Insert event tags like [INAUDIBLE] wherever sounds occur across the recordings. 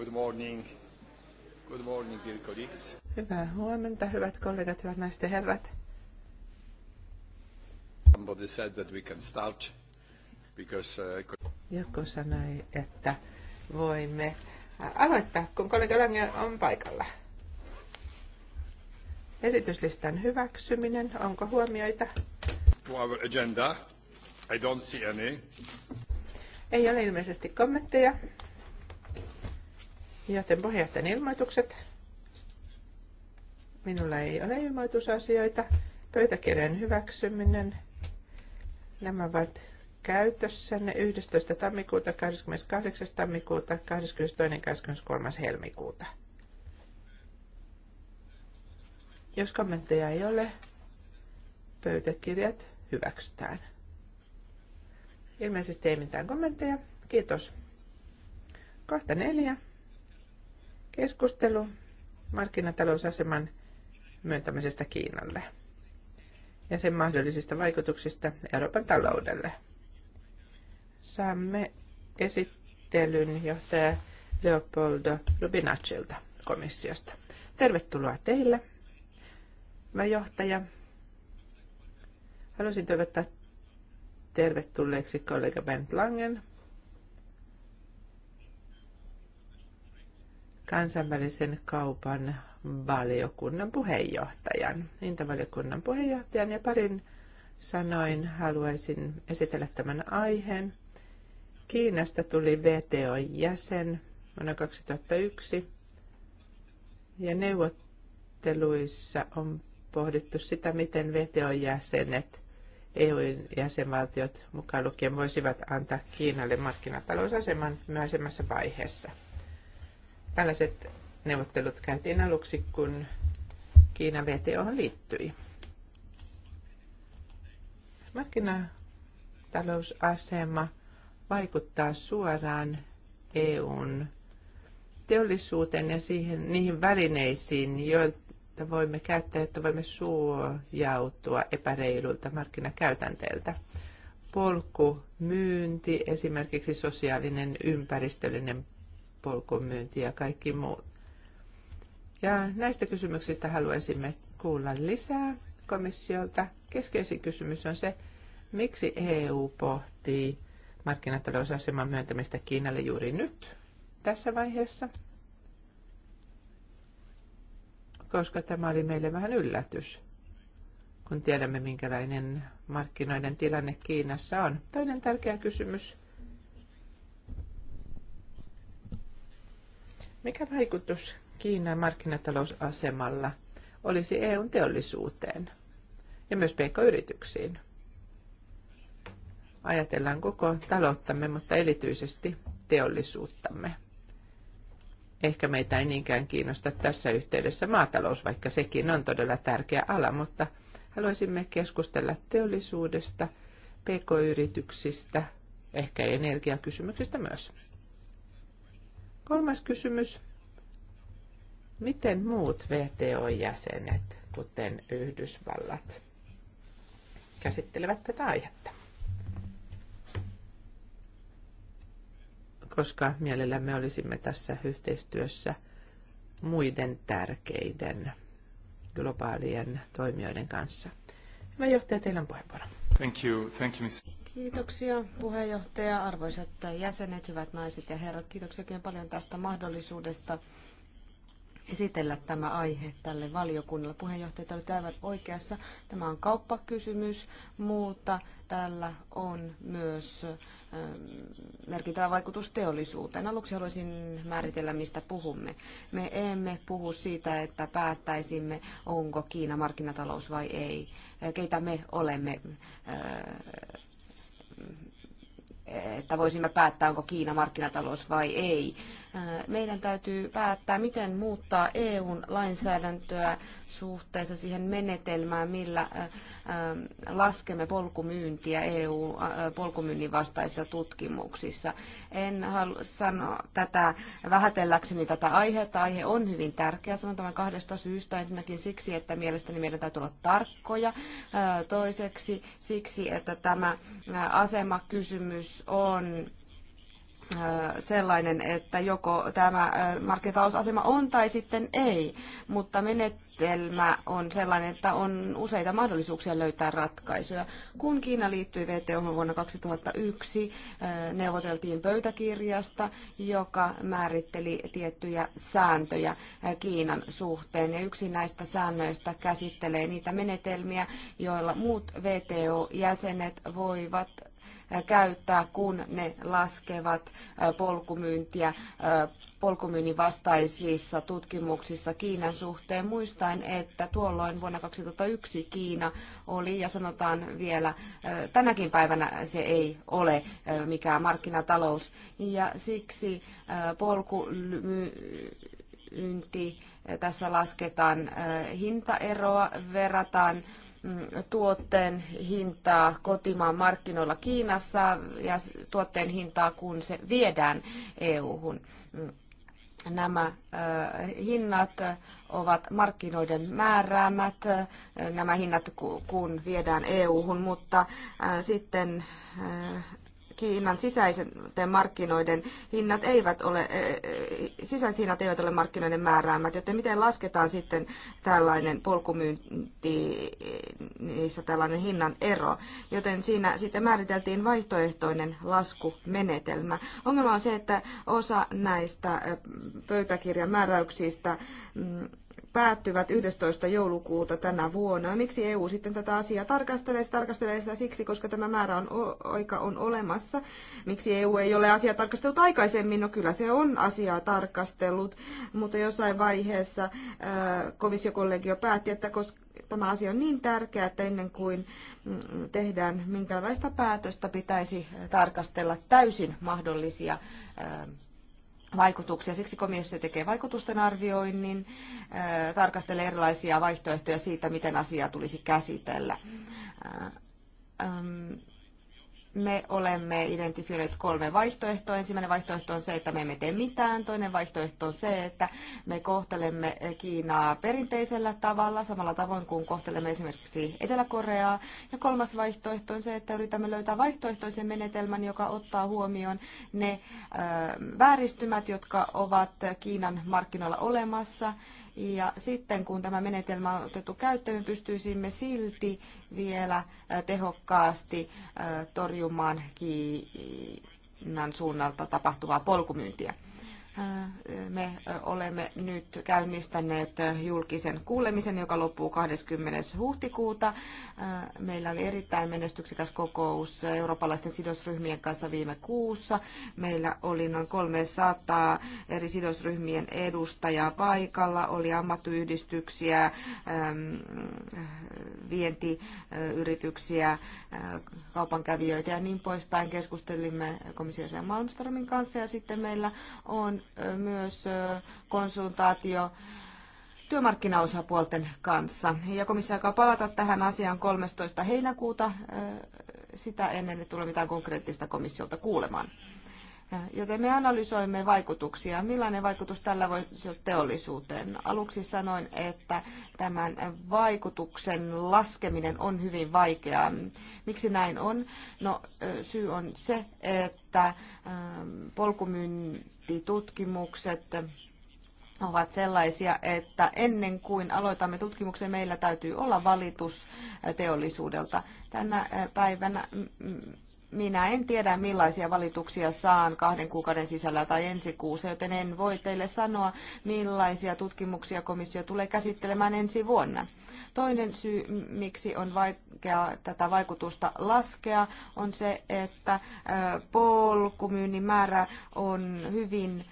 Good morning. Good morning, dear colleagues. Hyvää huomenta, hyvät kollegat, hyvät naiset ja herrat. Somebody said that we can start because... Uh, Joku sanoi, että voimme äh, aloittaa, kun kollega Lange on paikalla. Esityslistan hyväksyminen. Onko huomioita? To our agenda. I don't see any. Ei ole ilmeisesti kommentteja. Joten puheenjohtajan ilmoitukset. Minulla ei ole ilmoitusasioita. Pöytäkirjan hyväksyminen. Nämä ovat käytössänne 11. tammikuuta, 28. tammikuuta, 22. ja 23. helmikuuta. Jos kommentteja ei ole, pöytäkirjat hyväksytään. Ilmeisesti ei mitään kommentteja. Kiitos. Kohta neljä. Keskustelu markkinatalousaseman myöntämisestä Kiinalle ja sen mahdollisista vaikutuksista Euroopan taloudelle. Saamme esittelyn johtaja Leopoldo Rubinacilta komissiosta. Tervetuloa teille, hyvä johtaja. Haluaisin toivottaa tervetulleeksi kollega Bent Langen, kansainvälisen kaupan valiokunnan puheenjohtajan, intavaliokunnan puheenjohtajan ja parin sanoin haluaisin esitellä tämän aiheen. Kiinasta tuli VTO-jäsen vuonna 2001 ja neuvotteluissa on pohdittu sitä, miten VTO-jäsenet, EU-jäsenvaltiot mukaan lukien voisivat antaa Kiinalle markkinatalousaseman myöhemmässä vaiheessa – Tällaiset neuvottelut käytiin aluksi, kun Kiina VTO liittyi. Markkinatalousasema vaikuttaa suoraan EUn teollisuuteen ja siihen, niihin välineisiin, joita voimme käyttää, jotta voimme suojautua epäreilulta markkinakäytänteiltä. Polku, myynti, esimerkiksi sosiaalinen ympäristöllinen polkumyynti ja kaikki muut. Ja näistä kysymyksistä haluaisimme kuulla lisää komissiolta. Keskeisin kysymys on se, miksi EU pohtii markkinatalousaseman myöntämistä Kiinalle juuri nyt, tässä vaiheessa, koska tämä oli meille vähän yllätys, kun tiedämme minkälainen markkinoiden tilanne Kiinassa on. Toinen tärkeä kysymys Mikä vaikutus Kiinan markkinatalousasemalla olisi EUn teollisuuteen ja myös pk-yrityksiin? Ajatellaan koko talouttamme, mutta erityisesti teollisuuttamme. Ehkä meitä ei niinkään kiinnosta tässä yhteydessä maatalous, vaikka sekin on todella tärkeä ala, mutta haluaisimme keskustella teollisuudesta, pk-yrityksistä, ehkä energiakysymyksistä myös. Kolmas kysymys. Miten muut VTO-jäsenet, kuten Yhdysvallat, käsittelevät tätä aihetta? Koska mielellämme olisimme tässä yhteistyössä muiden tärkeiden globaalien toimijoiden kanssa. Hyvä johtaja, teillä on puheenvuoro. Thank you. Thank you, Kiitoksia puheenjohtaja, arvoisat jäsenet, hyvät naiset ja herrat. Kiitoksia oikein paljon tästä mahdollisuudesta esitellä tämä aihe tälle valiokunnalle. Puheenjohtaja, te olette aivan oikeassa. Tämä on kauppakysymys, mutta tällä on myös ähm, merkittävä vaikutus teollisuuteen. Aluksi haluaisin määritellä, mistä puhumme. Me emme puhu siitä, että päättäisimme, onko Kiina markkinatalous vai ei. Keitä me olemme äh, että voisimme päättää, onko Kiina markkinatalous vai ei. Meidän täytyy päättää, miten muuttaa EUn lainsäädäntöä suhteessa siihen menetelmään, millä laskemme polkumyyntiä EU-polkumyynnin vastaisissa tutkimuksissa. En halua sanoa tätä vähätelläkseni tätä aihetta. Aihe on hyvin tärkeä, sanon tämän kahdesta syystä. Ensinnäkin siksi, että mielestäni meidän täytyy olla tarkkoja. Toiseksi siksi, että tämä asemakysymys on sellainen, että joko tämä markkinatalousasema on tai sitten ei, mutta menetelmä on sellainen, että on useita mahdollisuuksia löytää ratkaisuja. Kun Kiina liittyi VTO vuonna 2001, neuvoteltiin pöytäkirjasta, joka määritteli tiettyjä sääntöjä Kiinan suhteen. Ja yksi näistä säännöistä käsittelee niitä menetelmiä, joilla muut WTO-jäsenet voivat käyttää, kun ne laskevat polkumyyntiä polkumyynnin vastaisissa tutkimuksissa Kiinan suhteen, muistaen, että tuolloin vuonna 2001 Kiina oli, ja sanotaan vielä, tänäkin päivänä se ei ole mikään markkinatalous, ja siksi polkumyynti, tässä lasketaan hintaeroa, verrataan Mm, tuotteen hintaa kotimaan markkinoilla Kiinassa ja tuotteen hintaa, kun se viedään EU-hun. Mm, nämä äh, hinnat ovat markkinoiden määräämät, äh, nämä hinnat kun viedään EU-hun, mutta äh, sitten Kiinan sisäisten markkinoiden hinnat eivät ole, e, e, sisäiset hinnat eivät ole markkinoiden määräämät, joten miten lasketaan sitten tällainen polkumyynti, niissä tällainen hinnan ero. Joten siinä sitten määriteltiin vaihtoehtoinen laskumenetelmä. Ongelma on se, että osa näistä e, pöytäkirjan määräyksistä mm, päättyvät 11. joulukuuta tänä vuonna. Miksi EU sitten tätä asiaa tarkastelee? Se tarkastelee sitä siksi, koska tämä määrä on, aika on olemassa. Miksi EU ei ole asiaa tarkastellut aikaisemmin? No kyllä se on asiaa tarkastellut, mutta jossain vaiheessa komissiokollegio päätti, että koska tämä asia on niin tärkeä, että ennen kuin mm, tehdään minkäänlaista päätöstä, pitäisi tarkastella täysin mahdollisia vaikutuksia. Siksi komissio tekee vaikutusten arvioinnin, tarkastelee erilaisia vaihtoehtoja siitä, miten asiaa tulisi käsitellä me olemme identifioineet kolme vaihtoehtoa. Ensimmäinen vaihtoehto on se, että me emme tee mitään. Toinen vaihtoehto on se, että me kohtelemme Kiinaa perinteisellä tavalla, samalla tavoin kuin kohtelemme esimerkiksi Etelä-Koreaa. Ja kolmas vaihtoehto on se, että yritämme löytää vaihtoehtoisen menetelmän, joka ottaa huomioon ne vääristymät, jotka ovat Kiinan markkinoilla olemassa ja sitten kun tämä menetelmä on otettu käyttöön, me pystyisimme silti vielä tehokkaasti torjumaan Kiinan suunnalta tapahtuvaa polkumyyntiä. Äh, me äh, olemme nyt käynnistäneet äh, julkisen kuulemisen, joka loppuu 20. huhtikuuta. Meillä oli erittäin menestyksikäs kokous eurooppalaisten sidosryhmien kanssa viime kuussa. Meillä oli noin 300 eri sidosryhmien edustajaa paikalla, oli ammattiyhdistyksiä, vientiyrityksiä, Äh, kaupankävijöitä ja niin poispäin. Keskustelimme komissiossa Malmströmin kanssa ja sitten meillä on äh, myös äh, konsultaatio työmarkkinaosapuolten kanssa. Ja komissio aikaa palata tähän asiaan 13. heinäkuuta. Sitä ennen ei tule mitään konkreettista komissiolta kuulemaan. Joten me analysoimme vaikutuksia. Millainen vaikutus tällä voi olla teollisuuteen? Aluksi sanoin, että tämän vaikutuksen laskeminen on hyvin vaikeaa. Miksi näin on? No, syy on se, että polkumyyntitutkimukset ovat sellaisia, että ennen kuin aloitamme tutkimuksen, meillä täytyy olla valitus teollisuudelta. Tänä päivänä minä en tiedä millaisia valituksia saan kahden kuukauden sisällä tai ensi kuussa, joten en voi teille sanoa, millaisia tutkimuksia komissio tulee käsittelemään ensi vuonna. Toinen syy, miksi on vaikea tätä vaikutusta laskea, on se, että polkumyynnin määrä on hyvin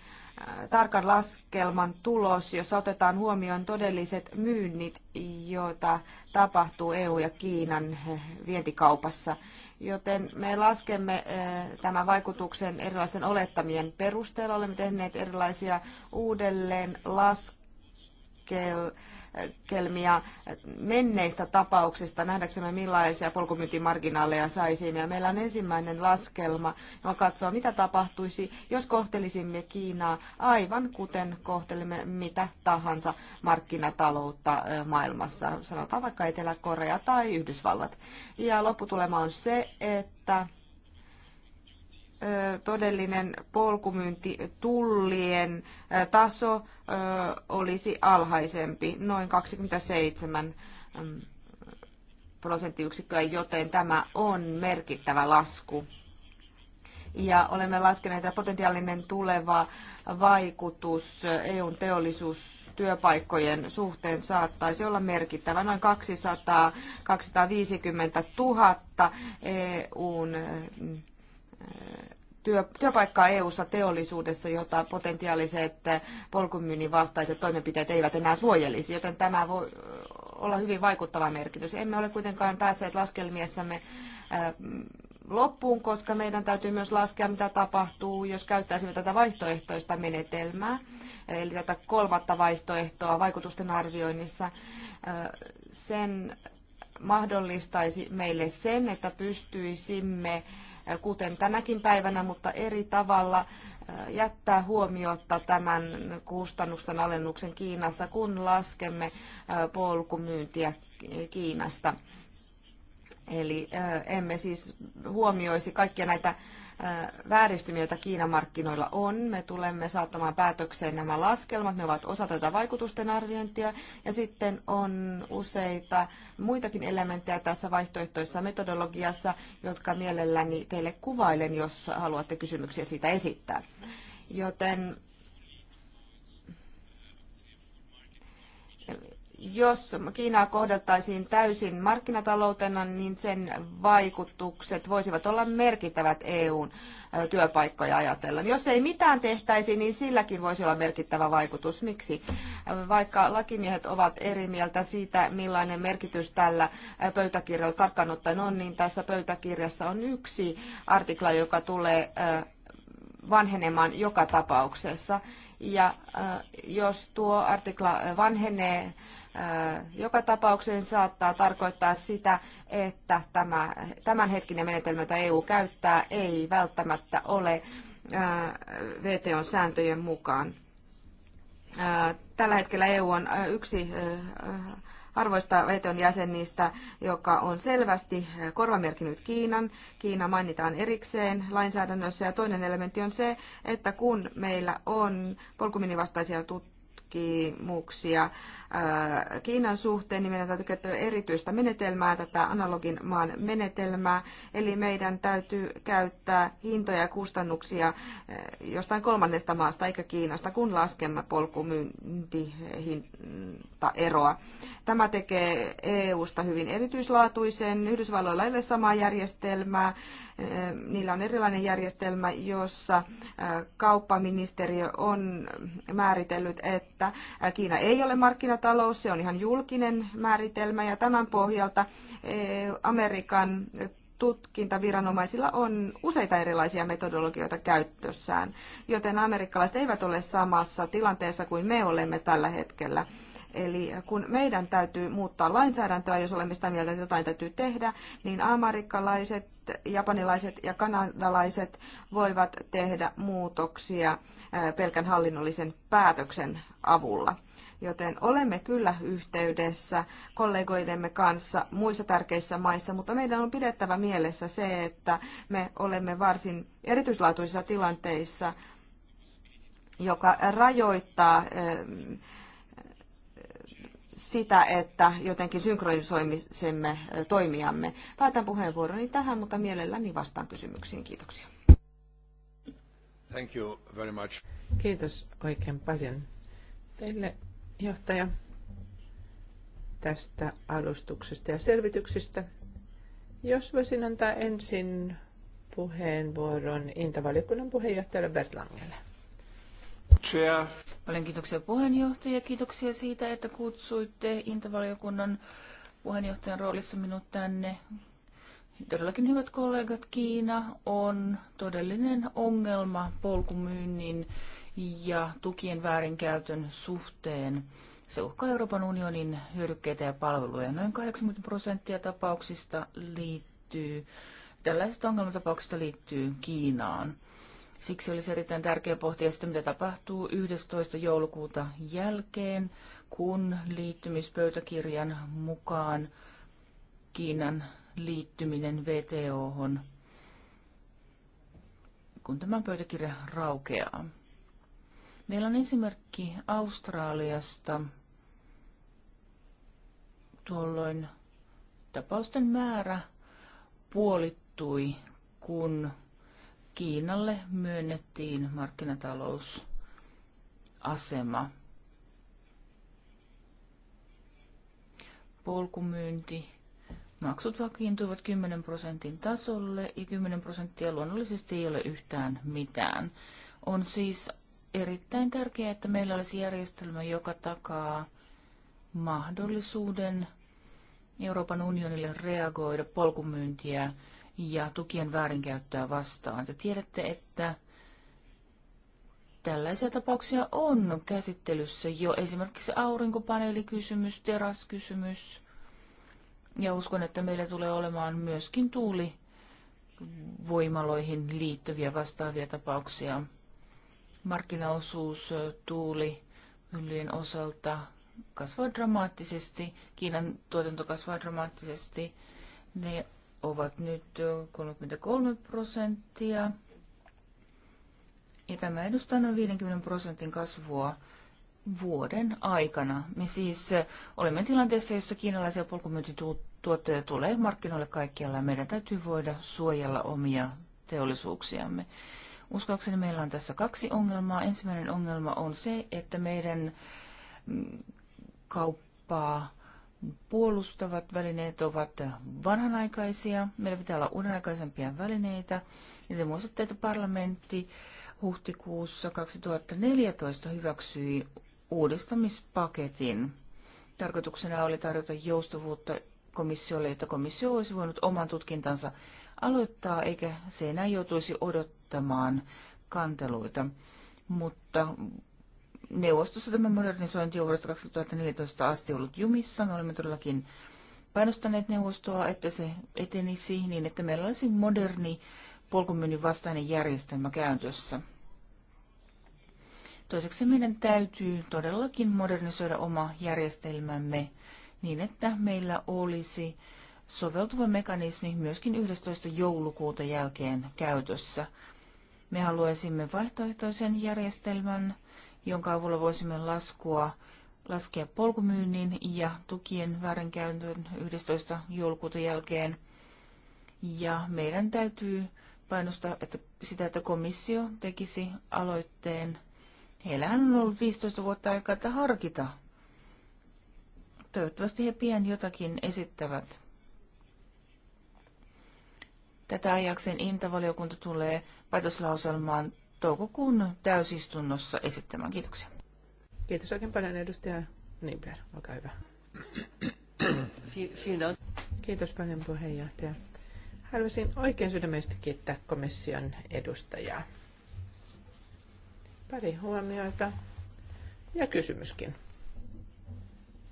tarkan laskelman tulos, jossa otetaan huomioon todelliset myynnit, joita tapahtuu EU- ja Kiinan vientikaupassa joten me laskemme eh, tämän vaikutuksen erilaisten olettamien perusteella. Olemme tehneet erilaisia uudelleen laskelmia laskelmia menneistä tapauksista nähdäksemme millaisia polkumyyntimarginaaleja saisimme. Ja meillä on ensimmäinen laskelma, joka katsoo mitä tapahtuisi, jos kohtelisimme Kiinaa aivan kuten kohtelemme mitä tahansa markkinataloutta maailmassa, sanotaan vaikka Etelä-Korea tai Yhdysvallat. Ja lopputulema on se, että todellinen polkumyynti tullien taso olisi alhaisempi, noin 27 mm, prosenttiyksikköä, joten tämä on merkittävä lasku. Ja olemme laskeneet, että potentiaalinen tuleva vaikutus EUn teollisuustyöpaikkojen suhteen saattaisi olla merkittävä. Noin 200-250 000 EUn mm, työ, työpaikkaa EU-ssa teollisuudessa, jota potentiaaliset polkumyynnin vastaiset toimenpiteet eivät enää suojelisi, joten tämä voi olla hyvin vaikuttava merkitys. Emme ole kuitenkaan päässeet laskelmiessamme loppuun, koska meidän täytyy myös laskea, mitä tapahtuu, jos käyttäisimme tätä vaihtoehtoista menetelmää, eli tätä kolmatta vaihtoehtoa vaikutusten arvioinnissa. Sen mahdollistaisi meille sen, että pystyisimme kuten tänäkin päivänä, mutta eri tavalla äh, jättää huomiota tämän kustannusten alennuksen Kiinassa, kun laskemme äh, polkumyyntiä Kiinasta. Eli äh, emme siis huomioisi kaikkia näitä vääristymiä, joita Kiinan markkinoilla on. Me tulemme saattamaan päätökseen nämä laskelmat, ne ovat osa tätä vaikutusten arviointia. Ja sitten on useita muitakin elementtejä tässä vaihtoehtoisessa metodologiassa, jotka mielelläni teille kuvailen, jos haluatte kysymyksiä siitä esittää. Joten jos Kiinaa kohdeltaisiin täysin markkinataloutena, niin sen vaikutukset voisivat olla merkittävät EUn työpaikkoja ajatellen. Jos ei mitään tehtäisi, niin silläkin voisi olla merkittävä vaikutus. Miksi? Vaikka lakimiehet ovat eri mieltä siitä, millainen merkitys tällä pöytäkirjalla tarkkaan ottaen on, niin tässä pöytäkirjassa on yksi artikla, joka tulee vanhenemaan joka tapauksessa. Ja jos tuo artikla vanhenee, joka tapaukseen saattaa tarkoittaa sitä, että tämä, tämänhetkinen menetelmä, jota EU käyttää, ei välttämättä ole VTOn sääntöjen mukaan. Tällä hetkellä EU on yksi arvoista VTOn jäsenistä, joka on selvästi korvamerkinnyt Kiinan. Kiina mainitaan erikseen lainsäädännössä ja toinen elementti on se, että kun meillä on polkuminivastaisia tutkimuksia, Kiinan suhteen, niin meidän täytyy käyttää erityistä menetelmää, tätä analogin maan menetelmää. Eli meidän täytyy käyttää hintoja ja kustannuksia jostain kolmannesta maasta eikä Kiinasta, kun laskemme polkumyyntihintaeroa. Tämä tekee EUsta hyvin erityislaatuisen. Yhdysvalloilla ei ole samaa järjestelmää. Niillä on erilainen järjestelmä, jossa kauppaministeriö on määritellyt, että Kiina ei ole markkinat markkinatalous, se on ihan julkinen määritelmä ja tämän pohjalta eh, Amerikan tutkintaviranomaisilla on useita erilaisia metodologioita käytössään, joten amerikkalaiset eivät ole samassa tilanteessa kuin me olemme tällä hetkellä. Eli kun meidän täytyy muuttaa lainsäädäntöä, jos olemme sitä mieltä, että jotain täytyy tehdä, niin amerikkalaiset, japanilaiset ja kanadalaiset voivat tehdä muutoksia eh, pelkän hallinnollisen päätöksen avulla joten olemme kyllä yhteydessä kollegoidemme kanssa muissa tärkeissä maissa, mutta meidän on pidettävä mielessä se, että me olemme varsin erityislaatuisissa tilanteissa, joka rajoittaa eh, sitä, että jotenkin synkronisoimisemme eh, toimijamme. Päätän puheenvuoroni tähän, mutta mielelläni vastaan kysymyksiin. Kiitoksia. Thank you very much. Kiitos oikein paljon. Teille johtaja tästä alustuksesta ja selvityksistä. Jos voisin antaa ensin puheenvuoron Intavaliokunnan puheenjohtajalle Bert Langelle. Paljon kiitoksia puheenjohtaja. Kiitoksia siitä, että kutsuitte Intavaliokunnan puheenjohtajan roolissa minut tänne. Todellakin hyvät kollegat, Kiina on todellinen ongelma polkumyynnin ja tukien väärinkäytön suhteen. Se uhkaa Euroopan unionin hyödykkeitä ja palveluja. Noin 80 prosenttia tapauksista liittyy, tällaisista ongelmatapauksista liittyy Kiinaan. Siksi olisi erittäin tärkeää pohtia sitä, mitä tapahtuu 11. joulukuuta jälkeen, kun liittymispöytäkirjan mukaan Kiinan liittyminen VTOhon, kun tämä pöytäkirja raukeaa. Meillä on esimerkki Australiasta. Tuolloin tapausten määrä puolittui, kun Kiinalle myönnettiin markkinatalousasema. Polkumyynti Maksut vakiintuivat 10 prosentin tasolle ja 10 prosenttia luonnollisesti ei ole yhtään mitään. On siis erittäin tärkeää, että meillä olisi järjestelmä, joka takaa mahdollisuuden Euroopan unionille reagoida polkumyyntiä ja tukien väärinkäyttöä vastaan. Te tiedätte, että tällaisia tapauksia on käsittelyssä jo esimerkiksi aurinkopaneelikysymys, teraskysymys ja uskon, että meillä tulee olemaan myöskin tuulivoimaloihin liittyviä vastaavia tapauksia markkinaosuus tuuli yllien osalta kasvaa dramaattisesti. Kiinan tuotanto kasvaa dramaattisesti. Ne ovat nyt 33 prosenttia. Ja tämä edustaa noin 50 prosentin kasvua vuoden aikana. Me siis olemme tilanteessa, jossa kiinalaisia polkumyyntituotteita tulee markkinoille kaikkialla. Meidän täytyy voida suojella omia teollisuuksiamme. Uskoakseni meillä on tässä kaksi ongelmaa. Ensimmäinen ongelma on se, että meidän mm, kauppaa puolustavat välineet ovat vanhanaikaisia. Meillä pitää olla uudenaikaisempia välineitä. Ja te muistatte, että parlamentti huhtikuussa 2014 hyväksyi uudistamispaketin. Tarkoituksena oli tarjota joustavuutta komissiolle, jotta komissio olisi voinut oman tutkintansa aloittaa, eikä se enää joutuisi odottamaan ottamaan kanteluita. Mutta neuvostossa tämä modernisointi on vuodesta 2014 asti ollut jumissa. Me olemme todellakin painostaneet neuvostoa, että se etenisi niin, että meillä olisi moderni polkumyynnin vastainen järjestelmä käytössä. Toiseksi meidän täytyy todellakin modernisoida oma järjestelmämme niin, että meillä olisi soveltuva mekanismi myöskin 11. joulukuuta jälkeen käytössä. Me haluaisimme vaihtoehtoisen järjestelmän, jonka avulla voisimme laskua, laskea polkumyynnin ja tukien väärinkäytön 11. joulukuuta jälkeen. Ja meidän täytyy painostaa että sitä, että komissio tekisi aloitteen. Heillähän on ollut 15 vuotta aikaa, että harkita. Toivottavasti he pian jotakin esittävät. Tätä ajaksen Intavaliokunta tulee päätöslauselmaan toukokuun täysistunnossa esittämään. Kiitoksia. Kiitos oikein paljon edustaja Nibler. Olkaa hyvä. Kiitos paljon puheenjohtaja. Haluaisin oikein sydämestä kiittää komission edustajaa. Pari huomioita ja kysymyskin.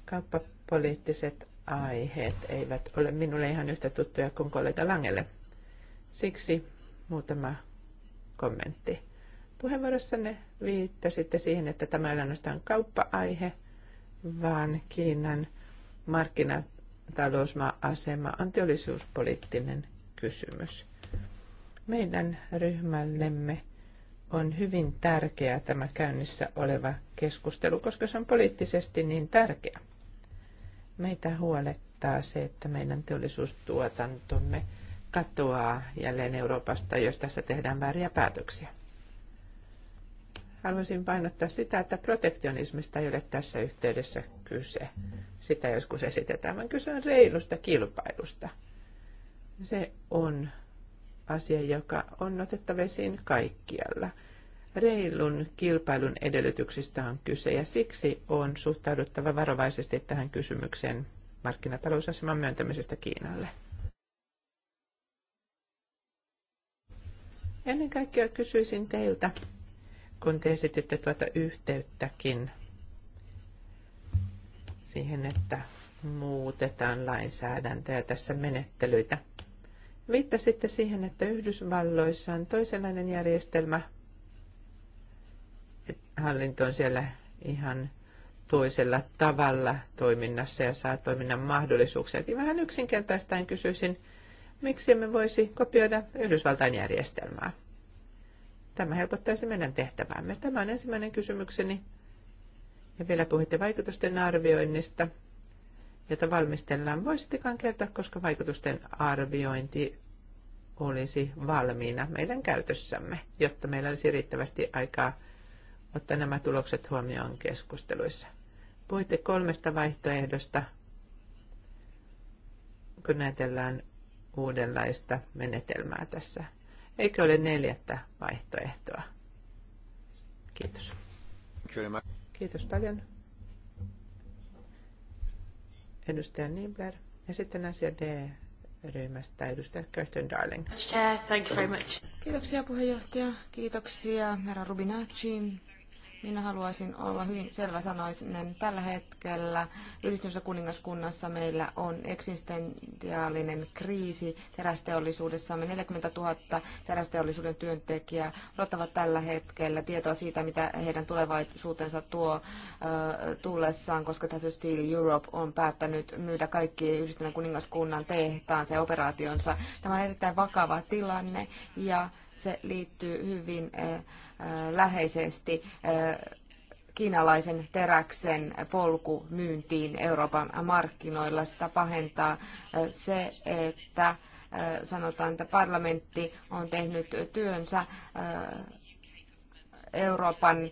Kauppapoliittiset aiheet eivät ole minulle ihan yhtä tuttuja kuin kollega Langelle, Siksi muutama kommentti. Puheenvuorossanne viittasitte siihen, että tämä ei ainoastaan kauppa-aihe, vaan Kiinan markkinatalousmaa-asema on teollisuuspoliittinen kysymys. Meidän ryhmällemme on hyvin tärkeää tämä käynnissä oleva keskustelu, koska se on poliittisesti niin tärkeä. Meitä huolettaa se, että meidän teollisuustuotantomme – katoaa jälleen Euroopasta, jos tässä tehdään vääriä päätöksiä. Haluaisin painottaa sitä, että protektionismista ei ole tässä yhteydessä kyse. Sitä joskus esitetään, vaan kyse on reilusta kilpailusta. Se on asia, joka on otettava esiin kaikkialla. Reilun kilpailun edellytyksistä on kyse ja siksi on suhtauduttava varovaisesti tähän kysymykseen markkinatalousaseman myöntämisestä Kiinalle. Ennen kaikkea kysyisin teiltä, kun te esititte tuota yhteyttäkin siihen, että muutetaan lainsäädäntöä tässä menettelyitä. Viittasitte siihen, että Yhdysvalloissa on toisenlainen järjestelmä. Hallinto on siellä ihan toisella tavalla toiminnassa ja saa toiminnan mahdollisuuksiakin. Vähän yksinkertaistaan kysyisin, Miksi emme voisi kopioida Yhdysvaltain järjestelmää? Tämä helpottaisi meidän tehtävämme. Tämä on ensimmäinen kysymykseni. Ja vielä puhuitte vaikutusten arvioinnista, jota valmistellaan. Voisittekaan kertoa, koska vaikutusten arviointi olisi valmiina meidän käytössämme, jotta meillä olisi riittävästi aikaa ottaa nämä tulokset huomioon keskusteluissa. Puhuitte kolmesta vaihtoehdosta, kun näytellään uudenlaista menetelmää tässä. Eikö ole neljättä vaihtoehtoa? Kiitos. Kyllä Kiitos paljon. Edustaja Nibler ja sitten asia D ryhmästä edustaja Kirsten Darling. Chair, thank you very much. Kiitoksia puheenjohtaja. Kiitoksia herra Rubinacci minä haluaisin olla hyvin sanoisinen. Tällä hetkellä yhdistyneessä kuningaskunnassa meillä on eksistentiaalinen kriisi terästeollisuudessamme. 40 000 terästeollisuuden työntekijää odottavat tällä hetkellä tietoa siitä, mitä heidän tulevaisuutensa tuo tullessaan, koska tässä Steel Europe on päättänyt myydä kaikki yhdistyneen kuningaskunnan tehtaansa ja operaationsa. Tämä on erittäin vakava tilanne ja se liittyy hyvin äh, läheisesti äh, kiinalaisen teräksen polku myyntiin Euroopan markkinoilla. Sitä pahentaa äh, se, että äh, sanotaan, että parlamentti on tehnyt työnsä Euroopan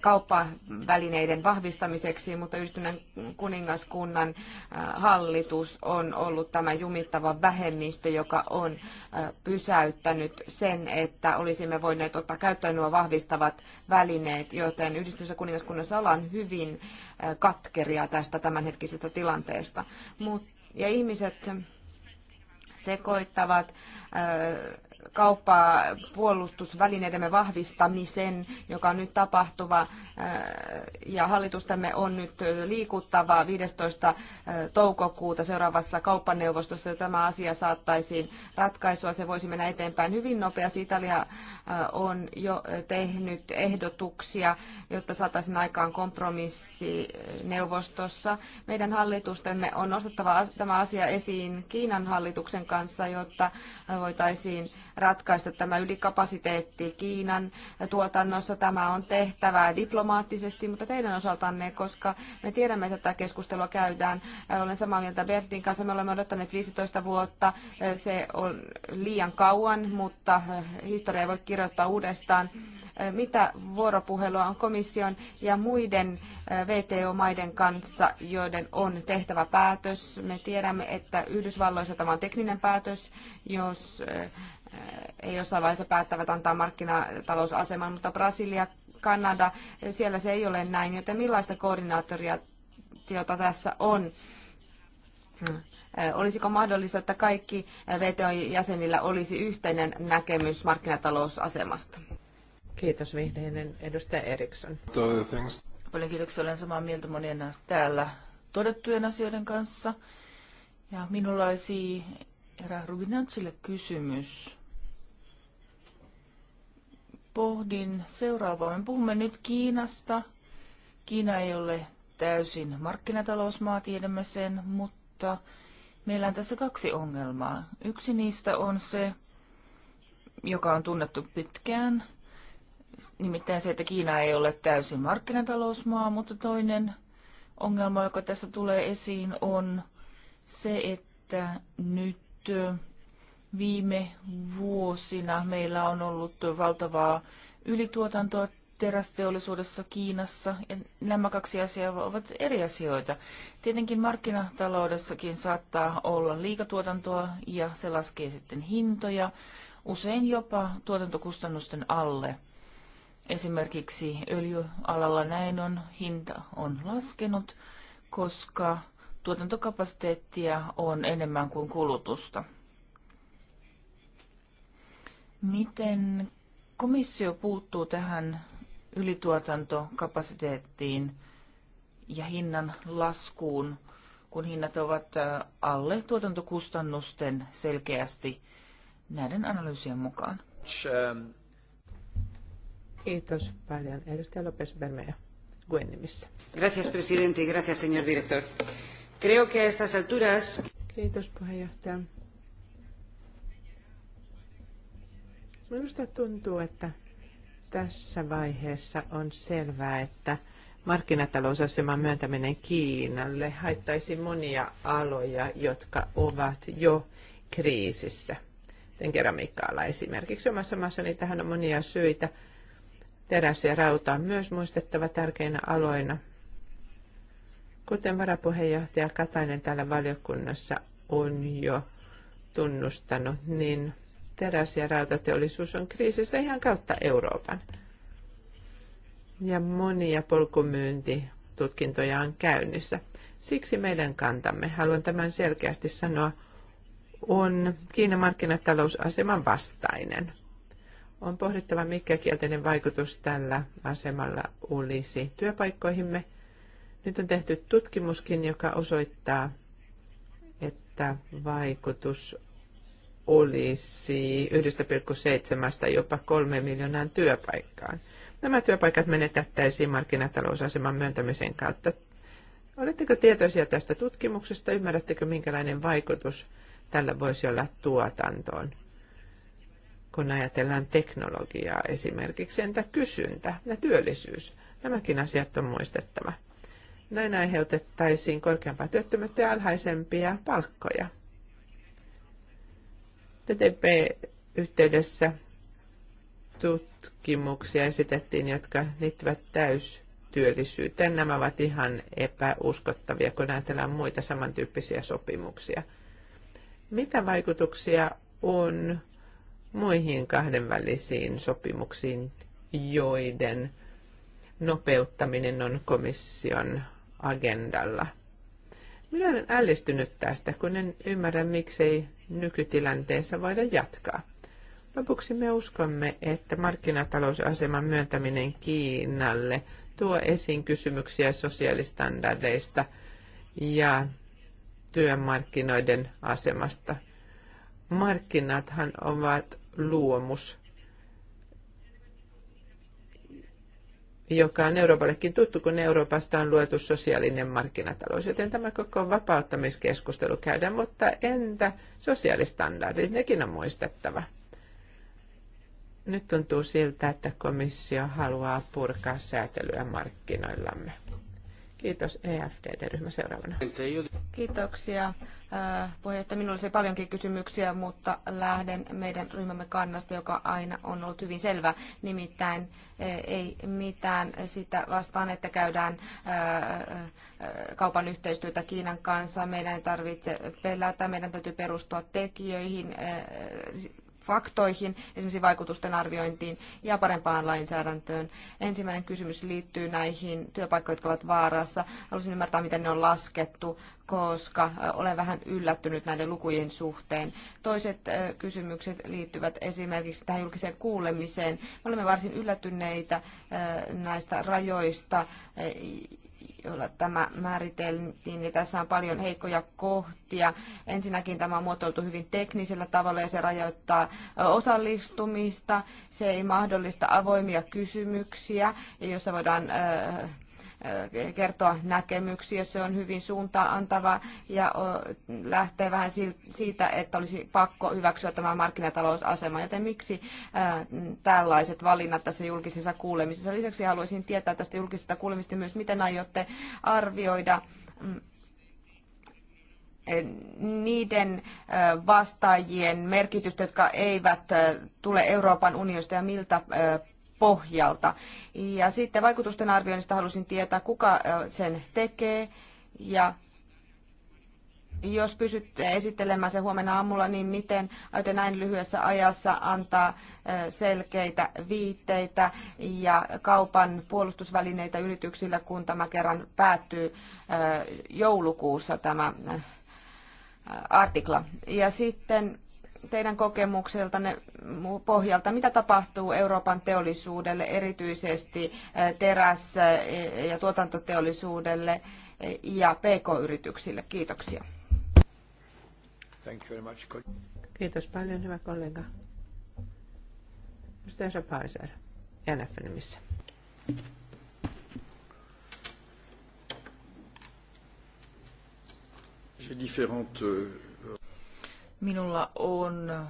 kauppavälineiden vahvistamiseksi, mutta yhdistyneen kuningaskunnan hallitus on ollut tämä jumittava vähemmistö, joka on pysäyttänyt sen, että olisimme voineet ottaa käyttöön nuo vahvistavat välineet, joten yhdistyneessä kuningaskunnassa ollaan hyvin katkeria tästä tämänhetkisestä tilanteesta. Mut, ja ihmiset sekoittavat kauppaa puolustusvälineidemme vahvistamisen, joka on nyt tapahtuva äh, ja hallitustamme on nyt liikuttava 15. Äh, toukokuuta seuraavassa kauppaneuvostossa, että tämä asia saattaisiin ratkaisua. Se voisi mennä eteenpäin hyvin nopeasti. Italia äh, on jo tehnyt ehdotuksia, jotta saataisiin aikaan kompromissi neuvostossa. Meidän hallitustemme on nostettava tämä asia esiin Kiinan hallituksen kanssa, jotta voitaisiin ratkaista tämä ylikapasiteetti Kiinan tuotannossa. Tämä on tehtävää diplomaattisesti, mutta teidän osaltanne, koska me tiedämme, että tätä keskustelua käydään. Olen samaa mieltä Bertin kanssa. Me olemme odottaneet 15 vuotta. Se on liian kauan, mutta historia ei voi kirjoittaa uudestaan mitä vuoropuhelua on komission ja muiden VTO-maiden kanssa, joiden on tehtävä päätös. Me tiedämme, että Yhdysvalloissa tämä on tekninen päätös, jos ei jossain vaiheessa päättävät antaa markkinatalousaseman, mutta Brasilia, Kanada, siellä se ei ole näin, joten millaista koordinaattoria tässä on? Hm. Olisiko mahdollista, että kaikki VTO-jäsenillä olisi yhteinen näkemys markkinatalousasemasta? Kiitos vihdeinen edustaja Eriksson. Paljon kiitoksia, olen samaa mieltä monien täällä todettujen asioiden kanssa. Ja minulla olisi herra Rubinantsille kysymys pohdin seuraavaa. Me puhumme nyt Kiinasta. Kiina ei ole täysin markkinatalousmaa, tiedämme sen, mutta meillä on tässä kaksi ongelmaa. Yksi niistä on se, joka on tunnettu pitkään, nimittäin se, että Kiina ei ole täysin markkinatalousmaa, mutta toinen ongelma, joka tässä tulee esiin, on se, että nyt Viime vuosina meillä on ollut valtavaa ylituotantoa terästeollisuudessa Kiinassa. Ja nämä kaksi asiaa ovat eri asioita. Tietenkin markkinataloudessakin saattaa olla liikatuotantoa ja se laskee sitten hintoja, usein jopa tuotantokustannusten alle. Esimerkiksi öljyalalla näin on, hinta on laskenut, koska tuotantokapasiteettia on enemmän kuin kulutusta. Miten komissio puuttuu tähän ylituotantokapasiteettiin ja hinnan laskuun, kun hinnat ovat äh, alle tuotantokustannusten selkeästi näiden analyysien mukaan? Ähm. Kiitos paljon. Edustaja López Bermeja, Gwen Gracias, presidente. Gracias, señor director. Creo que a estas alturas... Kiitos, puheenjohtaja Minusta tuntuu, että tässä vaiheessa on selvää, että markkinatalousaseman myöntäminen Kiinalle haittaisi monia aloja, jotka ovat jo kriisissä. Tämän keramiikka esimerkiksi omassa maassani tähän on monia syitä. Teräs ja rauta on myös muistettava tärkeinä aloina. Kuten varapuheenjohtaja Katainen täällä valiokunnassa on jo tunnustanut, niin teräs- ja rautateollisuus on kriisissä ihan kautta Euroopan. Ja monia polkumyyntitutkintoja on käynnissä. Siksi meidän kantamme, haluan tämän selkeästi sanoa, on Kiinan markkinatalousaseman vastainen. On pohdittava, mikä kielteinen vaikutus tällä asemalla olisi työpaikkoihimme. Nyt on tehty tutkimuskin, joka osoittaa, että vaikutus olisi 1,7 jopa 3 miljoonaan työpaikkaan. Nämä työpaikat menetettäisiin markkinatalousaseman myöntämisen kautta. Oletteko tietoisia tästä tutkimuksesta? Ymmärrättekö, minkälainen vaikutus tällä voisi olla tuotantoon? Kun ajatellaan teknologiaa esimerkiksi, entä kysyntä ja työllisyys? Nämäkin asiat on muistettava. Näin aiheutettaisiin korkeampaa työttömyyttä ja alhaisempia palkkoja. TTP-yhteydessä tutkimuksia esitettiin, jotka liittyvät täystyöllisyyteen. Nämä ovat ihan epäuskottavia, kun ajatellaan muita samantyyppisiä sopimuksia. Mitä vaikutuksia on muihin kahdenvälisiin sopimuksiin, joiden nopeuttaminen on komission agendalla? Minä olen ällistynyt tästä, kun en ymmärrä, miksei nykytilanteessa voida jatkaa. Lopuksi me uskomme, että markkinatalousaseman myöntäminen Kiinalle tuo esiin kysymyksiä sosiaalistandardeista ja työmarkkinoiden asemasta. Markkinathan ovat luomus joka on Euroopallekin tuttu, kun Euroopasta on luotu sosiaalinen markkinatalous. Joten tämä koko vapauttamiskeskustelu käydään, mutta entä sosiaalistandardit, nekin on muistettava. Nyt tuntuu siltä, että komissio haluaa purkaa säätelyä markkinoillamme. Kiitos EFDD-ryhmä seuraavana. Kiitoksia. Äh, puheenjohtaja, minulla oli paljonkin kysymyksiä, mutta lähden meidän ryhmämme kannasta, joka aina on ollut hyvin selvä. Nimittäin äh, ei mitään sitä vastaan, että käydään äh, kaupan yhteistyötä Kiinan kanssa. Meidän ei tarvitse pelätä, meidän täytyy perustua tekijöihin faktoihin, esimerkiksi vaikutusten arviointiin ja parempaan lainsäädäntöön. Ensimmäinen kysymys liittyy näihin työpaikkoihin, jotka ovat vaarassa. Haluaisin ymmärtää, miten ne on laskettu, koska olen vähän yllättynyt näiden lukujen suhteen. Toiset kysymykset liittyvät esimerkiksi tähän julkiseen kuulemiseen. Me olemme varsin yllättyneitä näistä rajoista, joilla tämä määriteltiin, niin tässä on paljon heikkoja kohtia. Ensinnäkin tämä on muotoiltu hyvin teknisellä tavalla ja se rajoittaa osallistumista, se ei mahdollista avoimia kysymyksiä, joissa voidaan äh, kertoa näkemyksiä, se on hyvin suuntaan antava ja lähtee vähän siitä, että olisi pakko hyväksyä tämä markkinatalousasema, joten miksi tällaiset valinnat tässä julkisessa kuulemisessa. Lisäksi haluaisin tietää tästä julkisesta kuulemisesta myös, miten aiotte arvioida mm, niiden vastaajien merkitystä, jotka eivät tule Euroopan unionista ja miltä pohjalta. Ja sitten vaikutusten arvioinnista halusin tietää, kuka sen tekee ja jos pysytte esittelemään se huomenna aamulla, niin miten aiotte näin lyhyessä ajassa antaa selkeitä viitteitä ja kaupan puolustusvälineitä yrityksillä, kun tämä kerran päättyy joulukuussa tämä artikla. Ja sitten teidän kokemukseltanne pohjalta, mitä tapahtuu Euroopan teollisuudelle, erityisesti eh, teräs- eh, ja tuotantoteollisuudelle eh, ja PK-yrityksille? Kiitoksia. Kiitos paljon, hyvä kollega. Mr. Sapaiser, missä J'ai différentes euh, Minulla on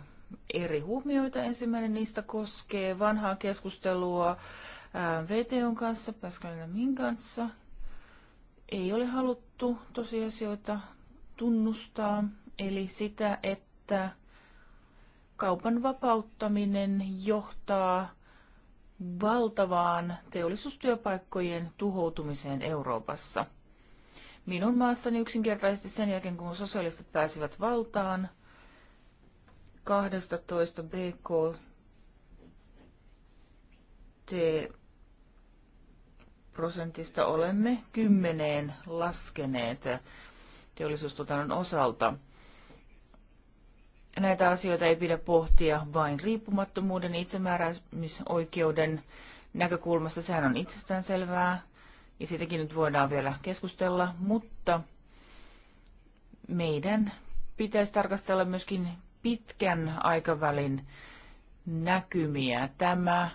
eri huomioita. Ensimmäinen niistä koskee vanhaa keskustelua VTOn kanssa, Pascalina Min kanssa. Ei ole haluttu tosiasioita tunnustaa, eli sitä, että kaupan vapauttaminen johtaa valtavaan teollisuustyöpaikkojen tuhoutumiseen Euroopassa. Minun maassani yksinkertaisesti sen jälkeen, kun sosiaaliset pääsivät valtaan – 12 BKT prosentista olemme kymmeneen laskeneet teollisuustuotannon osalta. Näitä asioita ei pidä pohtia vain riippumattomuuden itsemääräämisoikeuden näkökulmasta. Sehän on itsestään selvää ja siitäkin nyt voidaan vielä keskustella, mutta meidän pitäisi tarkastella myöskin pitkän aikavälin näkymiä. Tämä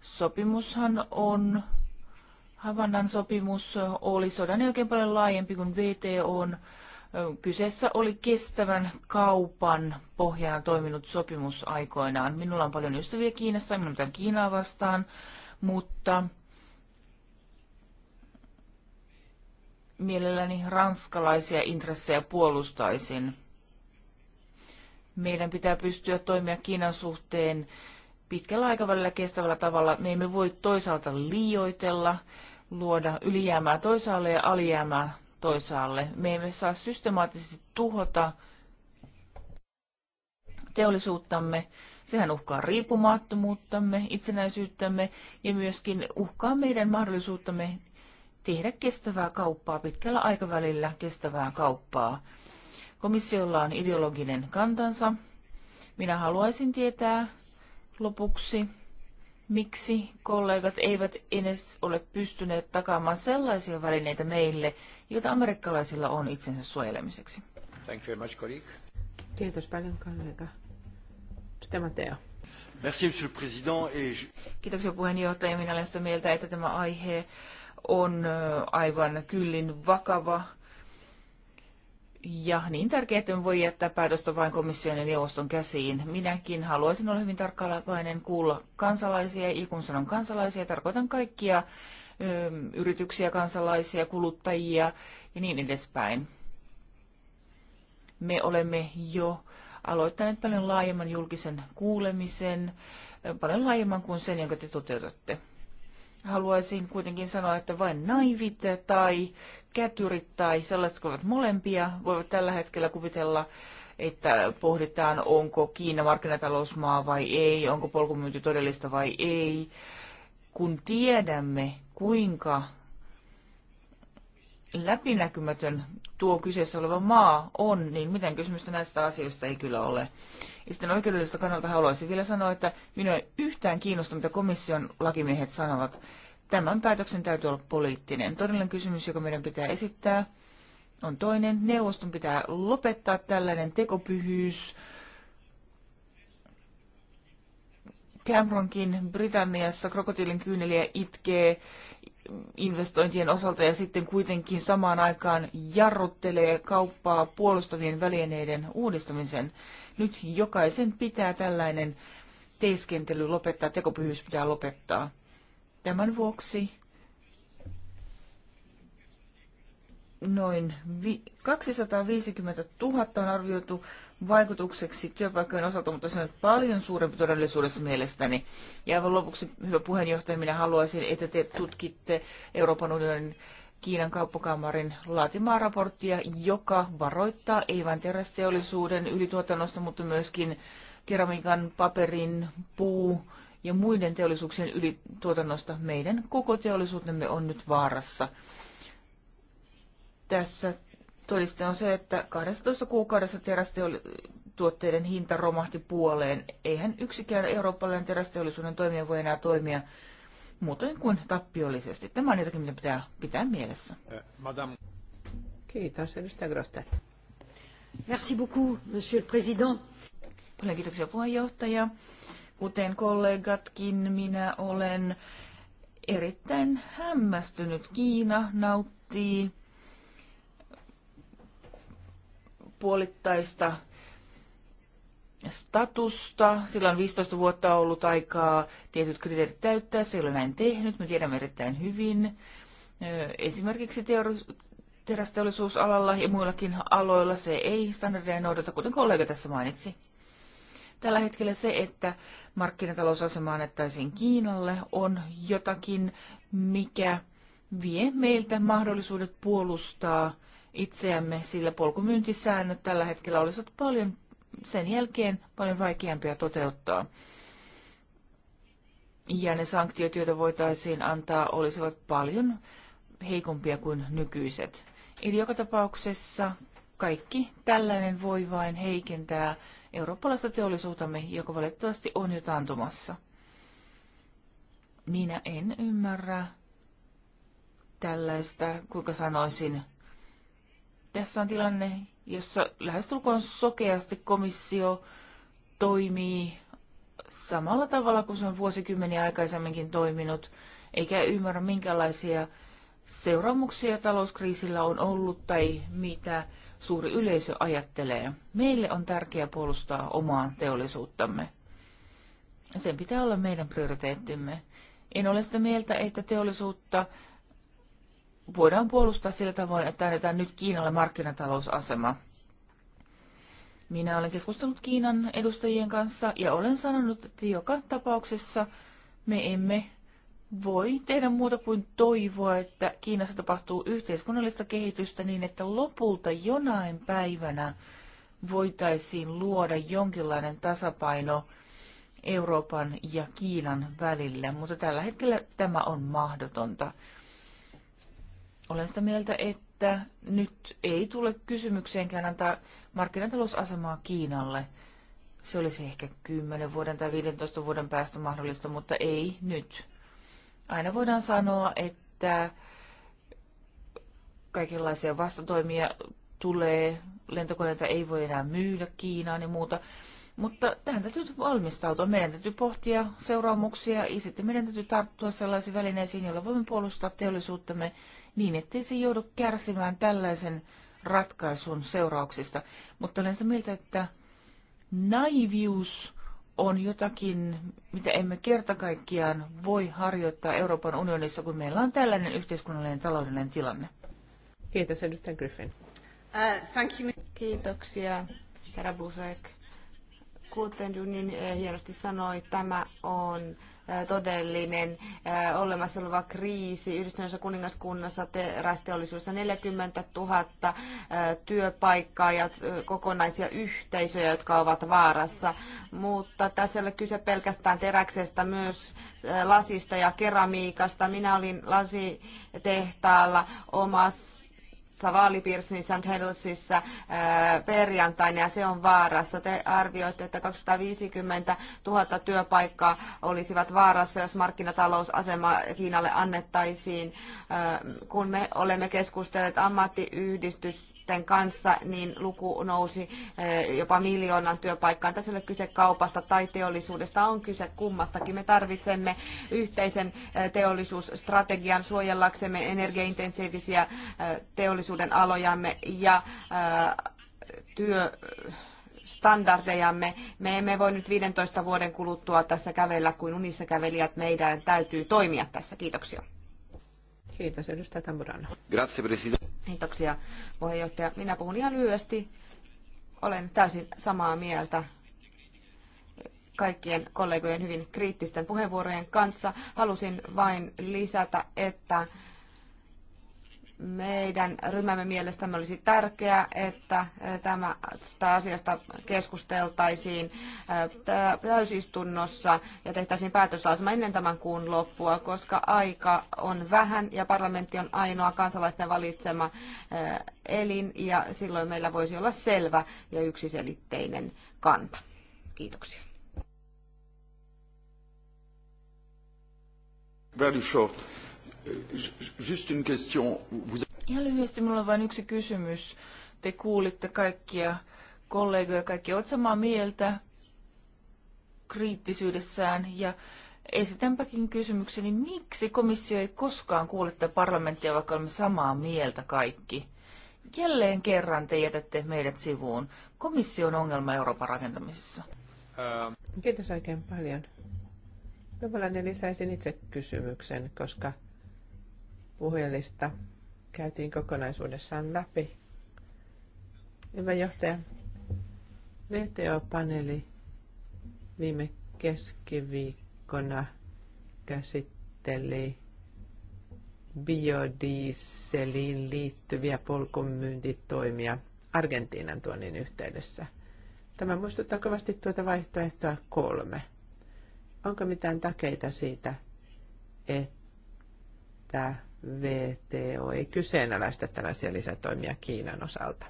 sopimushan on, Havannan sopimus oli sodan jälkeen paljon laajempi kuin VTOn. Kyseessä oli kestävän kaupan pohjana toiminut sopimus aikoinaan. Minulla on paljon ystäviä Kiinassa, minun on Kiinaa vastaan, mutta mielelläni ranskalaisia intressejä puolustaisin. Meidän pitää pystyä toimia Kiinan suhteen pitkällä aikavälillä kestävällä tavalla. Me emme voi toisaalta liioitella, luoda ylijäämää toisaalle ja alijäämää toisaalle. Me emme saa systemaattisesti tuhota teollisuuttamme. Sehän uhkaa riippumattomuuttamme, itsenäisyyttämme ja myöskin uhkaa meidän mahdollisuuttamme tehdä kestävää kauppaa pitkällä aikavälillä, kestävää kauppaa. Komissiolla on ideologinen kantansa. Minä haluaisin tietää lopuksi, miksi kollegat eivät edes ole pystyneet takaamaan sellaisia välineitä meille, joita amerikkalaisilla on itsensä suojelemiseksi. Thank you very much, colleague. Kiitos paljon, kollega. Sitten Matteo. Merci, monsieur le président. Et... Kiitoksia puheenjohtaja. Minä olen sitä mieltä, että tämä aihe on aivan kyllin vakava ja niin tärkeää, että voi jättää päätöstä vain komission ja neuvoston käsiin. Minäkin haluaisin olla hyvin tarkkaavainen kuulla kansalaisia, ja kun sanon kansalaisia, tarkoitan kaikkia ö, yrityksiä, kansalaisia, kuluttajia ja niin edespäin. Me olemme jo aloittaneet paljon laajemman julkisen kuulemisen, paljon laajemman kuin sen, jonka te toteutatte. Haluaisin kuitenkin sanoa, että vain naivit tai kätyrit tai sellaiset, jotka ovat molempia, voivat tällä hetkellä kuvitella, että pohditaan, onko Kiina markkinatalousmaa vai ei, onko polkumyynti todellista vai ei. Kun tiedämme, kuinka läpinäkymätön tuo kyseessä oleva maa on, niin mitään kysymystä näistä asioista ei kyllä ole. Ja sitten oikeudellisesta kannalta haluaisin vielä sanoa, että minua ei yhtään kiinnosta, mitä komission lakimiehet sanovat. Tämän päätöksen täytyy olla poliittinen. Todellinen kysymys, joka meidän pitää esittää, on toinen. Neuvoston pitää lopettaa tällainen tekopyhyys. Cameronkin Britanniassa krokotiilin kyyneliä itkee investointien osalta ja sitten kuitenkin samaan aikaan jarruttelee kauppaa puolustavien välineiden uudistamisen. Nyt jokaisen pitää tällainen teeskentely lopettaa, tekopyhyys pitää lopettaa. Tämän vuoksi noin 250 000 on arvioitu vaikutukseksi työpaikkojen osalta, mutta se on paljon suurempi todellisuudessa mielestäni. Ja aivan lopuksi, hyvä puheenjohtaja, minä haluaisin, että te tutkitte Euroopan unionin Kiinan kauppakamarin laatimaa raporttia, joka varoittaa ei vain terästeollisuuden ylituotannosta, mutta myöskin keramiikan, paperin, puu ja muiden teollisuuksien ylituotannosta. Meidän koko teollisuutemme on nyt vaarassa. Tässä todiste on se, että 12 kuukaudessa terästeollisuuden hinta romahti puoleen. Eihän yksikään eurooppalainen terästeollisuuden toimija voi enää toimia muutoin kuin tappiollisesti. Tämä on jotakin, mitä pitää pitää mielessä. Eh, madame. Kiitos, edustaja Grostet. Merci beaucoup, monsieur le président. Paljon kiitoksia puheenjohtaja. Kuten kollegatkin, minä olen erittäin hämmästynyt. Kiina nauttii puolittaista statusta. Sillä on 15 vuotta ollut aikaa tietyt kriteerit täyttää. Se ei ole näin tehnyt. Me tiedämme erittäin hyvin. Esimerkiksi terästeollisuusalalla ja muillakin aloilla se ei standardeja noudata, kuten kollega tässä mainitsi. Tällä hetkellä se, että markkinatalousasema annettaisiin Kiinalle, on jotakin, mikä vie meiltä mahdollisuudet puolustaa itseämme, sillä polkumyyntisäännöt tällä hetkellä olisivat paljon sen jälkeen paljon vaikeampia toteuttaa. Ja ne sanktiot, joita voitaisiin antaa, olisivat paljon heikompia kuin nykyiset. Eli joka tapauksessa kaikki tällainen voi vain heikentää eurooppalaista teollisuutamme, joka valitettavasti on jo taantumassa. Minä en ymmärrä tällaista, kuinka sanoisin, tässä on tilanne, jossa lähestulkoon sokeasti komissio toimii samalla tavalla kuin se on vuosikymmeniä aikaisemminkin toiminut, eikä ymmärrä minkälaisia seuraamuksia talouskriisillä on ollut tai mitä suuri yleisö ajattelee. Meille on tärkeää puolustaa omaa teollisuuttamme. Sen pitää olla meidän prioriteettimme. En ole sitä mieltä, että teollisuutta voidaan puolustaa sillä tavoin, että annetaan nyt Kiinalle markkinatalousasema. Minä olen keskustellut Kiinan edustajien kanssa ja olen sanonut, että joka tapauksessa me emme voi tehdä muuta kuin toivoa, että Kiinassa tapahtuu yhteiskunnallista kehitystä niin, että lopulta jonain päivänä voitaisiin luoda jonkinlainen tasapaino Euroopan ja Kiinan välillä, mutta tällä hetkellä tämä on mahdotonta. Olen sitä mieltä, että nyt ei tule kysymykseenkään antaa markkinatalousasemaa Kiinalle. Se olisi ehkä 10 vuoden tai 15 vuoden päästä mahdollista, mutta ei nyt. Aina voidaan sanoa, että kaikenlaisia vastatoimia tulee, lentokoneita ei voi enää myydä Kiinaan ja muuta. Mutta tähän täytyy valmistautua. Meidän täytyy pohtia seuraamuksia ja sitten meidän täytyy tarttua sellaisiin välineisiin, joilla voimme puolustaa teollisuuttamme niin, ettei se joudu kärsimään tällaisen ratkaisun seurauksista. Mutta olen sitä mieltä, että naivius on jotakin, mitä emme kertakaikkiaan voi harjoittaa Euroopan unionissa, kun meillä on tällainen yhteiskunnallinen taloudellinen tilanne. Kiitos, edustaja Griffin. Uh, thank you. Kiitoksia, herra Busek. Kuten Junin eh, hienosti sanoi, tämä on todellinen olemassa oleva kriisi. Yhdistyneessä kuningaskunnassa terästeollisuudessa 40 000 työpaikkaa ja kokonaisia yhteisöjä, jotka ovat vaarassa. Mutta tässä ei ole kyse pelkästään teräksestä, myös lasista ja keramiikasta. Minä olin lasitehtaalla omassa vaalipiirissäni St. Helsingissä, perjantaina ja se on vaarassa. Te arvioitte, että 250 000 työpaikkaa olisivat vaarassa, jos markkinatalousasema Kiinalle annettaisiin. Kun me olemme keskustelleet ammattiyhdistys sitten kanssa, niin luku nousi eh, jopa miljoonan työpaikkaan. Tässä ei ole kyse kaupasta tai teollisuudesta, on kyse kummastakin. Me tarvitsemme yhteisen eh, teollisuusstrategian suojellaksemme energiaintensiivisiä eh, teollisuuden alojamme ja työ standardejamme. Me emme voi nyt 15 vuoden kuluttua tässä kävellä kuin unissa kävelijät. Meidän täytyy toimia tässä. Kiitoksia. Kiitos, edustaja Tamburano. Grazie, presidente. Kiitoksia, puheenjohtaja. Minä puhun ihan lyhyesti. Olen täysin samaa mieltä kaikkien kollegojen hyvin kriittisten puheenvuorojen kanssa. Halusin vain lisätä, että meidän ryhmämme mielestä olisi tärkeää, että tämä, tästä asiasta keskusteltaisiin täysistunnossa ja tehtäisiin päätöslausuma ennen tämän kuun loppua, koska aika on vähän ja parlamentti on ainoa kansalaisten valitsema elin ja silloin meillä voisi olla selvä ja yksiselitteinen kanta. Kiitoksia. Very short. Just une question. Vous... Ihan lyhyesti minulla on vain yksi kysymys. Te kuulitte kaikkia kollegoja, kaikki ovat samaa mieltä kriittisyydessään ja esitänpäkin kysymykseni, miksi komissio ei koskaan kuule tätä parlamenttia, vaikka olemme samaa mieltä kaikki? Jälleen kerran te jätätte meidät sivuun. Komission ongelma Euroopan rakentamisessa. Kiitos oikein paljon. Novalainen lisäisin itse kysymyksen, koska puhelista käytiin kokonaisuudessaan läpi. Hyvä johtaja, VTO-paneeli viime keskiviikkona käsitteli biodieseliin liittyviä polkumyyntitoimia Argentiinan tuonnin yhteydessä. Tämä muistuttaa kovasti tuota vaihtoehtoa kolme. Onko mitään takeita siitä, että VTO ei kyseenalaista tällaisia lisätoimia Kiinan osalta.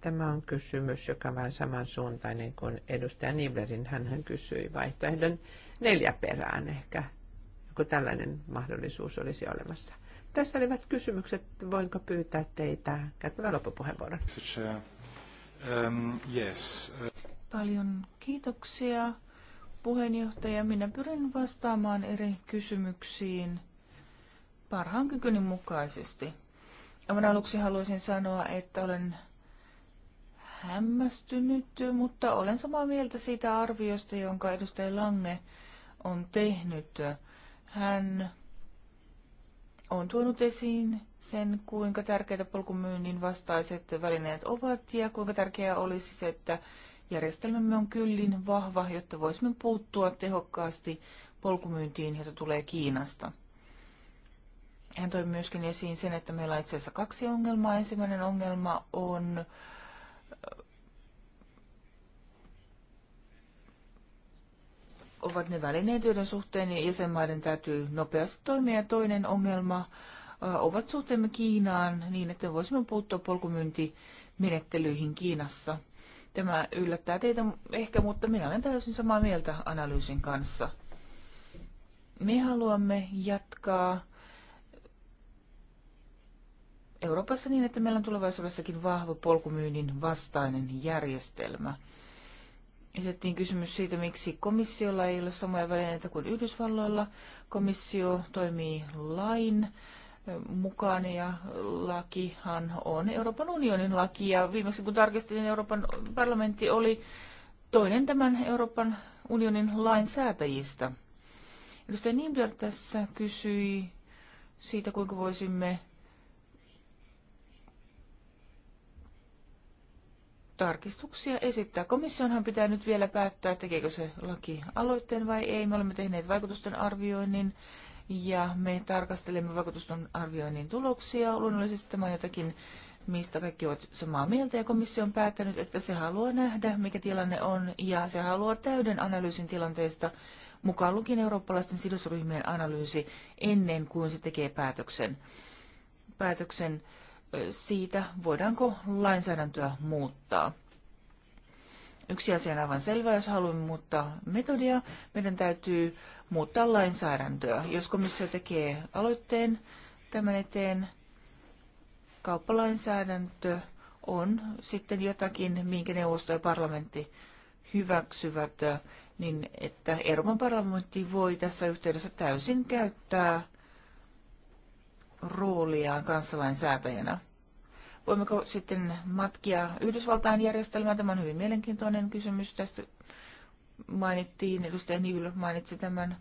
Tämä on kysymys, joka on vähän samansuuntainen kuin edustaja Niblerin. Hän kysyi vaihtoehdon neljä perään ehkä, kun tällainen mahdollisuus olisi olemassa. Tässä olivat kysymykset. Voinko pyytää teitä käyttämään loppupuheenvuoron? Um, yes. Uh- Paljon kiitoksia puheenjohtaja. Minä pyrin vastaamaan eri kysymyksiin parhaan kykyni mukaisesti. minä aluksi haluaisin sanoa, että olen hämmästynyt, mutta olen samaa mieltä siitä arviosta, jonka edustaja Lange on tehnyt. Hän on tuonut esiin sen, kuinka tärkeitä polkumyynnin vastaiset välineet ovat ja kuinka tärkeää olisi se, että järjestelmämme on kyllin vahva, jotta voisimme puuttua tehokkaasti polkumyyntiin, jota tulee Kiinasta. Hän toi myöskin esiin sen, että meillä on itse asiassa kaksi ongelmaa. Ensimmäinen ongelma on ovat ne välineet, joiden suhteen jäsenmaiden täytyy nopeasti toimia. toinen ongelma ovat suhteemme Kiinaan niin, että voisimme puuttua polkumyyntimenettelyihin Kiinassa. Tämä yllättää teitä ehkä, mutta minä olen täysin samaa mieltä analyysin kanssa. Me haluamme jatkaa Euroopassa niin, että meillä on tulevaisuudessakin vahva polkumyynnin vastainen järjestelmä. Esitettiin kysymys siitä, miksi komissiolla ei ole samoja välineitä kuin Yhdysvalloilla. Komissio toimii lain mukaan ja lakihan on Euroopan unionin laki. Ja viimeksi kun tarkistin, niin Euroopan parlamentti oli toinen tämän Euroopan unionin lainsäätäjistä. Edustaja Nimbler tässä kysyi siitä, kuinka voisimme tarkistuksia esittää. Komissionhan pitää nyt vielä päättää, tekeekö se laki aloitteen vai ei. Me olemme tehneet vaikutusten arvioinnin ja me tarkastelemme vaikutusten arvioinnin tuloksia. Luonnollisesti tämä on jotakin, mistä kaikki ovat samaa mieltä ja komissio on päättänyt, että se haluaa nähdä, mikä tilanne on ja se haluaa täyden analyysin tilanteesta mukaan lukien eurooppalaisten sidosryhmien analyysi ennen kuin se tekee päätöksen. päätöksen siitä, voidaanko lainsäädäntöä muuttaa. Yksi asia on aivan selvä, jos haluamme muuttaa metodia, meidän täytyy muuttaa lainsäädäntöä. Jos komissio tekee aloitteen tämän eteen, kauppalainsäädäntö on sitten jotakin, minkä neuvosto ja parlamentti hyväksyvät, niin että Euroopan parlamentti voi tässä yhteydessä täysin käyttää rooliaan kansalainsäätäjänä. Voimmeko sitten matkia Yhdysvaltain järjestelmään? Tämä on hyvin mielenkiintoinen kysymys. Tästä mainittiin, edustaja Nivil mainitsi tämän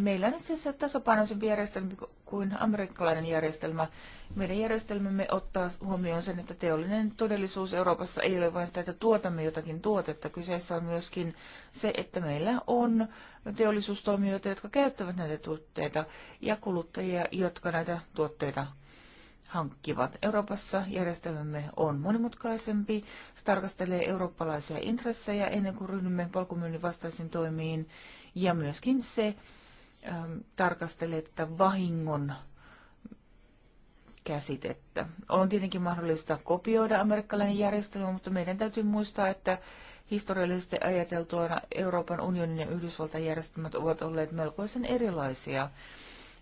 meillä on itse asiassa tasapainoisempi järjestelmä kuin amerikkalainen järjestelmä. Meidän järjestelmämme ottaa huomioon sen, että teollinen todellisuus Euroopassa ei ole vain sitä, että tuotamme jotakin tuotetta. Kyseessä on myöskin se, että meillä on teollisuustoimijoita, jotka käyttävät näitä tuotteita ja kuluttajia, jotka näitä tuotteita hankkivat. Euroopassa järjestelmämme on monimutkaisempi, se tarkastelee eurooppalaisia intressejä ennen kuin ryhdymme polkumyynnin vastaisiin toimiin ja myöskin se, Ähm, tarkastelee tätä vahingon käsitettä. On tietenkin mahdollista kopioida amerikkalainen järjestelmä, mutta meidän täytyy muistaa, että historiallisesti ajateltuina Euroopan unionin ja Yhdysvaltain järjestelmät ovat olleet melkoisen erilaisia.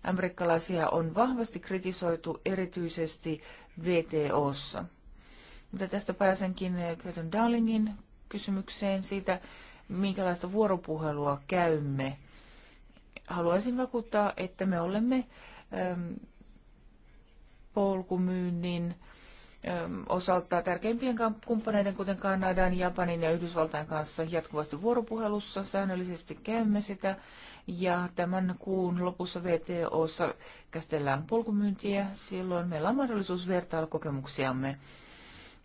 Amerikkalaisia on vahvasti kritisoitu erityisesti VTOssa. Mutta tästä pääsenkin Kötön eh, Darlingin kysymykseen siitä, minkälaista vuoropuhelua käymme haluaisin vakuuttaa, että me olemme ähm, polkumyynnin ähm, osalta tärkeimpien kumppaneiden, kuten Kanadan, Japanin ja Yhdysvaltain kanssa jatkuvasti vuoropuhelussa. Säännöllisesti käymme sitä ja tämän kuun lopussa VTOssa käsitellään polkumyyntiä. Silloin meillä on mahdollisuus vertailla kokemuksiamme.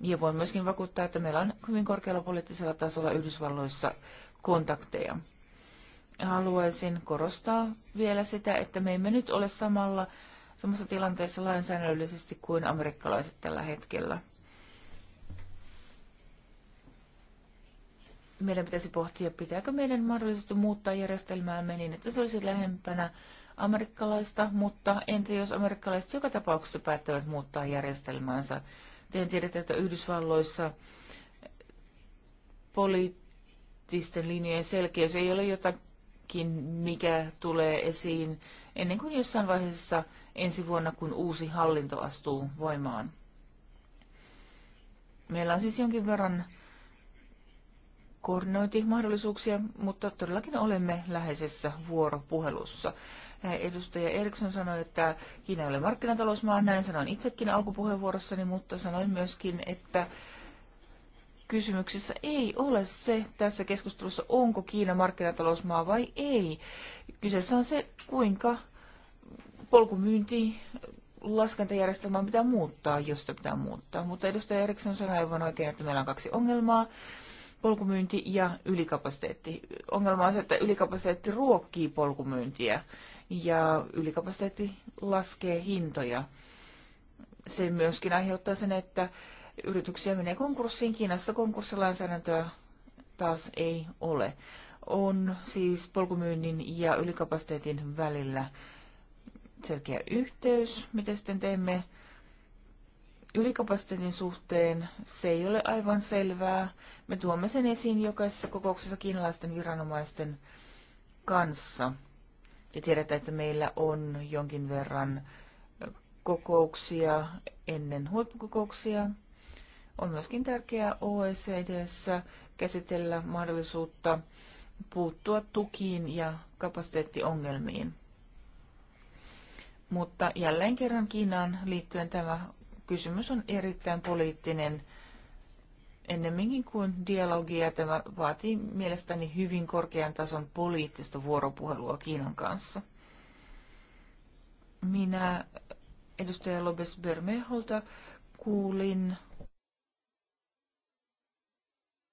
Ja voin myöskin vakuuttaa, että meillä on hyvin korkealla poliittisella tasolla Yhdysvalloissa kontakteja haluaisin korostaa vielä sitä, että me emme nyt ole samalla, samassa tilanteessa lainsäädännöllisesti kuin amerikkalaiset tällä hetkellä. Meidän pitäisi pohtia, pitääkö meidän mahdollisesti muuttaa järjestelmäämme niin, että se olisi lähempänä amerikkalaista, mutta entä jos amerikkalaiset joka tapauksessa päättävät muuttaa järjestelmäänsä? Teidän tiedätte, että Yhdysvalloissa poliittisten linjojen selkeys ei ole jotain kaikkiin, mikä tulee esiin ennen kuin jossain vaiheessa ensi vuonna, kun uusi hallinto astuu voimaan. Meillä on siis jonkin verran koordinointimahdollisuuksia, mutta todellakin olemme läheisessä vuoropuhelussa. Edustaja Eriksson sanoi, että Kiina ei ole markkinatalousmaa, näin sanoin itsekin alkupuheenvuorossani, mutta sanoin myöskin, että kysymyksessä ei ole se tässä keskustelussa, onko Kiina markkinatalousmaa vai ei. Kyseessä on se, kuinka polkumyynti laskentajärjestelmää pitää muuttaa, jos sitä pitää muuttaa. Mutta edustaja Eriksson sanoi aivan oikein, että meillä on kaksi ongelmaa polkumyynti ja ylikapasiteetti. Ongelma on se, että ylikapasiteetti ruokkii polkumyyntiä ja ylikapasiteetti laskee hintoja. Se myöskin aiheuttaa sen, että yrityksiä menee konkurssiin. Kiinassa konkurssilainsäädäntöä taas ei ole. On siis polkumyynnin ja ylikapasiteetin välillä selkeä yhteys, mitä sitten teemme ylikapasiteetin suhteen. Se ei ole aivan selvää. Me tuomme sen esiin jokaisessa kokouksessa kiinalaisten viranomaisten kanssa. Ja tiedetään, että meillä on jonkin verran kokouksia ennen huippukokouksia. On myöskin tärkeää OECDssä käsitellä mahdollisuutta puuttua tukiin ja kapasiteettiongelmiin. Mutta jälleen kerran Kiinaan liittyen tämä kysymys on erittäin poliittinen ennemminkin kuin dialogia. Tämä vaatii mielestäni hyvin korkean tason poliittista vuoropuhelua Kiinan kanssa. Minä edustaja Lobes Bermeholta kuulin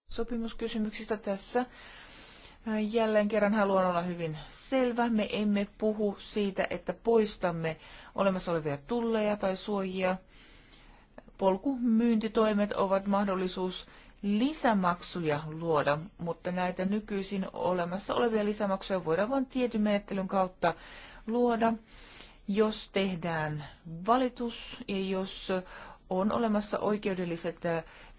sopimuskysymyksistä tässä. Jälleen kerran haluan olla hyvin selvä. Me emme puhu siitä, että poistamme olemassa olevia tulleja tai suojia. Polkumyyntitoimet ovat mahdollisuus lisämaksuja luoda, mutta näitä nykyisin olemassa olevia lisämaksuja voidaan vain tietyn menettelyn kautta luoda, jos tehdään valitus ja jos on olemassa oikeudelliset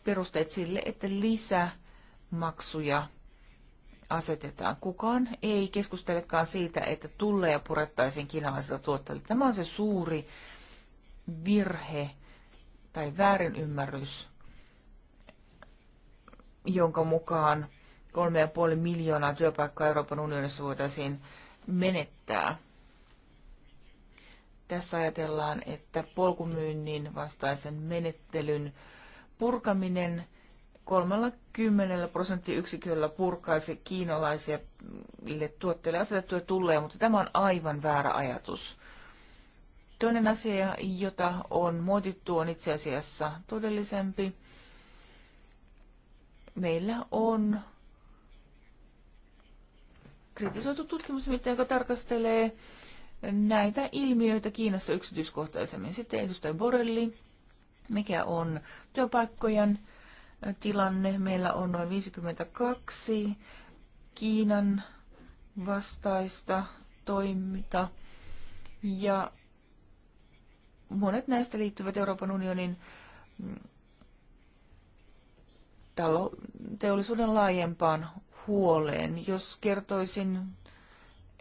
perusteet sille, että lisämaksuja asetetaan. Kukaan ei keskustelekaan siitä, että tulleja purettaisiin kiinalaisilta tuotteilta. Tämä on se suuri virhe tai väärinymmärrys, jonka mukaan 3,5 miljoonaa työpaikkaa Euroopan unionissa voitaisiin menettää. Tässä ajatellaan, että polkumyynnin vastaisen menettelyn purkaminen 30 prosenttiyksiköllä purkaisi kiinalaisille tuotteille asetettuja tulleja, mutta tämä on aivan väärä ajatus. Toinen asia, jota on muotittu, on itse asiassa todellisempi. Meillä on kritisoitu tutkimus, joka tarkastelee näitä ilmiöitä Kiinassa yksityiskohtaisemmin. Sitten edustaja Borelli mikä on työpaikkojen tilanne. Meillä on noin 52 Kiinan vastaista toiminta ja monet näistä liittyvät Euroopan unionin mm, teollisuuden laajempaan huoleen. Jos kertoisin,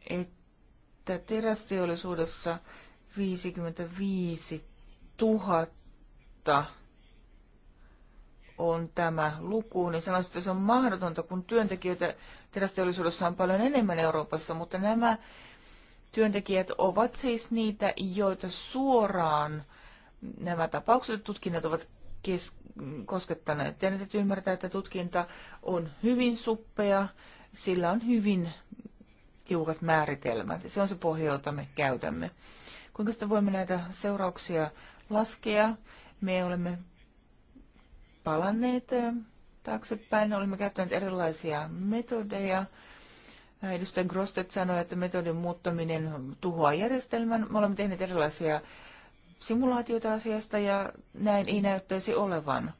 että terästeollisuudessa 55 000 kautta on tämä luku, niin sanoisin, että se on mahdotonta, kun työntekijöitä terästeollisuudessa on paljon enemmän Euroopassa, mutta nämä työntekijät ovat siis niitä, joita suoraan nämä tapaukset tutkinnat ovat kes- koskettaneet. Ja nyt ymmärtää, että tutkinta on hyvin suppea, sillä on hyvin tiukat määritelmät. Se on se pohja, jota me käytämme. Kuinka sitten voimme näitä seurauksia laskea? Me olemme palanneet taaksepäin, olemme käyttäneet erilaisia metodeja. Edustaja Grostet sanoi, että metodin muuttaminen tuhoaa järjestelmän. Me olemme tehneet erilaisia simulaatioita asiasta ja näin ei näyttäisi olevan.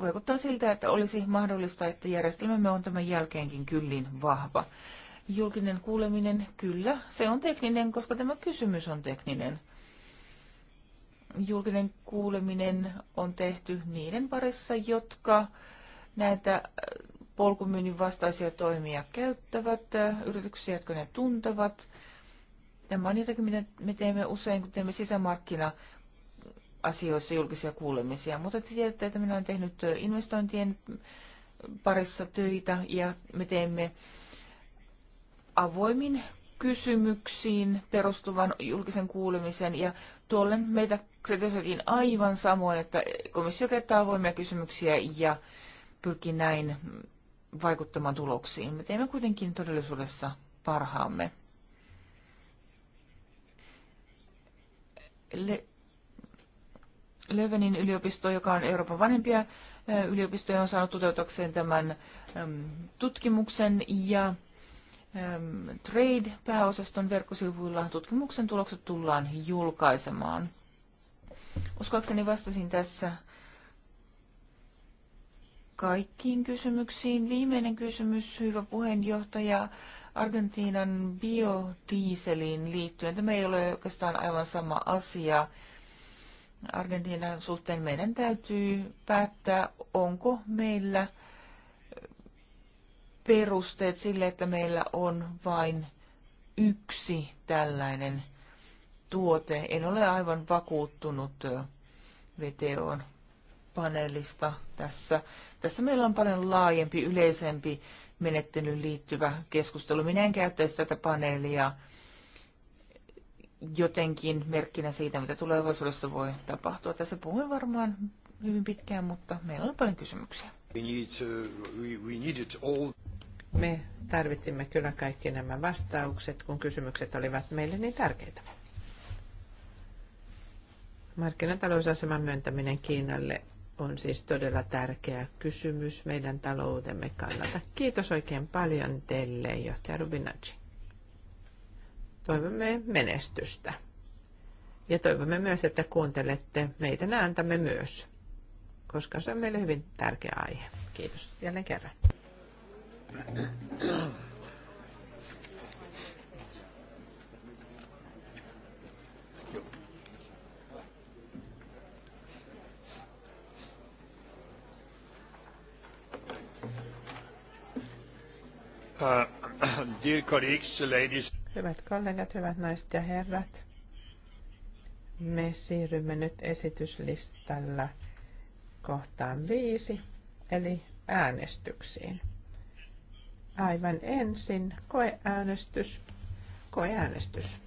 Vaikuttaa siltä, että olisi mahdollista, että järjestelmämme on tämän jälkeenkin kyllin vahva. Julkinen kuuleminen, kyllä, se on tekninen, koska tämä kysymys on tekninen julkinen kuuleminen on tehty niiden parissa, jotka näitä polkumyynnin vastaisia toimia käyttävät, yrityksiä, jotka ne tuntevat. Tämä on jotakin, mitä me teemme usein, kun teemme sisämarkkina asioissa julkisia kuulemisia, mutta te tiedätte, että minä olen tehnyt investointien parissa töitä ja me teemme avoimin kysymyksiin perustuvan julkisen kuulemisen ja tuolle meitä kritisoitiin aivan samoin, että komissio käyttää avoimia kysymyksiä ja pyrkii näin vaikuttamaan tuloksiin. Me teemme kuitenkin todellisuudessa parhaamme. Le- Lövenin yliopisto, joka on Euroopan vanhempia yliopistoja, on saanut toteutukseen tämän tutkimuksen ja Trade-pääosaston verkkosivuilla tutkimuksen tulokset tullaan julkaisemaan. Uskoakseni vastasin tässä kaikkiin kysymyksiin. Viimeinen kysymys, hyvä puheenjohtaja, Argentiinan biodieseliin liittyen. Tämä ei ole oikeastaan aivan sama asia. Argentiinan suhteen meidän täytyy päättää, onko meillä – perusteet sille, että meillä on vain yksi tällainen tuote. En ole aivan vakuuttunut VTOn paneelista tässä. Tässä meillä on paljon laajempi, yleisempi menettelyyn liittyvä keskustelu. Minä en käyttäisi tätä paneelia jotenkin merkkinä siitä, mitä tulevaisuudessa voi tapahtua. Tässä puhuin varmaan hyvin pitkään, mutta meillä on paljon kysymyksiä. Me tarvitsimme kyllä kaikki nämä vastaukset, kun kysymykset olivat meille niin tärkeitä. Markkinatalousaseman myöntäminen Kiinalle on siis todella tärkeä kysymys meidän taloutemme kannalta. Kiitos oikein paljon teille, johtaja Rubinacci. Toivomme menestystä. Ja toivomme myös, että kuuntelette meidän ääntämme myös koska se on meille hyvin tärkeä aihe. Kiitos jälleen kerran. Uh, [CLEARS THROAT] dear colleagues, ladies. Hyvät kollegat, hyvät naiset ja herrat, me siirrymme nyt esityslistalla kohtaan viisi, eli äänestyksiin. Aivan ensin koeäänestys. Koeäänestys.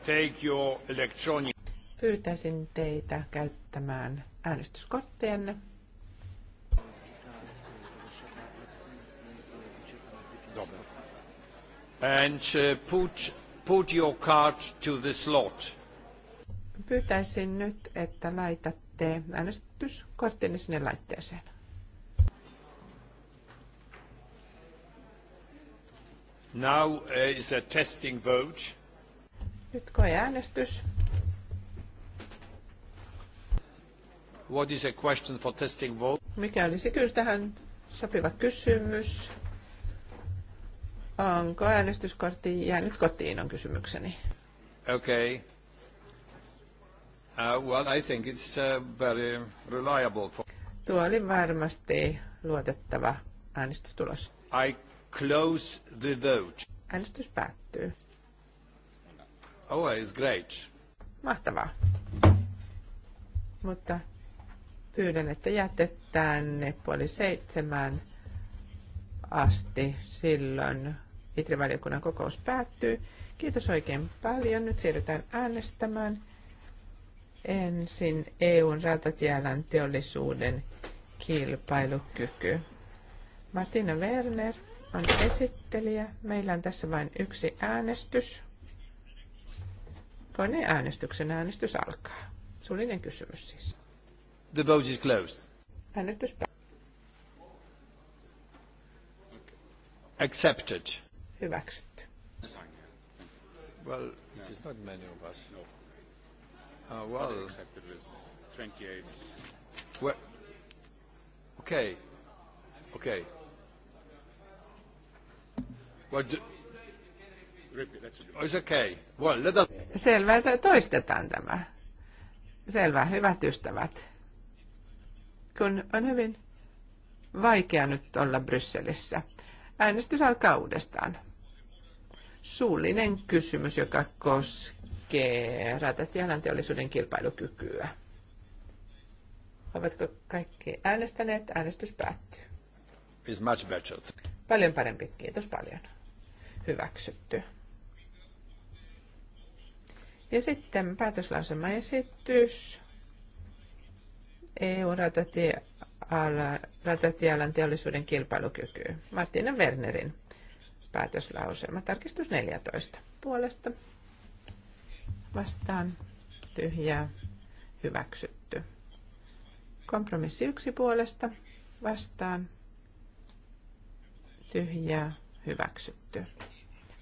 Take your electronic. Pyytäisin teitä käyttämään äänestyskorttienne. And uh, put, put your card to the slot. Pyytäisin nyt, että laitatte äänestyskorttinne sinne laitteeseen. Now uh, is a testing vote. Nyt äänestys. What is a question for testing vote? Mikä olisi kyllä tähän sopiva kysymys? Onko äänestyskortti jäänyt kotiin on kysymykseni. Okay. Uh, well, I think it's uh, very reliable for... Tuo oli varmasti luotettava äänestystulos. I close the vote. Äänestys päättyy. Oh, it's great. Mahtavaa. Mutta pyydän, että jätetään ne puoli seitsemän asti. Silloin Itrivaliokunnan kokous päättyy. Kiitos oikein paljon. Nyt siirrytään äänestämään. Ensin EUn rautatiealan teollisuuden kilpailukyky. Martina Werner on esittelijä. Meillä on tässä vain yksi äänestys. Koneäänestyksen äänestys alkaa. Suullinen kysymys siis. The vote is closed. Äänestys Accepted. Hyväksytty. Well, this is not many of us. No. Uh, well, Other accepted was 28. Well, okay, okay. Well, do, oh, It's okay. Well, let us... Selvä, toistetaan tämä. Selvä, hyvät ystävät. Kun on hyvin vaikea nyt olla Brysselissä. Äänestys alkaa uudestaan. Suullinen kysymys, joka koskee tukee rautatiealan teollisuuden kilpailukykyä. Ovatko kaikki äänestäneet? Äänestys päättyy. It's much better. Paljon parempi. Kiitos paljon. Hyväksytty. Ja sitten esitys. EU-ratatialan teollisuuden kilpailukyky. Martina Wernerin päätöslauselma. Tarkistus 14. Puolesta vastaan tyhjää hyväksytty. Kompromissi yksi puolesta vastaan tyhjää hyväksytty.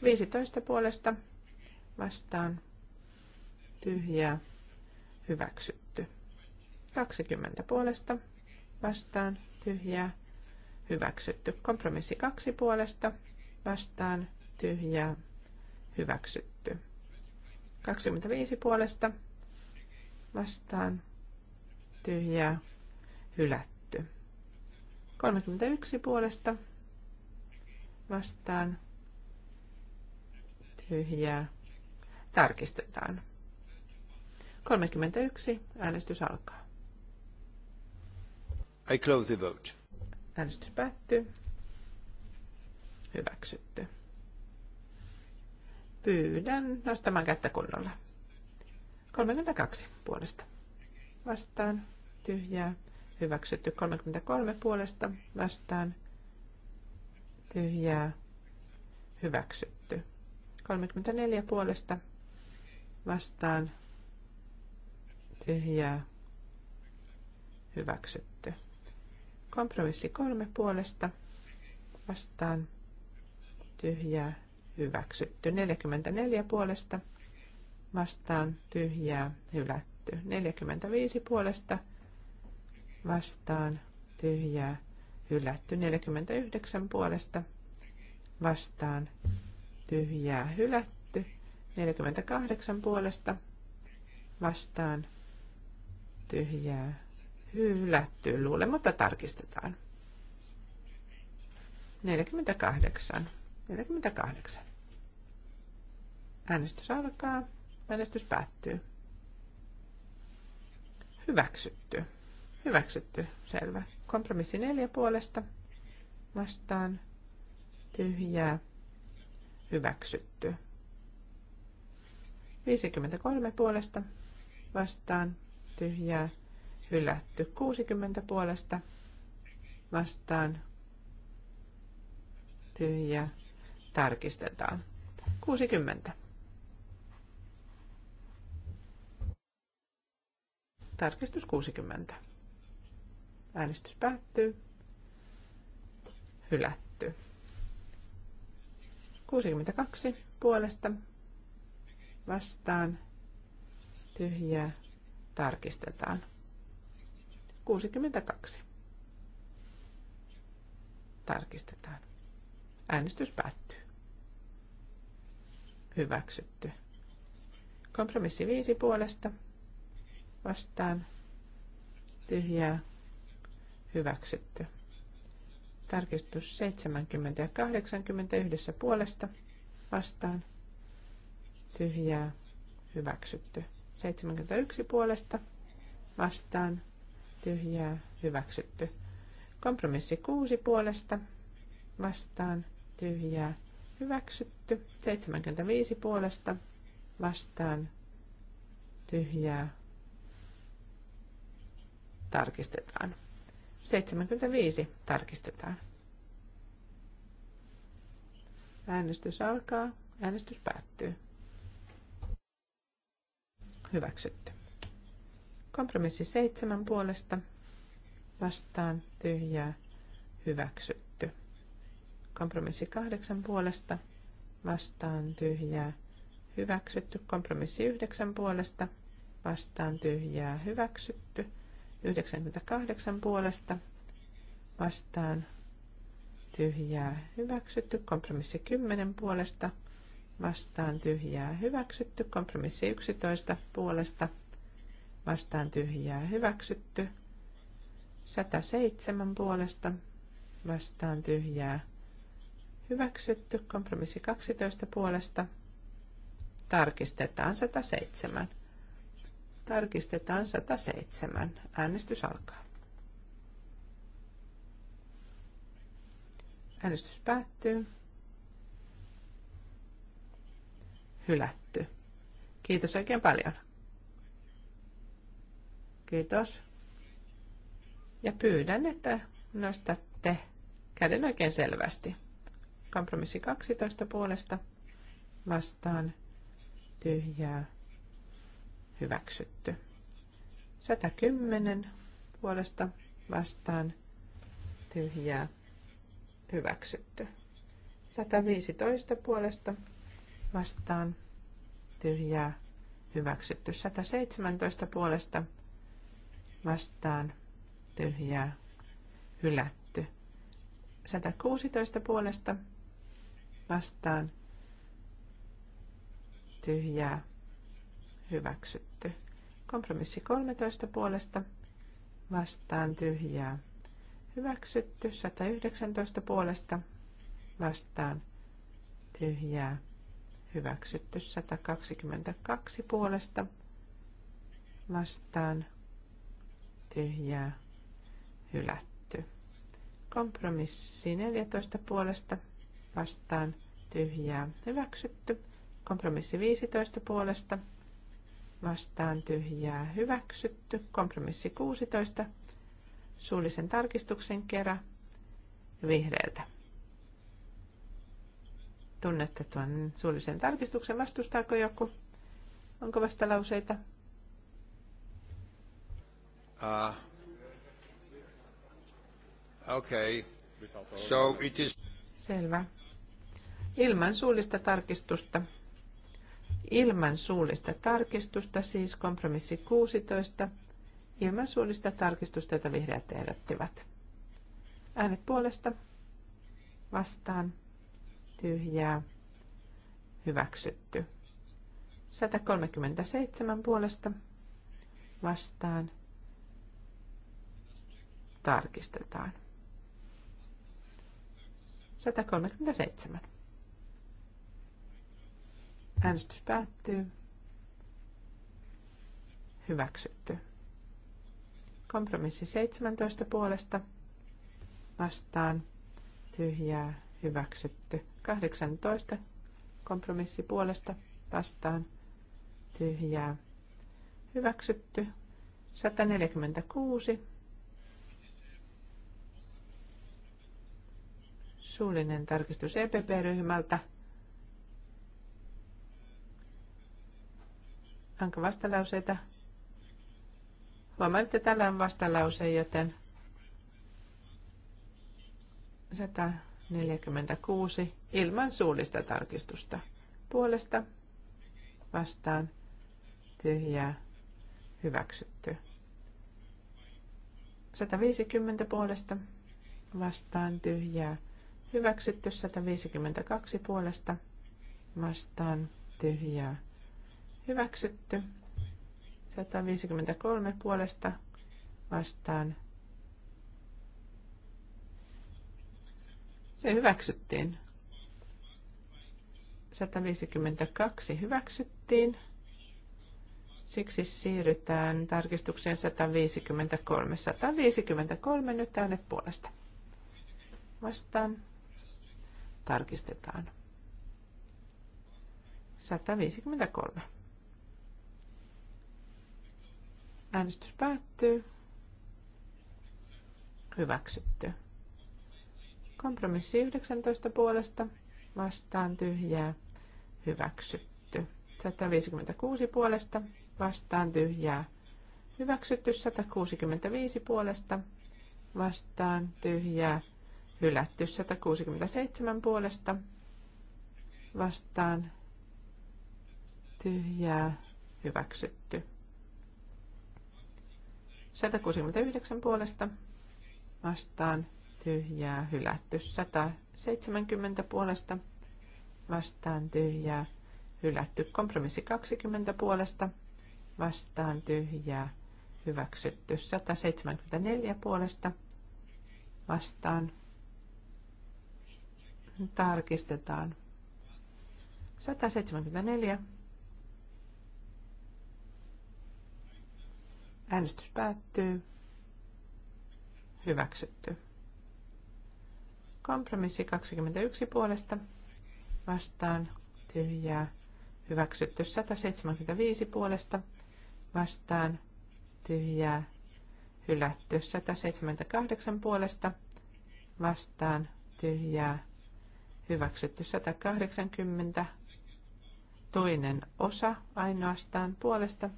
15 puolesta vastaan tyhjää hyväksytty. 20 puolesta vastaan tyhjää hyväksytty. Kompromissi kaksi puolesta vastaan tyhjää hyväksytty. 25 puolesta vastaan tyhjää hylätty. 31 puolesta vastaan tyhjää tarkistetaan. 31 äänestys alkaa. I close the vote. Äänestys päättyy. Hyväksytty. Pyydän nostamaan kättä kunnolla. 32 puolesta. Vastaan. Tyhjää. Hyväksytty. 33 puolesta. Vastaan. Tyhjää. Hyväksytty. 34 puolesta. Vastaan. Tyhjää. Hyväksytty. Kompromissi kolme puolesta. Vastaan. Tyhjää hyväksytty. 44 puolesta vastaan tyhjää hylätty. 45 puolesta vastaan tyhjää hylätty. 49 puolesta vastaan tyhjää hylätty. 48 puolesta vastaan tyhjää hylätty. Luulematta tarkistetaan. 48. 48. Äänestys alkaa. Äänestys päättyy. Hyväksytty. Hyväksytty. Selvä. Kompromissi neljä puolesta. Vastaan. Tyhjää. Hyväksytty. 53 puolesta. Vastaan. Tyhjää. Hylätty. 60 puolesta. Vastaan. Tyhjää. Tarkistetaan. 60. Tarkistus 60. Äänestys päättyy. Hylätty. 62 puolesta vastaan tyhjää tarkistetaan. 62. Tarkistetaan. Äänestys päättyy. Hyväksytty. Kompromissi 5 puolesta vastaan tyhjää hyväksytty. Tarkistus 70 ja 80 yhdessä puolesta vastaan tyhjää hyväksytty. 71 puolesta vastaan tyhjää hyväksytty. Kompromissi 6 puolesta vastaan tyhjää hyväksytty. 75 puolesta vastaan tyhjää tarkistetaan. 75 tarkistetaan. Äänestys alkaa. Äänestys päättyy. Hyväksytty. Kompromissi 7 puolesta vastaan tyhjää hyväksytty. Kompromissi 8 puolesta vastaan tyhjää hyväksytty. Kompromissi 9 puolesta vastaan tyhjää hyväksytty. 98 puolesta vastaan tyhjää hyväksytty. Kompromissi 10 puolesta vastaan tyhjää hyväksytty. Kompromissi 11 puolesta vastaan tyhjää hyväksytty. 107 puolesta vastaan tyhjää hyväksytty. Kompromissi 12 puolesta tarkistetaan 107. Tarkistetaan 107. Äänestys alkaa. Äänestys päättyy. Hylätty. Kiitos oikein paljon. Kiitos. Ja pyydän, että nostatte käden oikein selvästi. Kompromissi 12 puolesta vastaan tyhjää hyväksytty. 110 puolesta vastaan tyhjää hyväksytty. 115 puolesta vastaan tyhjää hyväksytty. 117 puolesta vastaan tyhjää hylätty. 116 puolesta vastaan tyhjää hyväksytty. Kompromissi 13 puolesta vastaan tyhjää hyväksytty. 119 puolesta vastaan tyhjää hyväksytty. 122 puolesta vastaan tyhjää hylätty. Kompromissi 14 puolesta vastaan tyhjää hyväksytty. Kompromissi 15 puolesta vastaan tyhjää hyväksytty. Kompromissi 16 suullisen tarkistuksen kera vihreältä. Tunnette tuon suullisen tarkistuksen. Vastustaako joku? Onko vastalauseita? Uh, okay. So it is... Selvä. Ilman suullista tarkistusta ilman suullista tarkistusta, siis kompromissi 16, ilman suullista tarkistusta, jota vihreät ehdottivat. Äänet puolesta, vastaan, tyhjää, hyväksytty. 137 puolesta, vastaan, tarkistetaan. 137. Äänestys päättyy. Hyväksytty. Kompromissi 17 puolesta vastaan tyhjää hyväksytty. 18 kompromissi puolesta vastaan tyhjää hyväksytty. 146 suullinen tarkistus EPP-ryhmältä Onko vastalauseita? Huomaan, että täällä on vastalause, joten 146 ilman suullista tarkistusta. Puolesta vastaan tyhjää hyväksytty. 150 puolesta vastaan tyhjää hyväksytty. 152 puolesta vastaan tyhjää Hyväksytty. 153 puolesta vastaan. Se hyväksyttiin. 152 hyväksyttiin. Siksi siirrytään tarkistukseen 153. 153 nyt tänne puolesta. Vastaan. Tarkistetaan. 153. Äänestys päättyy. Hyväksytty. Kompromissi 19 puolesta vastaan tyhjää. Hyväksytty. 156 puolesta vastaan tyhjää. Hyväksytty 165 puolesta vastaan tyhjää. Hylätty 167 puolesta vastaan tyhjää. Hyväksytty 169 puolesta vastaan tyhjää hylätty. 170 puolesta vastaan tyhjää hylätty. Kompromissi 20 puolesta vastaan tyhjää hyväksytty. 174 puolesta vastaan tarkistetaan. 174 Äänestys päättyy. Hyväksytty. Kompromissi 21 puolesta vastaan tyhjää. Hyväksytty 175 puolesta vastaan tyhjää. Hylätty 178 puolesta vastaan tyhjää. Hyväksytty 180 toinen osa ainoastaan puolesta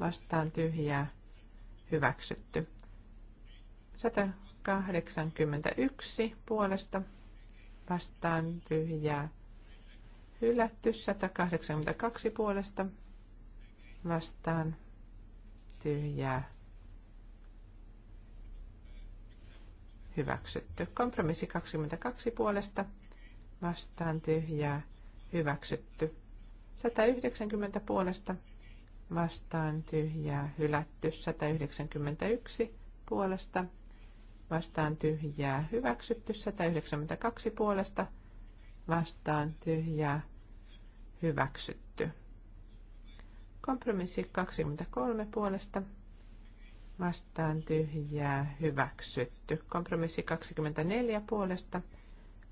vastaan tyhjää hyväksytty. 181 puolesta vastaan tyhjää hylätty. 182 puolesta vastaan tyhjää hyväksytty. Kompromissi 22 puolesta vastaan tyhjää hyväksytty. 190 puolesta vastaan tyhjää hylätty 191 puolesta, vastaan tyhjää hyväksytty 192 puolesta, vastaan tyhjää hyväksytty. Kompromissi 23 puolesta, vastaan tyhjää hyväksytty. Kompromissi 24 puolesta,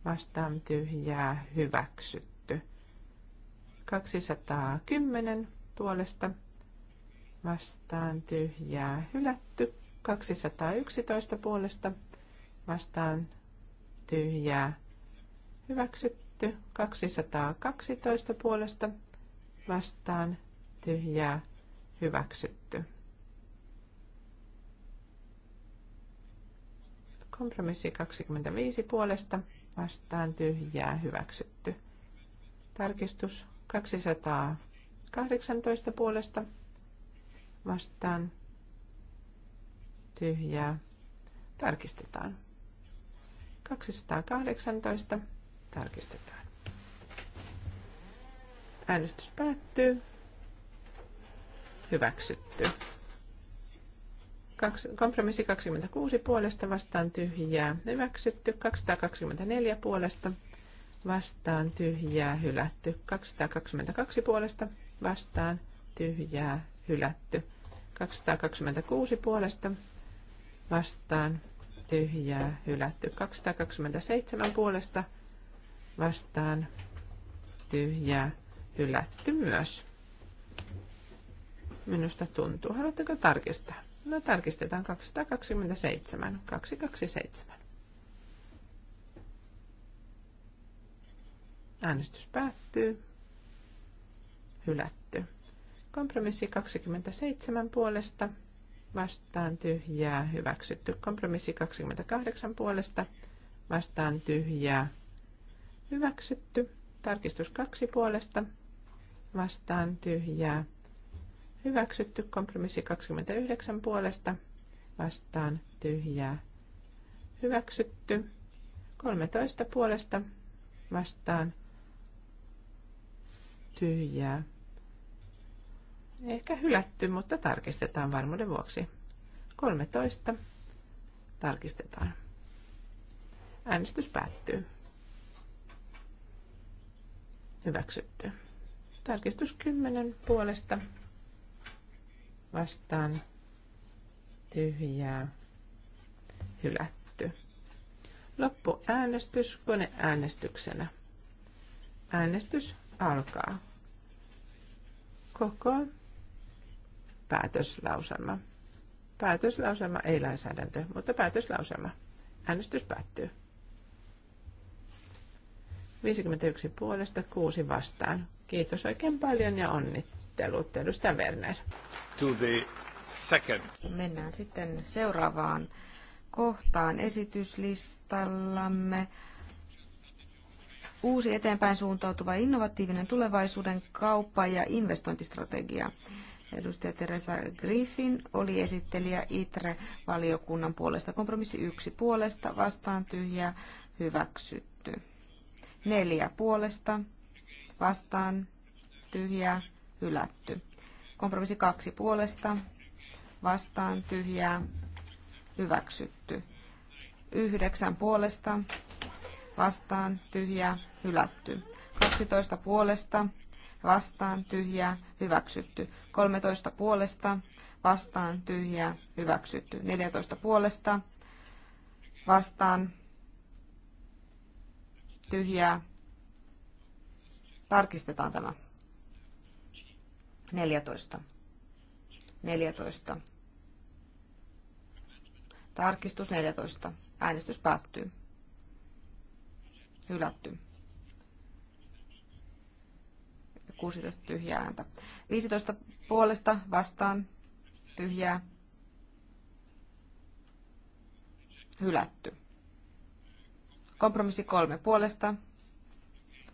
vastaan tyhjää hyväksytty. 210 puolesta, vastaan tyhjää hylätty. 211 puolesta vastaan tyhjää hyväksytty. 212 puolesta vastaan tyhjää hyväksytty. Kompromissi 25 puolesta vastaan tyhjää hyväksytty. Tarkistus 218 puolesta vastaan tyhjää. Tarkistetaan. 218 tarkistetaan. Äänestys päättyy. Hyväksytty. kompromissi 26 puolesta vastaan tyhjää. Hyväksytty. 224 puolesta vastaan tyhjää. Hylätty. 222 puolesta vastaan tyhjää. Hylätty. 226 puolesta vastaan tyhjää hylätty. 227 puolesta vastaan tyhjää hylätty myös. Minusta tuntuu. Haluatteko tarkistaa? No tarkistetaan 227. 227. Äänestys päättyy. Hylätty. Kompromissi 27 puolesta vastaan tyhjää hyväksytty. Kompromissi 28 puolesta vastaan tyhjää hyväksytty. Tarkistus 2 puolesta vastaan tyhjää hyväksytty. Kompromissi 29 puolesta vastaan tyhjää hyväksytty. 13 puolesta vastaan tyhjää Ehkä hylätty, mutta tarkistetaan varmuuden vuoksi. 13. Tarkistetaan. Äänestys päättyy. Hyväksytty. Tarkistus 10 puolesta vastaan tyhjää hylätty. kone koneäänestyksenä. Äänestys alkaa. Koko päätöslauselma. Päätöslauselma, ei lainsäädäntö, mutta päätöslauselma. Äänestys päättyy. 51 puolesta, 6 vastaan. Kiitos oikein paljon ja onnittelut, edustaja Werner. To the second. Mennään sitten seuraavaan kohtaan esityslistallamme. Uusi eteenpäin suuntautuva innovatiivinen tulevaisuuden kauppa- ja investointistrategia. Edustaja Teresa Griffin oli esittelijä ITRE-valiokunnan puolesta. Kompromissi yksi puolesta, vastaan tyhjä hyväksytty. Neljä puolesta, vastaan tyhjä hylätty. Kompromissi kaksi puolesta, vastaan tyhjää, hyväksytty. Yhdeksän puolesta, vastaan tyhjä hylätty. 12 puolesta, vastaan tyhjää hyväksytty. 13 puolesta vastaan tyhjää hyväksytty. 14 puolesta vastaan tyhjää. Tarkistetaan tämä. 14. 14. Tarkistus 14. Äänestys päättyy. Hylätty. 16 tyhjää ääntä. 15 puolesta vastaan tyhjää hylätty. Kompromissi kolme puolesta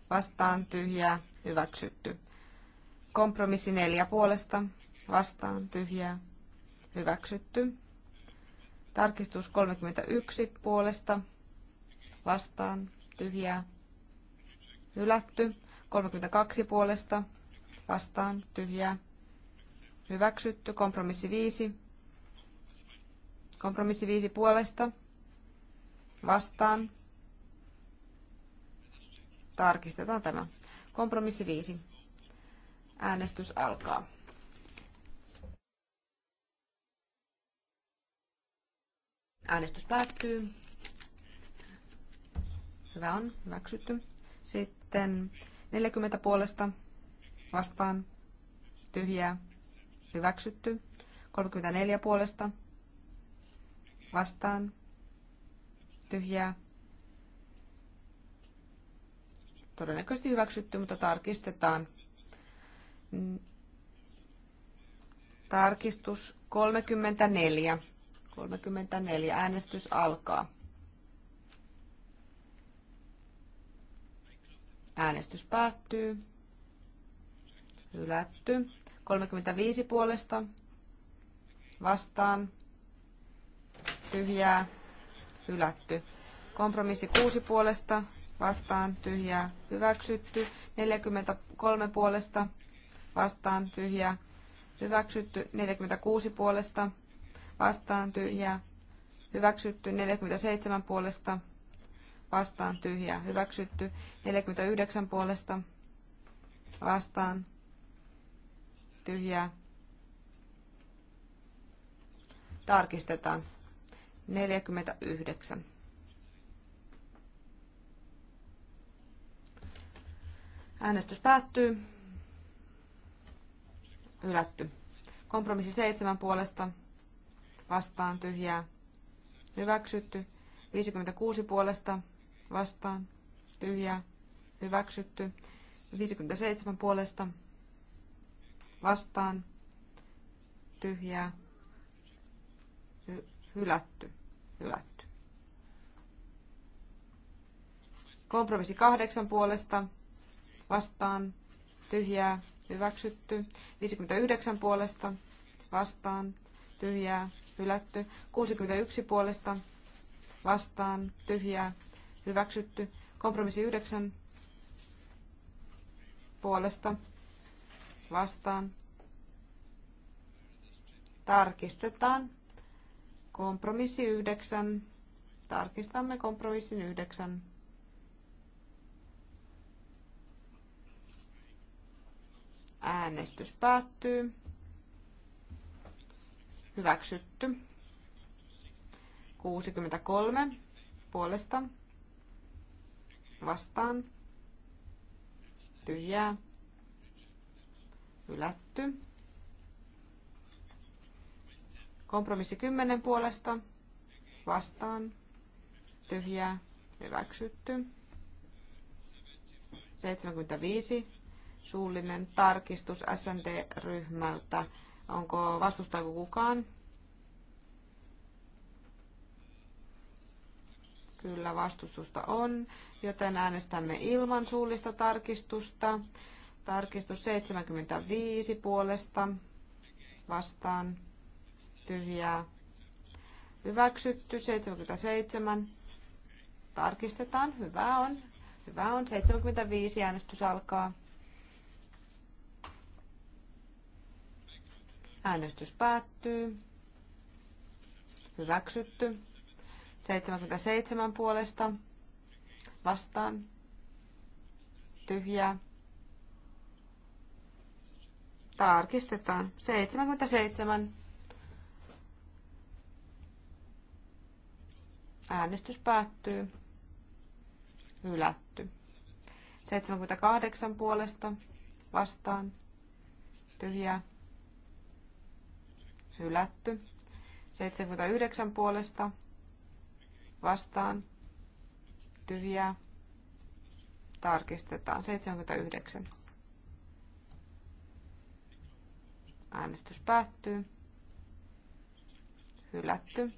vastaan tyhjää hyväksytty. Kompromissi neljä puolesta vastaan tyhjää hyväksytty. Tarkistus 31 puolesta vastaan tyhjää hylätty. 32 puolesta vastaan tyhjää. Hyväksytty. Kompromissi 5. Kompromissi 5 puolesta vastaan. Tarkistetaan tämä. Kompromissi 5. Äänestys alkaa. Äänestys päättyy. Hyvä on, hyväksytty. Sitten 40 puolesta vastaan tyhjää hyväksytty. 34 puolesta vastaan tyhjää todennäköisesti hyväksytty, mutta tarkistetaan. Tarkistus 34. 34. Äänestys alkaa. Äänestys päättyy. Hylätty. 35 puolesta. Vastaan. Tyhjää. Hylätty. Kompromissi 6 puolesta. Vastaan. Tyhjää. Hyväksytty. 43 puolesta. Vastaan. Tyhjää. Hyväksytty. 46 puolesta. Vastaan. Tyhjää. Hyväksytty. 47 puolesta vastaan tyhjää hyväksytty. 49 puolesta vastaan tyhjää tarkistetaan 49. Äänestys päättyy. Hylätty. Kompromissi seitsemän puolesta. Vastaan tyhjää. Hyväksytty. 56 puolesta vastaan, tyhjää, hyväksytty. 57 puolesta vastaan, tyhjää, hy- hylätty, hylätty. Kompromissi kahdeksan puolesta vastaan, tyhjää, hyväksytty. 59 puolesta vastaan, tyhjää, hylätty. 61 puolesta vastaan, tyhjää, hyväksytty. Kompromissi 9 puolesta vastaan. Tarkistetaan. Kompromissi 9. Tarkistamme kompromissin 9. Äänestys päättyy. Hyväksytty. 63 puolesta vastaan, tyhjää, ylätty Kompromissi 10 puolesta, vastaan, tyhjää, hyväksytty. 75, suullinen tarkistus SND-ryhmältä. Onko vastustaako kukaan? Kyllä vastustusta on, joten äänestämme ilman suullista tarkistusta. Tarkistus 75 puolesta vastaan tyhjää. Hyväksytty 77. Tarkistetaan. Hyvä on. Hyvä on. 75 äänestys alkaa. Äänestys päättyy. Hyväksytty. 77 puolesta vastaan. Tyhjää. Tarkistetaan. 77. Äänestys päättyy. Hylätty. 78 puolesta vastaan. Tyhjää. Hylätty. 79 puolesta vastaan tyhjää tarkistetaan 79. Äänestys päättyy. Hylätty.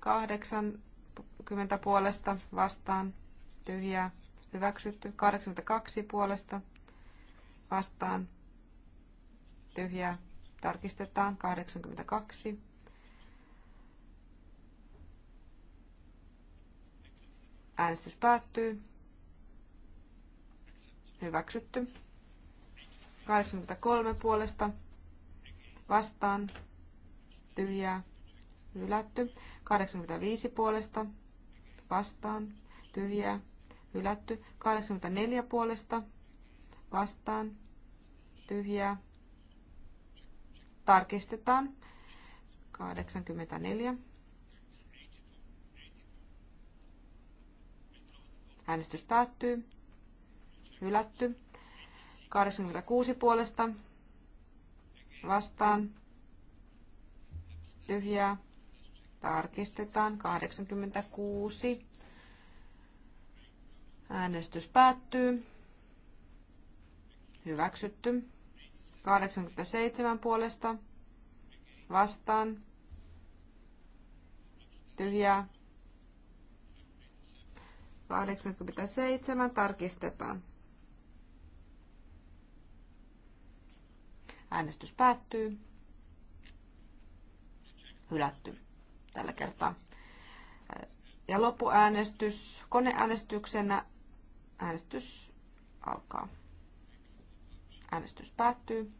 80 puolesta vastaan tyhjää hyväksytty. 82 puolesta vastaan tyhjää tarkistetaan 82. Äänestys päättyy. Hyväksytty. 83 puolesta. Vastaan. Tyhjää. Hylätty. 85 puolesta. Vastaan. Tyhjää. Hylätty. 84 puolesta. Vastaan. Tyhjää. Tarkistetaan. 84. Äänestys päättyy. Hylätty. 86 puolesta. Vastaan. Tyhjää. Tarkistetaan. 86. Äänestys päättyy. Hyväksytty. 87 puolesta. Vastaan. Tyhjää. 87 tarkistetaan. Äänestys päättyy. Hylätty tällä kertaa. Ja loppuäänestys koneäänestyksenä. Äänestys alkaa. Äänestys päättyy.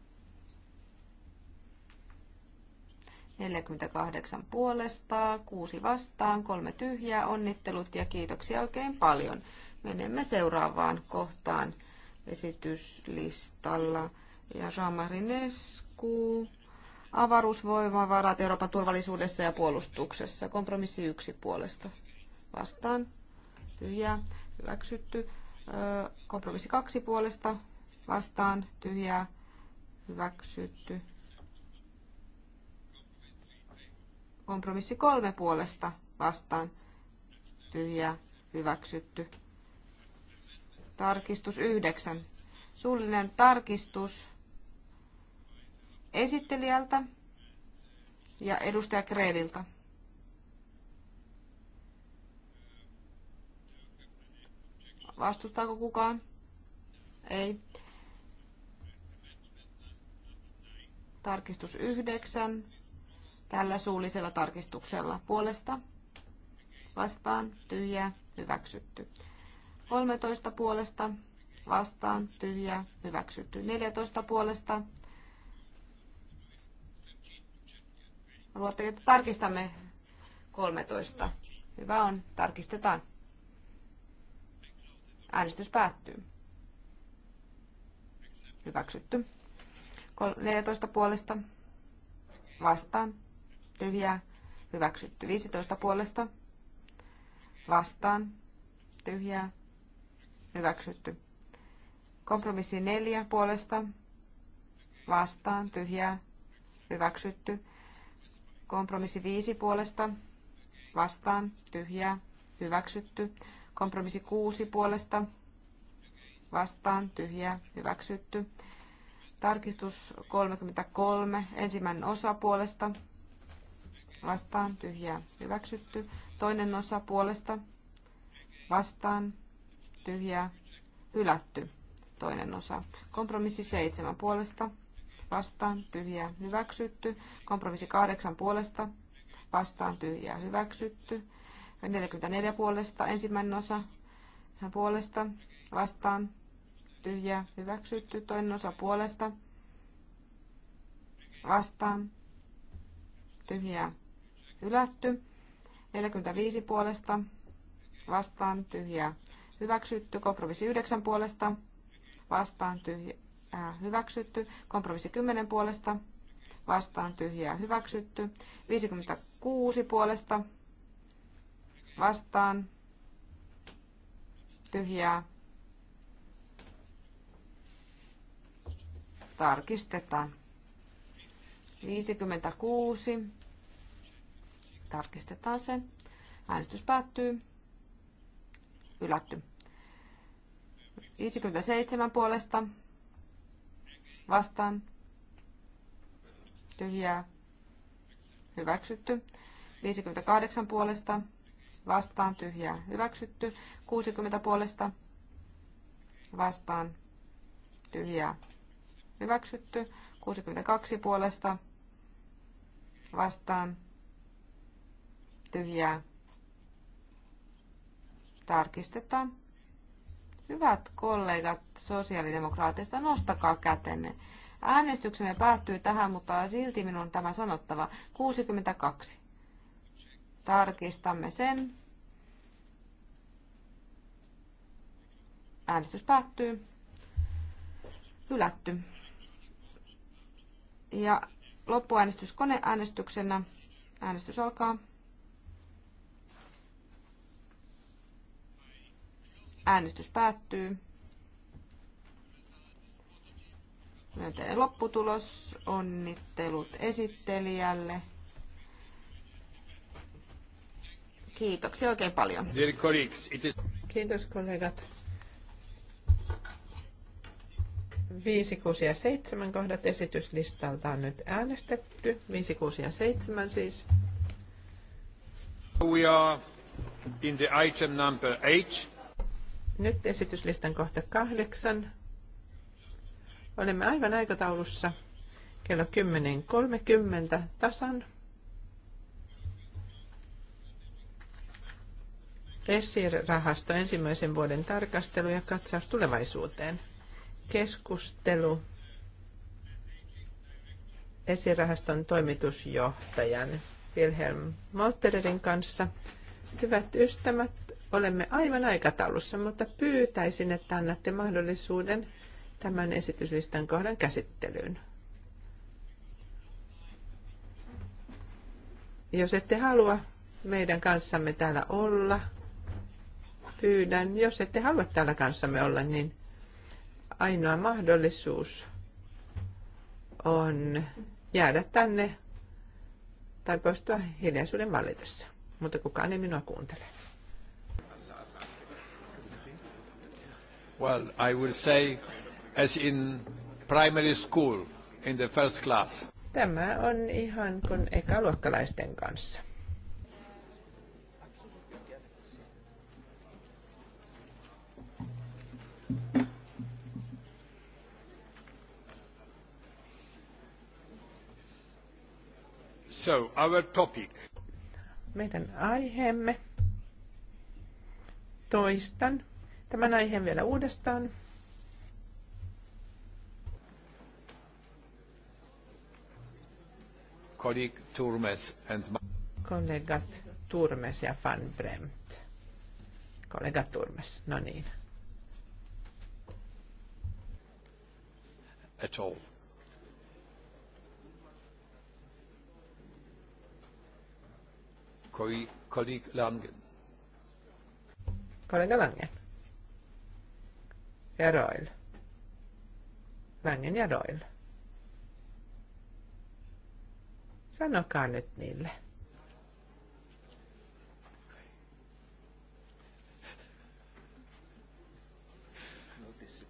48 puolesta, 6 vastaan, 3 tyhjää, onnittelut ja kiitoksia oikein paljon. Menemme seuraavaan kohtaan esityslistalla. Ja Jean-Marinescu, avaruusvoimavarat Euroopan turvallisuudessa ja puolustuksessa. Kompromissi yksi puolesta. Vastaan. Tyhjää. Hyväksytty. Kompromissi kaksi puolesta. Vastaan. Tyhjää. Hyväksytty. Kompromissi kolme puolesta vastaan tyhjää hyväksytty. Tarkistus yhdeksän. Suullinen tarkistus esittelijältä ja edustaja Kreeliltä. Vastustaako kukaan? Ei. Tarkistus yhdeksän tällä suullisella tarkistuksella. Puolesta vastaan tyhjä, hyväksytty. 13 puolesta vastaan tyhjä, hyväksytty. 14 puolesta Haluatteko, että tarkistamme 13? Hyvä on, tarkistetaan. Äänestys päättyy. Hyväksytty. 14 puolesta vastaan tyhjää, hyväksytty. 15 puolesta, vastaan, tyhjää, hyväksytty. Kompromissi 4 puolesta, vastaan, tyhjää, hyväksytty. Kompromissi 5 puolesta, vastaan, tyhjää, hyväksytty. Kompromissi 6 puolesta, vastaan, tyhjää, hyväksytty. Tarkistus 33, ensimmäinen osa puolesta, vastaan tyhjää hyväksytty. Toinen osa puolesta vastaan tyhjää hylätty. Toinen osa. Kompromissi seitsemän puolesta vastaan tyhjää hyväksytty. Kompromissi kahdeksan puolesta vastaan tyhjää hyväksytty. 44 puolesta ensimmäinen osa puolesta vastaan tyhjää hyväksytty. Toinen osa puolesta vastaan tyhjää hylätty. 45 puolesta vastaan tyhjää hyväksytty. Kompromissi 9 puolesta vastaan tyhjää äh, hyväksytty. Kompromissi 10 puolesta vastaan tyhjää hyväksytty. 56 puolesta vastaan tyhjää tarkistetaan. 56 Tarkistetaan se. Äänestys päättyy. Ylätty. 57 puolesta. Vastaan. Tyhjää. Hyväksytty. 58 puolesta. Vastaan. Tyhjää. Hyväksytty. 60 puolesta. Vastaan. Tyhjää. Hyväksytty. 62 puolesta. Vastaan liittyviä. Tarkistetaan. Hyvät kollegat sosiaalidemokraateista, nostakaa kätenne. Äänestyksemme päättyy tähän, mutta silti minun on tämä sanottava. 62. Tarkistamme sen. Äänestys päättyy. Hylätty. Ja loppuäänestys koneäänestyksenä. Äänestys alkaa. Äänestys päättyy. Myönteinen lopputulos. Onnittelut esittelijälle. Kiitoksia oikein paljon. Kiitos kollegat. 5, 6 ja 7 kohdat esityslistalta on nyt äänestetty. 5, 6 ja 7 siis. We are in the item number 8. Nyt esityslistan kohta kahdeksan. Olemme aivan aikataulussa kello 10.30 tasan. essir rahasto ensimmäisen vuoden tarkastelu ja katsaus tulevaisuuteen. Keskustelu esirahaston rahaston toimitusjohtajan Wilhelm Molterin kanssa. Hyvät ystävät, olemme aivan aikataulussa, mutta pyytäisin, että annatte mahdollisuuden tämän esityslistan kohdan käsittelyyn. Jos ette halua meidän kanssamme täällä olla, pyydän, jos ette halua täällä kanssamme olla, niin ainoa mahdollisuus on jäädä tänne tai poistua hiljaisuuden vallitessa. Mutta kukaan ei minua kuuntele. Well, I will say as in primary school, in the first class. Tämä on ihan kuin ekaluokkalaisten kanssa. So, our topic. Meidän aiheemme. Toistan tämän aiheen vielä uudestaan. Kollegat Turmes, and... Kollegat Turmes ja Van Bremt. Kollegat Turmes, no niin. At all. Kollega Langen. Kollega Langen ja Roil. Langen ja Sanokaa nyt niille.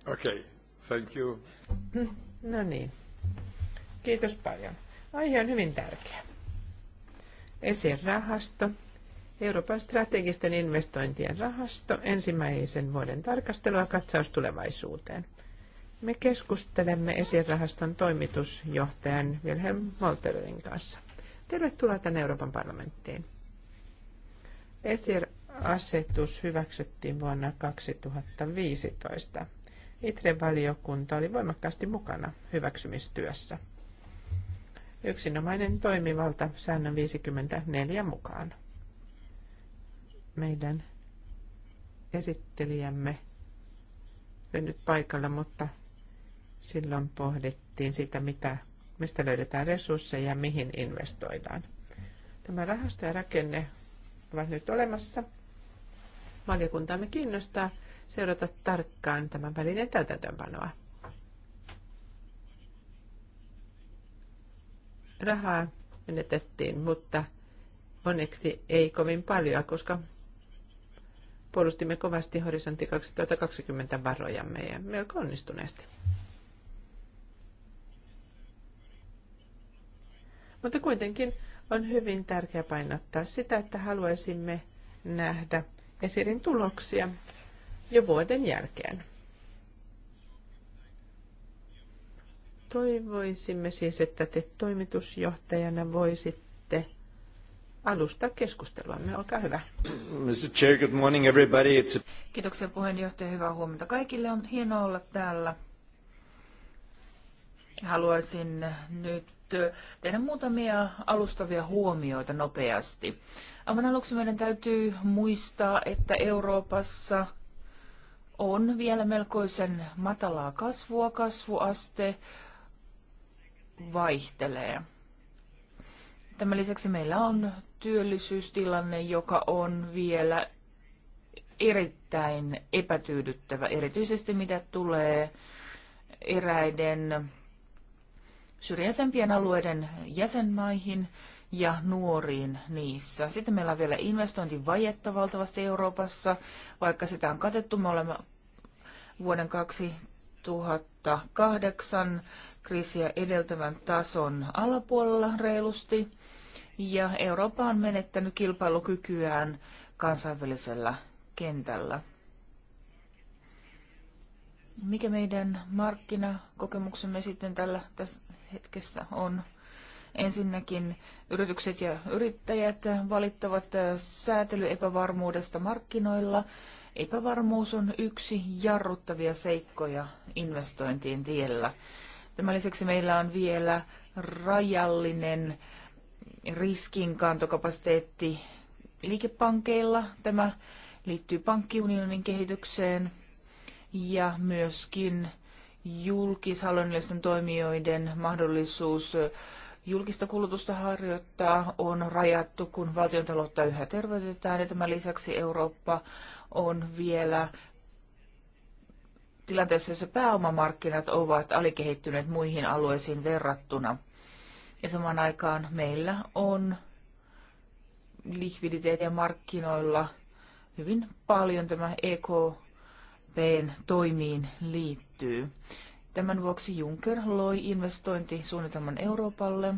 Okei, okay, thank you. Mm, no niin. Kiitos paljon. Aihe on hyvin tärkeä. Esirahasto. rahasto Euroopan strategisten investointien rahasto, ensimmäisen vuoden tarkastelua katsaus tulevaisuuteen. Me keskustelemme esirahaston toimitusjohtajan Wilhelm Molterin kanssa. Tervetuloa tänne Euroopan parlamenttiin. Esir-asetus hyväksyttiin vuonna 2015. ITRE-valiokunta oli voimakkaasti mukana hyväksymistyössä. Yksinomainen toimivalta säännön 54 mukaan meidän esittelijämme ei nyt paikalla, mutta silloin pohdittiin sitä, mitä, mistä löydetään resursseja ja mihin investoidaan. Tämä rahasto ja rakenne ovat nyt olemassa. Valiokuntaamme kiinnostaa seurata tarkkaan tämän välineen täytäntöönpanoa. Rahaa menetettiin, mutta onneksi ei kovin paljon, koska puolustimme kovasti horisontti 2020 varojamme ja melko onnistuneesti. Mutta kuitenkin on hyvin tärkeää painottaa sitä, että haluaisimme nähdä esirin tuloksia jo vuoden jälkeen. Toivoisimme siis, että te toimitusjohtajana voisitte alustaa keskusteluamme. Olkaa hyvä. Mr. Chair, good morning everybody. It's a... Kiitoksia puheenjohtaja. Hyvää huomenta kaikille. On hienoa olla täällä. Haluaisin nyt tehdä muutamia alustavia huomioita nopeasti. Aivan aluksi meidän täytyy muistaa, että Euroopassa on vielä melkoisen matalaa kasvua. Kasvuaste vaihtelee. Tämän lisäksi meillä on työllisyystilanne, joka on vielä erittäin epätyydyttävä, erityisesti mitä tulee eräiden syrjäisempien alueiden jäsenmaihin ja nuoriin niissä. Sitten meillä on vielä investointivajetta valtavasti Euroopassa, vaikka sitä on katettu. Me olemme vuoden 2008 kriisiä edeltävän tason alapuolella reilusti ja Eurooppa on menettänyt kilpailukykyään kansainvälisellä kentällä. Mikä meidän markkinakokemuksemme sitten tällä tässä hetkessä on? Ensinnäkin yritykset ja yrittäjät valittavat säätelyepävarmuudesta markkinoilla. Epävarmuus on yksi jarruttavia seikkoja investointien tiellä. Tämän lisäksi meillä on vielä rajallinen riskinkantokapasiteetti liikepankeilla. Tämä liittyy pankkiunionin kehitykseen ja myöskin julkishallinnollisten toimijoiden mahdollisuus julkista kulutusta harjoittaa on rajattu, kun valtiontaloutta yhä terveytetään. Ja tämän lisäksi Eurooppa on vielä tilanteessa, jossa pääomamarkkinat ovat alikehittyneet muihin alueisiin verrattuna. Ja samaan aikaan meillä on likviditeetiä markkinoilla hyvin paljon tämä EKPn toimiin liittyy. Tämän vuoksi Juncker loi investointisuunnitelman Euroopalle.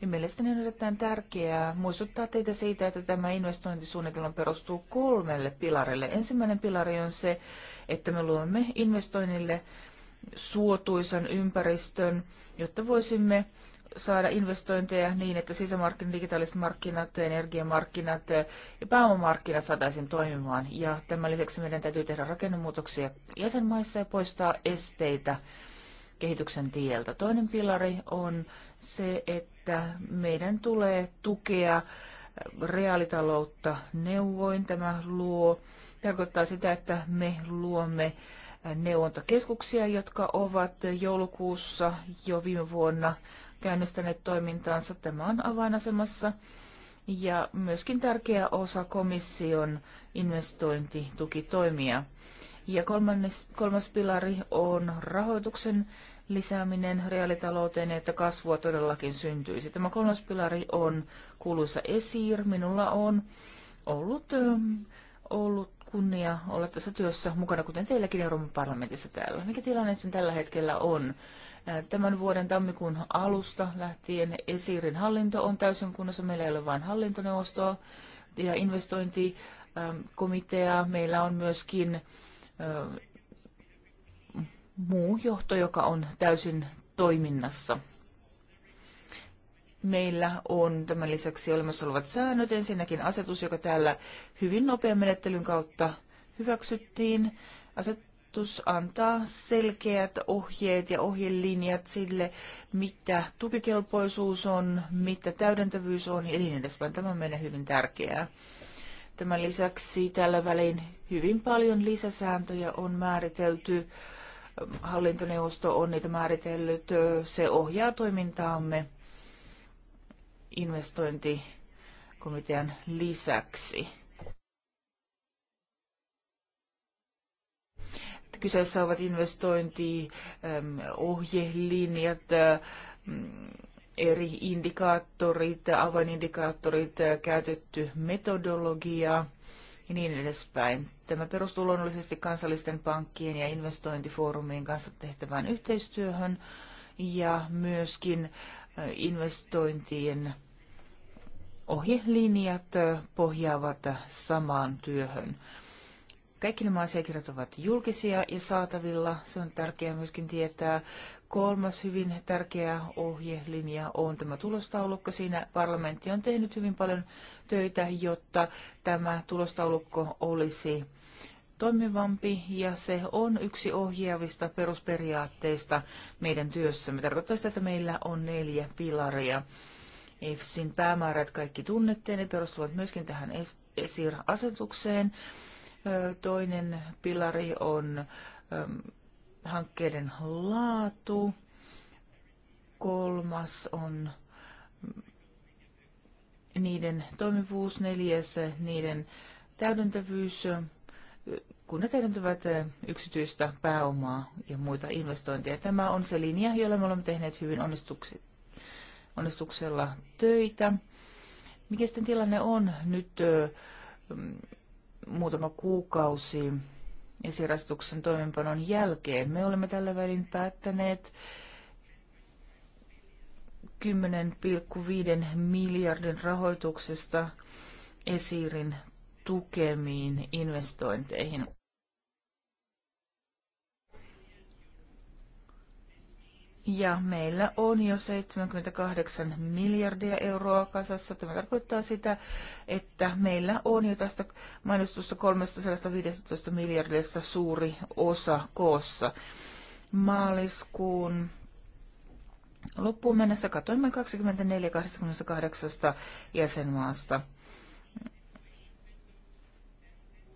Ja mielestäni on erittäin tärkeää muistuttaa teitä siitä, että tämä investointisuunnitelma perustuu kolmelle pilarille. Ensimmäinen pilari on se, että me luomme investoinnille suotuisan ympäristön, jotta voisimme saada investointeja niin, että sisämarkkinat, digitaaliset markkinat, energiamarkkinat ja pääomamarkkinat saataisiin toimimaan. Ja tämän lisäksi meidän täytyy tehdä rakennemuutoksia jäsenmaissa ja poistaa esteitä kehityksen tieltä. Toinen pilari on se, että meidän tulee tukea reaalitaloutta neuvoin. Tämä luo, tarkoittaa sitä, että me luomme neuvontakeskuksia, jotka ovat joulukuussa jo viime vuonna käynnistäneet toimintaansa. Tämä on avainasemassa ja myöskin tärkeä osa komission investointitukitoimia. Ja kolmannes, kolmas pilari on rahoituksen lisääminen reaalitalouteen, että kasvua todellakin syntyisi. Tämä kolmas pilari on kuuluisa ESIR. Minulla on ollut, ähm, ollut kunnia olla tässä työssä mukana, kuten teilläkin Euroopan parlamentissa täällä. Mikä tilanne sen tällä hetkellä on? Tämän vuoden tammikuun alusta lähtien Esirin hallinto on täysin kunnossa. Meillä ei ole vain hallintoneuvostoa ja investointikomitea. Meillä on myöskin muu johto, joka on täysin toiminnassa. Meillä on tämän lisäksi olemassa olevat säännöt. Ensinnäkin asetus, joka täällä hyvin nopean menettelyn kautta hyväksyttiin. Aset ehdotus antaa selkeät ohjeet ja ohjelinjat sille, mitä tukikelpoisuus on, mitä täydentävyys on ja niin edespäin. Tämä on meille hyvin tärkeää. Tämän lisäksi tällä välin hyvin paljon lisäsääntöjä on määritelty. Hallintoneuvosto on niitä määritellyt. Se ohjaa toimintaamme investointikomitean lisäksi kyseessä ovat investointiohjelinjat, eri indikaattorit, avainindikaattorit, käytetty metodologia ja niin edespäin. Tämä perustuu luonnollisesti kansallisten pankkien ja investointifoorumien kanssa tehtävään yhteistyöhön ja myöskin investointien ohjelinjat pohjaavat samaan työhön. Kaikki nämä asiakirjat ovat julkisia ja saatavilla. Se on tärkeää myöskin tietää. Kolmas hyvin tärkeä ohjelinja on tämä tulostaulukko. Siinä parlamentti on tehnyt hyvin paljon töitä, jotta tämä tulostaulukko olisi toimivampi ja se on yksi ohjaavista perusperiaatteista meidän työssämme. Tarkoittaa sitä, että meillä on neljä pilaria. EFSin päämäärät kaikki tunnette, ne perustuvat myöskin tähän ESIR-asetukseen. Toinen pilari on hankkeiden laatu. Kolmas on mm, niiden toimivuus. Neljäs niiden täydentävyys kun ne täydentävät yksityistä pääomaa ja muita investointeja. Tämä on se linja, jolla me olemme tehneet hyvin onnistuksella töitä. Mikä sitten tilanne on nyt mm, muutama kuukausi esirastuksen toimenpanon jälkeen. Me olemme tällä välin päättäneet 10,5 miljardin rahoituksesta esirin tukemiin investointeihin. Ja meillä on jo 78 miljardia euroa kasassa. Tämä tarkoittaa sitä, että meillä on jo tästä mainostusta 315 miljardista suuri osa koossa. Maaliskuun loppuun mennessä katoimme 24-28 jäsenmaasta.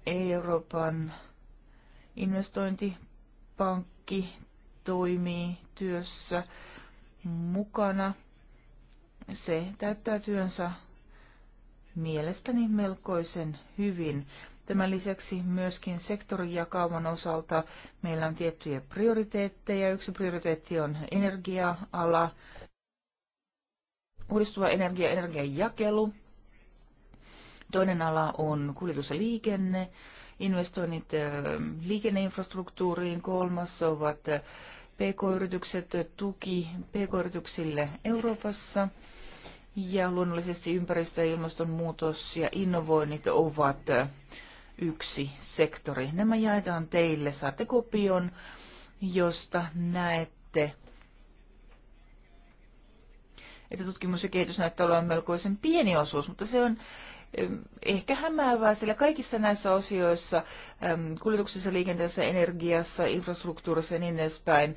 Euroopan investointipankki toimii työssä mukana. Se täyttää työnsä mielestäni melkoisen hyvin. Tämän lisäksi myöskin sektorijakauman osalta meillä on tiettyjä prioriteetteja. Yksi prioriteetti on energia-ala, uudistuva energia, energian jakelu. Toinen ala on kuljetus ja liikenne investoinnit eh, liikenneinfrastruktuuriin, kolmas ovat eh, PK-yritykset, tuki PK-yrityksille Euroopassa. Ja luonnollisesti ympäristö- ja ilmastonmuutos ja innovoinnit ovat eh, yksi sektori. Nämä jaetaan teille. Saatte kopion, josta näette, että tutkimus ja kehitys näyttää olevan melkoisen pieni osuus, mutta se on ehkä hämäävää, sillä kaikissa näissä osioissa, kuljetuksessa, liikenteessä, energiassa, infrastruktuurissa ja niin edespäin,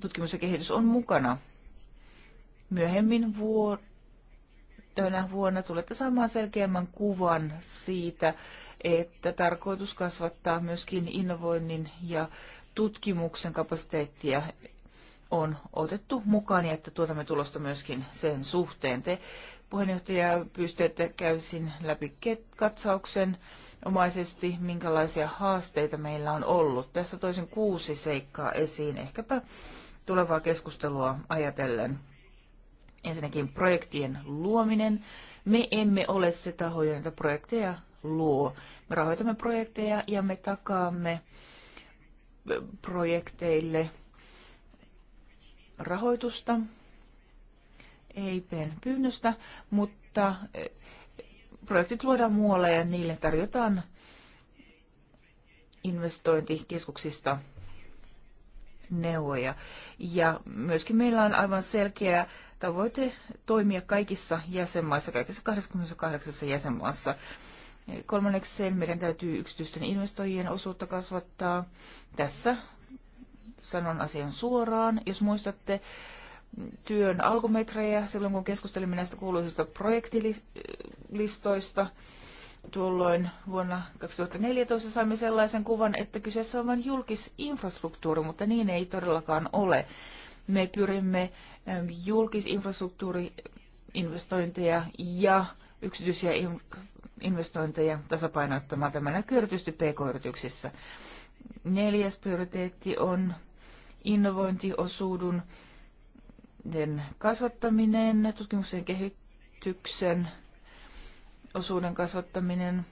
tutkimus ja kehitys on mukana. Myöhemmin vuotena vuonna tulette saamaan selkeämmän kuvan siitä, että tarkoitus kasvattaa myöskin innovoinnin ja tutkimuksen kapasiteettia on otettu mukaan ja että tuotamme tulosta myöskin sen suhteen. Te puheenjohtaja pyysi, että käysin läpi katsauksen omaisesti, minkälaisia haasteita meillä on ollut. Tässä toisin kuusi seikkaa esiin, ehkäpä tulevaa keskustelua ajatellen. Ensinnäkin projektien luominen. Me emme ole se taho, jota projekteja luo. Me rahoitamme projekteja ja me takaamme projekteille rahoitusta, EIPn pyynnöstä, mutta eh, projektit luodaan muualle ja niille tarjotaan investointikeskuksista neuvoja. Ja myöskin meillä on aivan selkeä tavoite toimia kaikissa jäsenmaissa, kaikissa 28 jäsenmaassa. Kolmanneksi sen meidän täytyy yksityisten investoijien osuutta kasvattaa. Tässä sanon asian suoraan. Jos muistatte, työn alkumetrejä silloin, kun keskustelimme näistä kuuluisista projektilistoista. Tuolloin vuonna 2014 saimme sellaisen kuvan, että kyseessä on vain julkisinfrastruktuuri, mutta niin ei todellakaan ole. Me pyrimme ähm, julkisinfrastruktuuriinvestointeja ja yksityisiä investointeja tasapainottamaan. Tämä näkyy erityisesti pk-yrityksissä. Neljäs prioriteetti on innovointiosuuden kasvattaminen, tutkimuksen kehityksen osuuden kasvattaminen.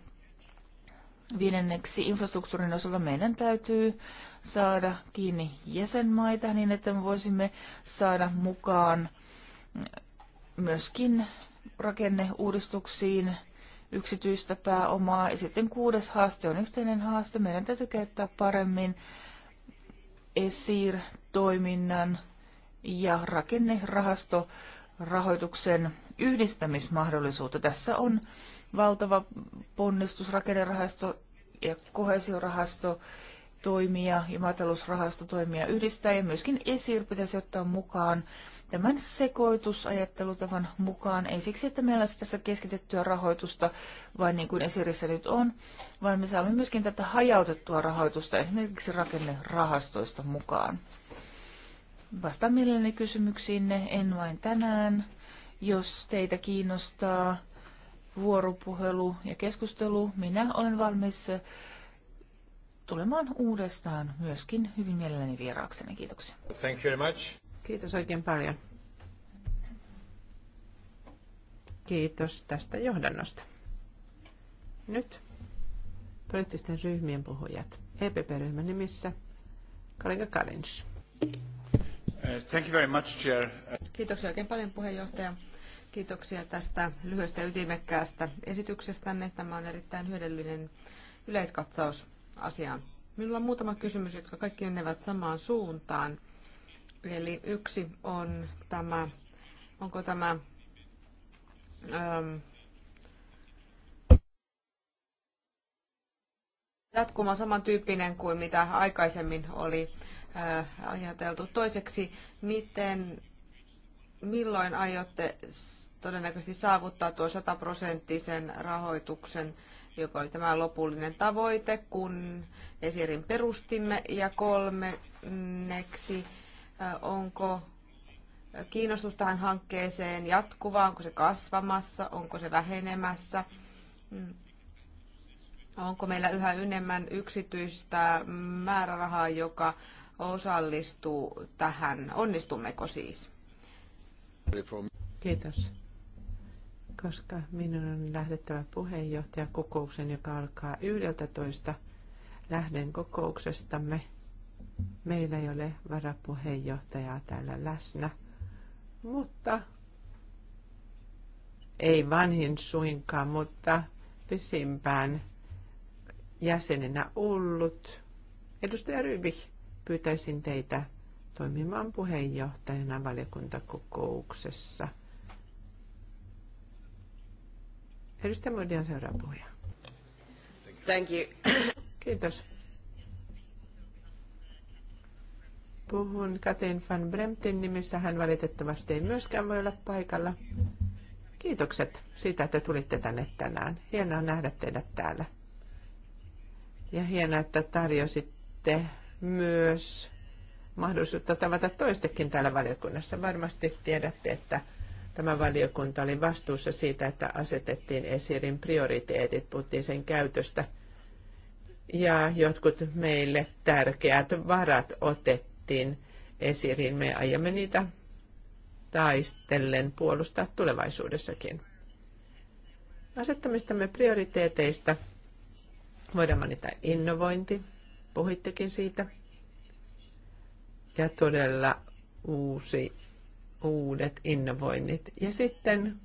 Viidenneksi infrastruktuurin osalta meidän täytyy saada kiinni jäsenmaita niin, että me voisimme saada mukaan myöskin rakenneuudistuksiin yksityistä pääomaa. Ja sitten kuudes haaste on yhteinen haaste. Meidän täytyy käyttää paremmin ESIR-toiminnan ja rakennerahasto rahoituksen yhdistämismahdollisuutta. Tässä on valtava ponnistus rakennerahasto ja kohesiorahasto toimia ja maatalousrahasto toimia yhdistää ja myöskin ESIR pitäisi ottaa mukaan tämän sekoitusajattelutavan mukaan. Ei siksi, että meillä olisi tässä keskitettyä rahoitusta, vaan niin kuin ESIRissä nyt on, vaan me saamme myöskin tätä hajautettua rahoitusta esimerkiksi rakennerahastoista mukaan. Vastaan mielelläni kysymyksiinne, en vain tänään. Jos teitä kiinnostaa vuoropuhelu ja keskustelu, minä olen valmis tulemaan uudestaan myöskin hyvin mielelläni vieraaksenne. Kiitoksia. Thank you very much. Kiitos oikein paljon. Kiitos tästä johdannosta. Nyt poliittisten ryhmien puhujat. EPP-ryhmän nimissä Thank you. Kiitoksia oikein paljon puheenjohtaja. Kiitoksia tästä lyhyestä ytimekkäästä esityksestänne. Tämä on erittäin hyödyllinen yleiskatsaus asiaan. Minulla on muutama kysymys, jotka kaikki menevät samaan suuntaan. Eli yksi on tämä, onko tämä ähm, jatkuma samantyyppinen kuin mitä aikaisemmin oli Äh, ajateltu? Toiseksi, miten, milloin aiotte todennäköisesti saavuttaa tuo sataprosenttisen rahoituksen, joka oli tämä lopullinen tavoite, kun Esirin perustimme, ja kolmenneksi, äh, onko kiinnostus tähän hankkeeseen jatkuva, onko se kasvamassa, onko se vähenemässä, mm. onko meillä yhä enemmän yksityistä määrärahaa, joka osallistuu tähän? Onnistummeko siis? Kiitos. Koska minun on lähdettävä puheenjohtajakokouksen, joka alkaa 11. Lähden kokouksestamme. Meillä ei ole varapuheenjohtajaa täällä läsnä, mutta ei vanhin suinkaan, mutta pisimpään jäsenenä ollut edustaja Rybi pyytäisin teitä toimimaan puheenjohtajana valiokuntakokouksessa. Edustaja Modian seuraava puhuja. Thank you. Kiitos. Puhun Katin van Bremtin nimissä. Hän valitettavasti ei myöskään voi olla paikalla. Kiitokset siitä, että tulitte tänne tänään. Hienoa nähdä teidät täällä. Ja hienoa, että tarjositte myös mahdollisuutta tavata toistekin täällä valiokunnassa. Varmasti tiedätte, että tämä valiokunta oli vastuussa siitä, että asetettiin esirin prioriteetit, puhuttiin sen käytöstä. Ja jotkut meille tärkeät varat otettiin esiriin. Me aiomme niitä taistellen puolustaa tulevaisuudessakin. Asettamistamme prioriteeteista voidaan mainita innovointi, puhuittekin siitä. Ja todella uusi, uudet innovoinnit. Ja sitten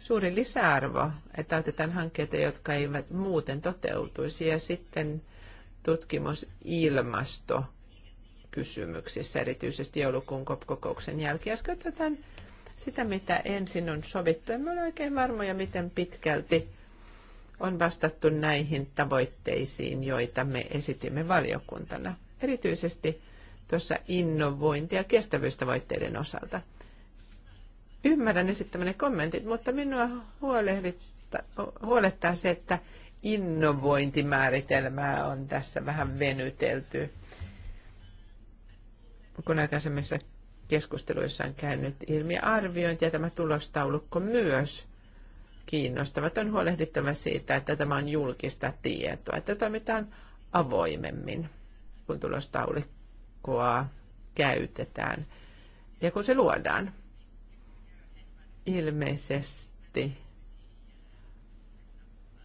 suuri lisäarvo, että otetaan hankkeita, jotka eivät muuten toteutuisi. Ja sitten tutkimus ilmasto kysymyksissä, erityisesti joulukuun kokouksen jälkeen. Jos katsotaan sitä, mitä ensin on sovittu, en ole oikein varmoja, miten pitkälti on vastattu näihin tavoitteisiin, joita me esitimme valiokuntana, erityisesti tuossa innovointi- ja kestävyystavoitteiden osalta. Ymmärrän esittämäni kommentit, mutta minua huolettaa se, että innovointimääritelmää on tässä vähän venytelty. Kun aikaisemmissa keskusteluissa on käynyt ilmi arviointi ja tämä tulostaulukko myös – kiinnostavat. On huolehdittava siitä, että tämä on julkista tietoa, että toimitaan avoimemmin, kun tulostaulikkoa käytetään ja kun se luodaan. Ilmeisesti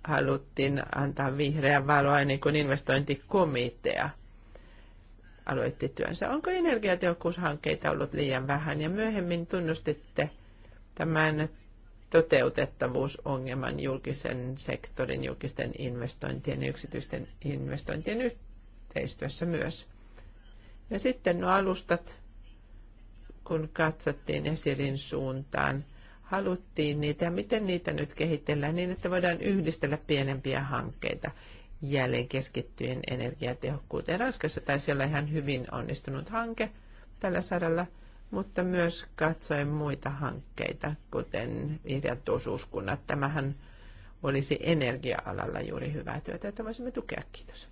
haluttiin antaa vihreää valoa ennen kuin investointikomitea aloitti työnsä. Onko energiatehokkuushankkeita ollut liian vähän? Ja myöhemmin tunnustitte tämän toteutettavuusongelman julkisen sektorin, julkisten investointien ja yksityisten investointien yhteistyössä myös. Ja sitten nuo alustat, kun katsottiin Esirin suuntaan, haluttiin niitä ja miten niitä nyt kehitellään niin, että voidaan yhdistellä pienempiä hankkeita jälleen keskittyen energiatehokkuuteen. Ranskassa taisi olla ihan hyvin onnistunut hanke tällä saralla – mutta myös katsoen muita hankkeita, kuten vihreät osuuskunnat. Tämähän olisi energia-alalla juuri hyvää työtä, että voisimme tukea. Kiitos.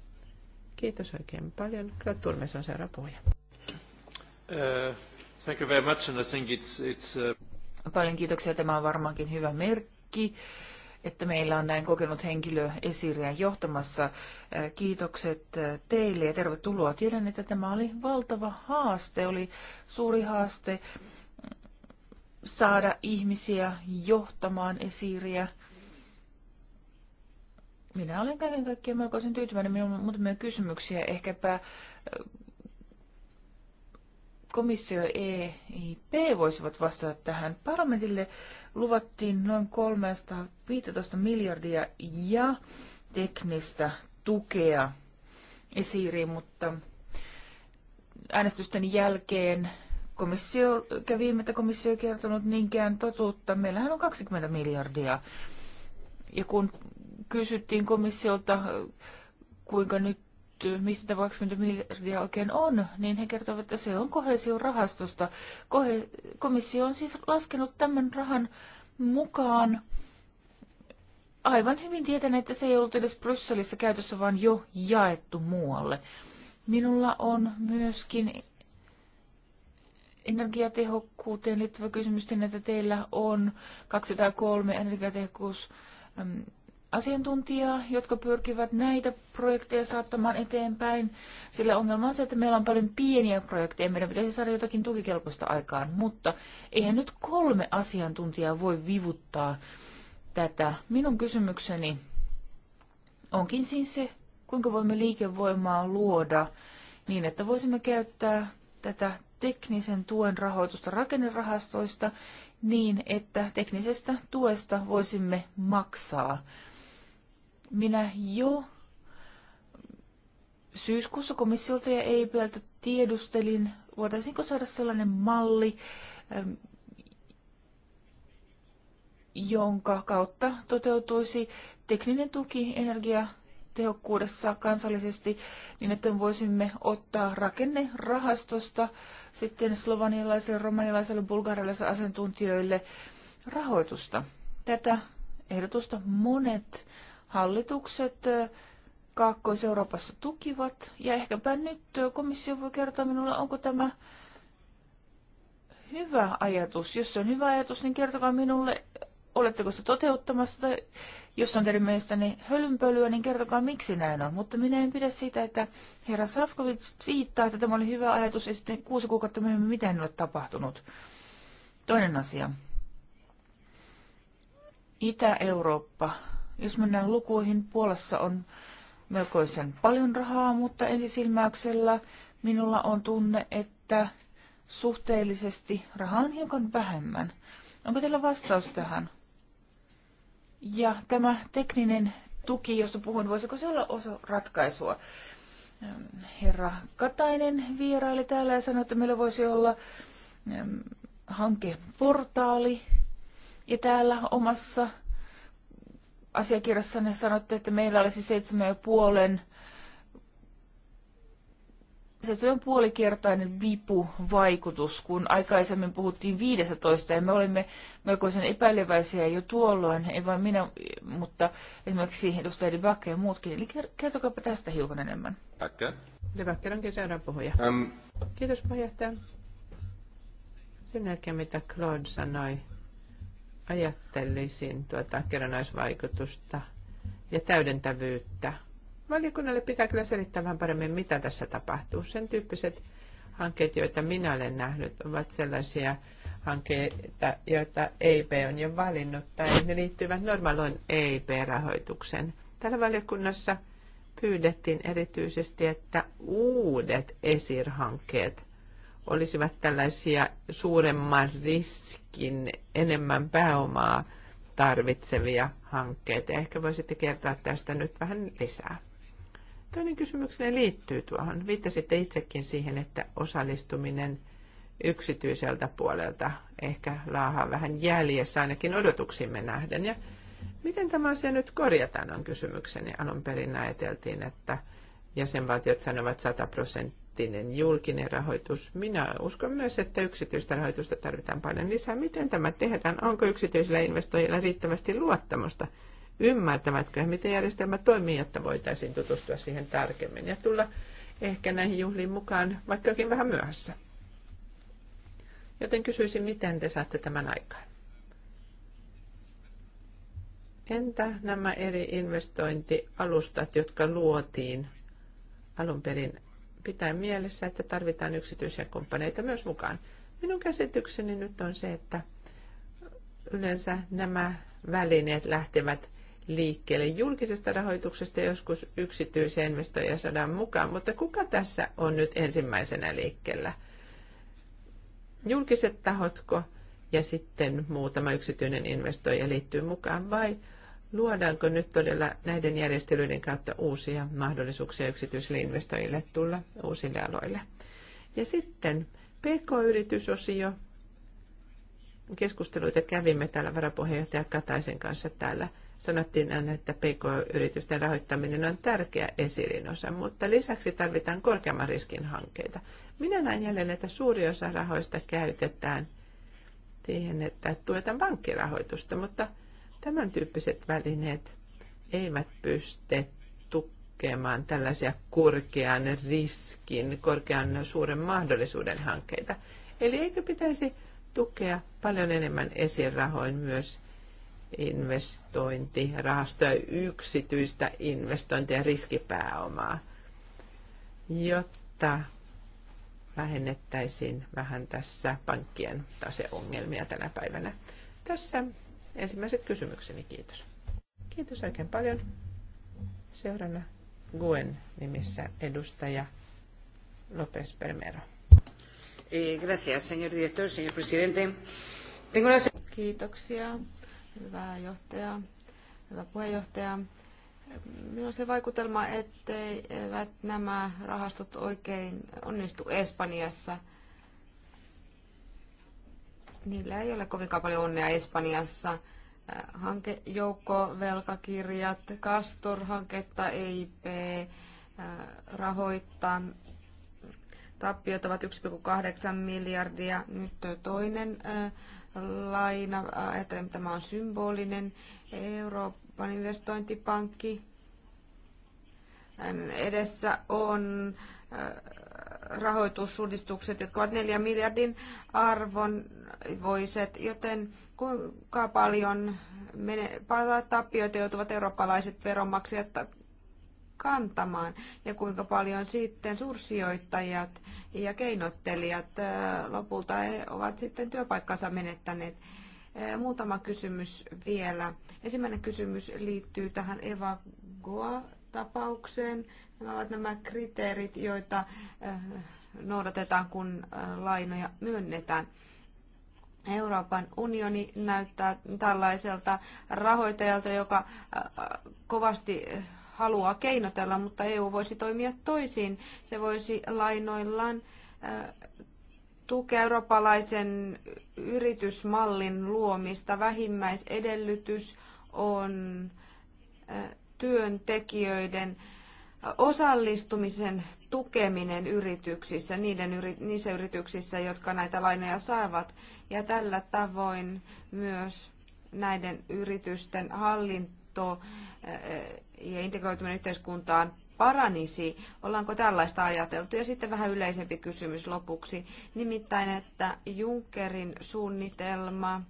Kiitos oikein paljon. Gratulmes on seuraava puhuja. Uh, thank you very much, and I think it's, it's, uh... Paljon kiitoksia. Tämä on varmaankin hyvä merkki merkki että meillä on näin kokenut henkilö esiriä johtamassa. Äh, kiitokset äh, teille ja tervetuloa. Tiedän, että tämä oli valtava haaste, oli suuri haaste äh, saada ihmisiä johtamaan esiriä. Minä olen kaiken kaikkiaan melkoisen tyytyväinen. Minulla on muutamia kysymyksiä. Ehkäpä komissio EIP voisivat vastata tähän parlamentille luvattiin noin 315 miljardia ja teknistä tukea esiiriin, mutta äänestysten jälkeen komissio, kävi että komissio ei kertonut niinkään totuutta. Meillähän on 20 miljardia. Ja kun kysyttiin komissiolta, kuinka nyt mistä tämä 20 miljardia oikein on, niin he kertovat, että se on rahastosta. Kohe, komissio on siis laskenut tämän rahan mukaan aivan hyvin tietäen, että se ei ollut edes Brysselissä käytössä, vaan jo jaettu muualle. Minulla on myöskin energiatehokkuuteen liittyvä kysymys, niin että teillä on 203 energiatehokkuus asiantuntijaa, jotka pyrkivät näitä projekteja saattamaan eteenpäin, sillä ongelma on se, että meillä on paljon pieniä projekteja, meidän pitäisi saada jotakin tukikelpoista aikaan, mutta eihän nyt kolme asiantuntijaa voi vivuttaa tätä. Minun kysymykseni onkin siis se, kuinka voimme liikevoimaa luoda niin, että voisimme käyttää tätä teknisen tuen rahoitusta rakennerahastoista niin, että teknisestä tuesta voisimme maksaa minä jo syyskuussa komissiolta ja EIPltä tiedustelin, voitaisiinko saada sellainen malli, ähm, jonka kautta toteutuisi tekninen tuki energiatehokkuudessa kansallisesti, niin että voisimme ottaa rakennerahastosta sitten slovanialaisille, romanialaisille, bulgarialaisille asiantuntijoille rahoitusta. Tätä ehdotusta monet hallitukset Kaakkois-Euroopassa tukivat. Ja ehkäpä nyt komissio voi kertoa minulle, onko tämä hyvä ajatus. Jos se on hyvä ajatus, niin kertokaa minulle, oletteko se toteuttamassa tai jos on teidän mielestäni hölynpölyä, niin kertokaa miksi näin on. Mutta minä en pidä sitä, että herra Safkovic viittaa, että tämä oli hyvä ajatus ja sitten kuusi kuukautta myöhemmin mitään ole tapahtunut. Toinen asia. Itä-Eurooppa jos mennään lukuihin, Puolassa on melkoisen paljon rahaa, mutta ensisilmäyksellä minulla on tunne, että suhteellisesti rahaa on hiukan vähemmän. Onko teillä vastaus tähän? Ja tämä tekninen tuki, josta puhuin, voisiko se olla osa ratkaisua? Ehm, herra Katainen vieraili täällä ja sanoi, että meillä voisi olla ehm, hankeportaali. Ja täällä omassa asiakirjassanne sanotte, että meillä olisi seitsemän ja puolen seitsemän puolikertainen vipuvaikutus, kun aikaisemmin puhuttiin 15 ja me olimme melkoisen epäileväisiä jo tuolloin, ei vain minä, mutta esimerkiksi edustajien Debakke ja muutkin. Eli kertokaa tästä hiukan enemmän. Tack. Debakke onkin seuraava puhuja. Um. Kiitos puheenjohtaja. Sen jälkeen, mitä Claude sanoi ajattelisin tuota kerrannaisvaikutusta ja täydentävyyttä. Valiokunnalle pitää kyllä selittää vähän paremmin, mitä tässä tapahtuu. Sen tyyppiset hankkeet, joita minä olen nähnyt, ovat sellaisia hankkeita, joita EIP on jo valinnut, tai ne liittyvät normaaloin eip rahoituksen Täällä valiokunnassa pyydettiin erityisesti, että uudet esirhankkeet olisivat tällaisia suuremman riskin, enemmän pääomaa tarvitsevia hankkeita. Ehkä voisitte kertoa tästä nyt vähän lisää. Toinen kysymykseni liittyy tuohon. Viittasitte itsekin siihen, että osallistuminen yksityiseltä puolelta ehkä laahaa vähän jäljessä ainakin odotuksimme nähden. Ja miten tämä asia nyt korjataan on kysymykseni. Alun perin ajateltiin, että jäsenvaltiot sanovat 100 prosenttia poliittinen, julkinen rahoitus. Minä uskon myös, että yksityistä rahoitusta tarvitaan paljon lisää. Miten tämä tehdään? Onko yksityisillä investoijilla riittävästi luottamusta? Ymmärtävätkö he, miten järjestelmä toimii, jotta voitaisiin tutustua siihen tarkemmin ja tulla ehkä näihin juhliin mukaan, vaikkakin vähän myöhässä? Joten kysyisin, miten te saatte tämän aikaan? Entä nämä eri investointialustat, jotka luotiin alun perin pitää mielessä, että tarvitaan yksityisiä kumppaneita myös mukaan. Minun käsitykseni nyt on se, että yleensä nämä välineet lähtevät liikkeelle julkisesta rahoituksesta, joskus yksityisiä investoja saadaan mukaan, mutta kuka tässä on nyt ensimmäisenä liikkeellä? Julkiset tahotko ja sitten muutama yksityinen investoija liittyy mukaan vai – Luodaanko nyt todella näiden järjestelyiden kautta uusia mahdollisuuksia yksityisille investoijille tulla uusille aloille? Ja sitten PK-yritysosio. Keskusteluita kävimme täällä varapuheenjohtaja Kataisen kanssa täällä. Sanottiin aina, että PK-yritysten rahoittaminen on tärkeä esirinosa, mutta lisäksi tarvitaan korkeamman riskin hankkeita. Minä näen jälleen, että suuri osa rahoista käytetään siihen, että tuetaan pankkirahoitusta, mutta – Tämän tyyppiset välineet eivät pysty tukemaan tällaisia korkean riskin, korkean suuren mahdollisuuden hankkeita. Eli eikö pitäisi tukea paljon enemmän esirahoin myös investointirahastoja, yksityistä investointia ja riskipääomaa, jotta vähennettäisiin vähän tässä pankkien taseongelmia tänä päivänä. Tässä ensimmäiset kysymykseni. Kiitos. Kiitos oikein paljon. Seuraavana Guen nimissä edustaja López Permero. Eh, gracias, señor director, señor presidente. Tengo Kiitoksia, hyvä johtaja, hyvä puheenjohtaja. Minulla on se vaikutelma, etteivät nämä rahastot oikein onnistu Espanjassa – Niillä ei ole kovinkaan paljon onnea Espanjassa. Äh, Hankejoukko, velkakirjat, Castor-hanketta EIP äh, rahoittaa. Tappiot ovat 1,8 miljardia. Nyt toinen äh, laina, ajattelen, tämä on symbolinen. Euroopan investointipankki. Edessä on rahoitussudistukset, jotka ovat 4 miljardin arvon voiset, joten kuinka paljon mene, tappioita joutuvat eurooppalaiset veronmaksajat kantamaan ja kuinka paljon sitten suursijoittajat ja keinottelijat lopulta ovat sitten työpaikkansa menettäneet. Muutama kysymys vielä. Ensimmäinen kysymys liittyy tähän Eva Goa-tapaukseen. Nämä ovat nämä kriteerit, joita noudatetaan, kun lainoja myönnetään. Euroopan unioni näyttää tällaiselta rahoitajalta, joka äh, kovasti haluaa keinotella, mutta EU voisi toimia toisin. Se voisi lainoillaan äh, tukea eurooppalaisen yritysmallin luomista. Vähimmäisedellytys on äh, työntekijöiden äh, osallistumisen tukeminen yrityksissä, niiden yri, niissä yrityksissä, jotka näitä lainoja saavat. Ja tällä tavoin myös näiden yritysten hallinto eh, ja integroituminen yhteiskuntaan paranisi. Ollaanko tällaista ajateltu? Ja sitten vähän yleisempi kysymys lopuksi, nimittäin, että Junckerin suunnitelma –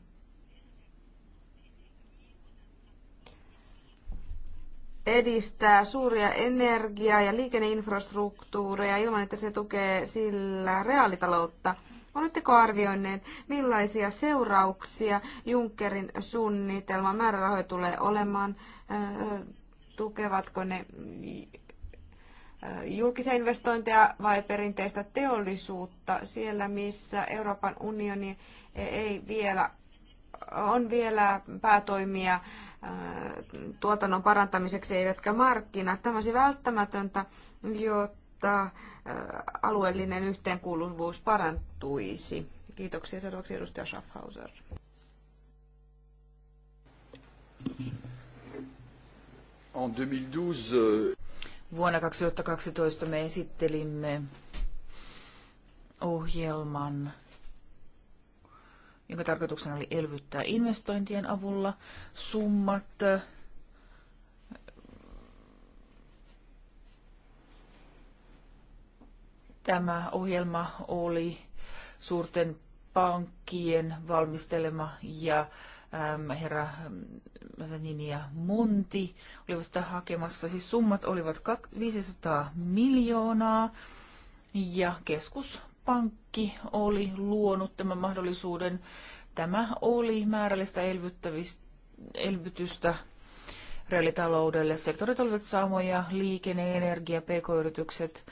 edistää suuria energia- ja liikenneinfrastruktuureja ilman, että se tukee sillä reaalitaloutta. Oletteko arvioineet, millaisia seurauksia Junckerin suunnitelman määrärahoja tulee olemaan? Tukevatko ne julkisia investointeja vai perinteistä teollisuutta siellä, missä Euroopan unioni ei vielä, on vielä päätoimia Äh, tuotannon parantamiseksi eivätkä markkinat. Tämä olisi välttämätöntä, jotta äh, alueellinen yhteenkuuluvuus parantuisi. Kiitoksia. Seuraavaksi edustaja Schaffhauser. En 2012... Äh, Vuonna 2012 me esittelimme ohjelman jonka tarkoituksena oli elvyttää investointien avulla. Summat Tämä ohjelma oli suurten pankkien valmistelema ja äm, herra Masanini ja Monti olivat sitä hakemassa. Siis summat olivat 500 miljoonaa ja keskus pankki oli luonut tämän mahdollisuuden. Tämä oli määrällistä elvytystä reaalitaloudelle. Sektorit olivat samoja, liikenne, energia, pk-yritykset.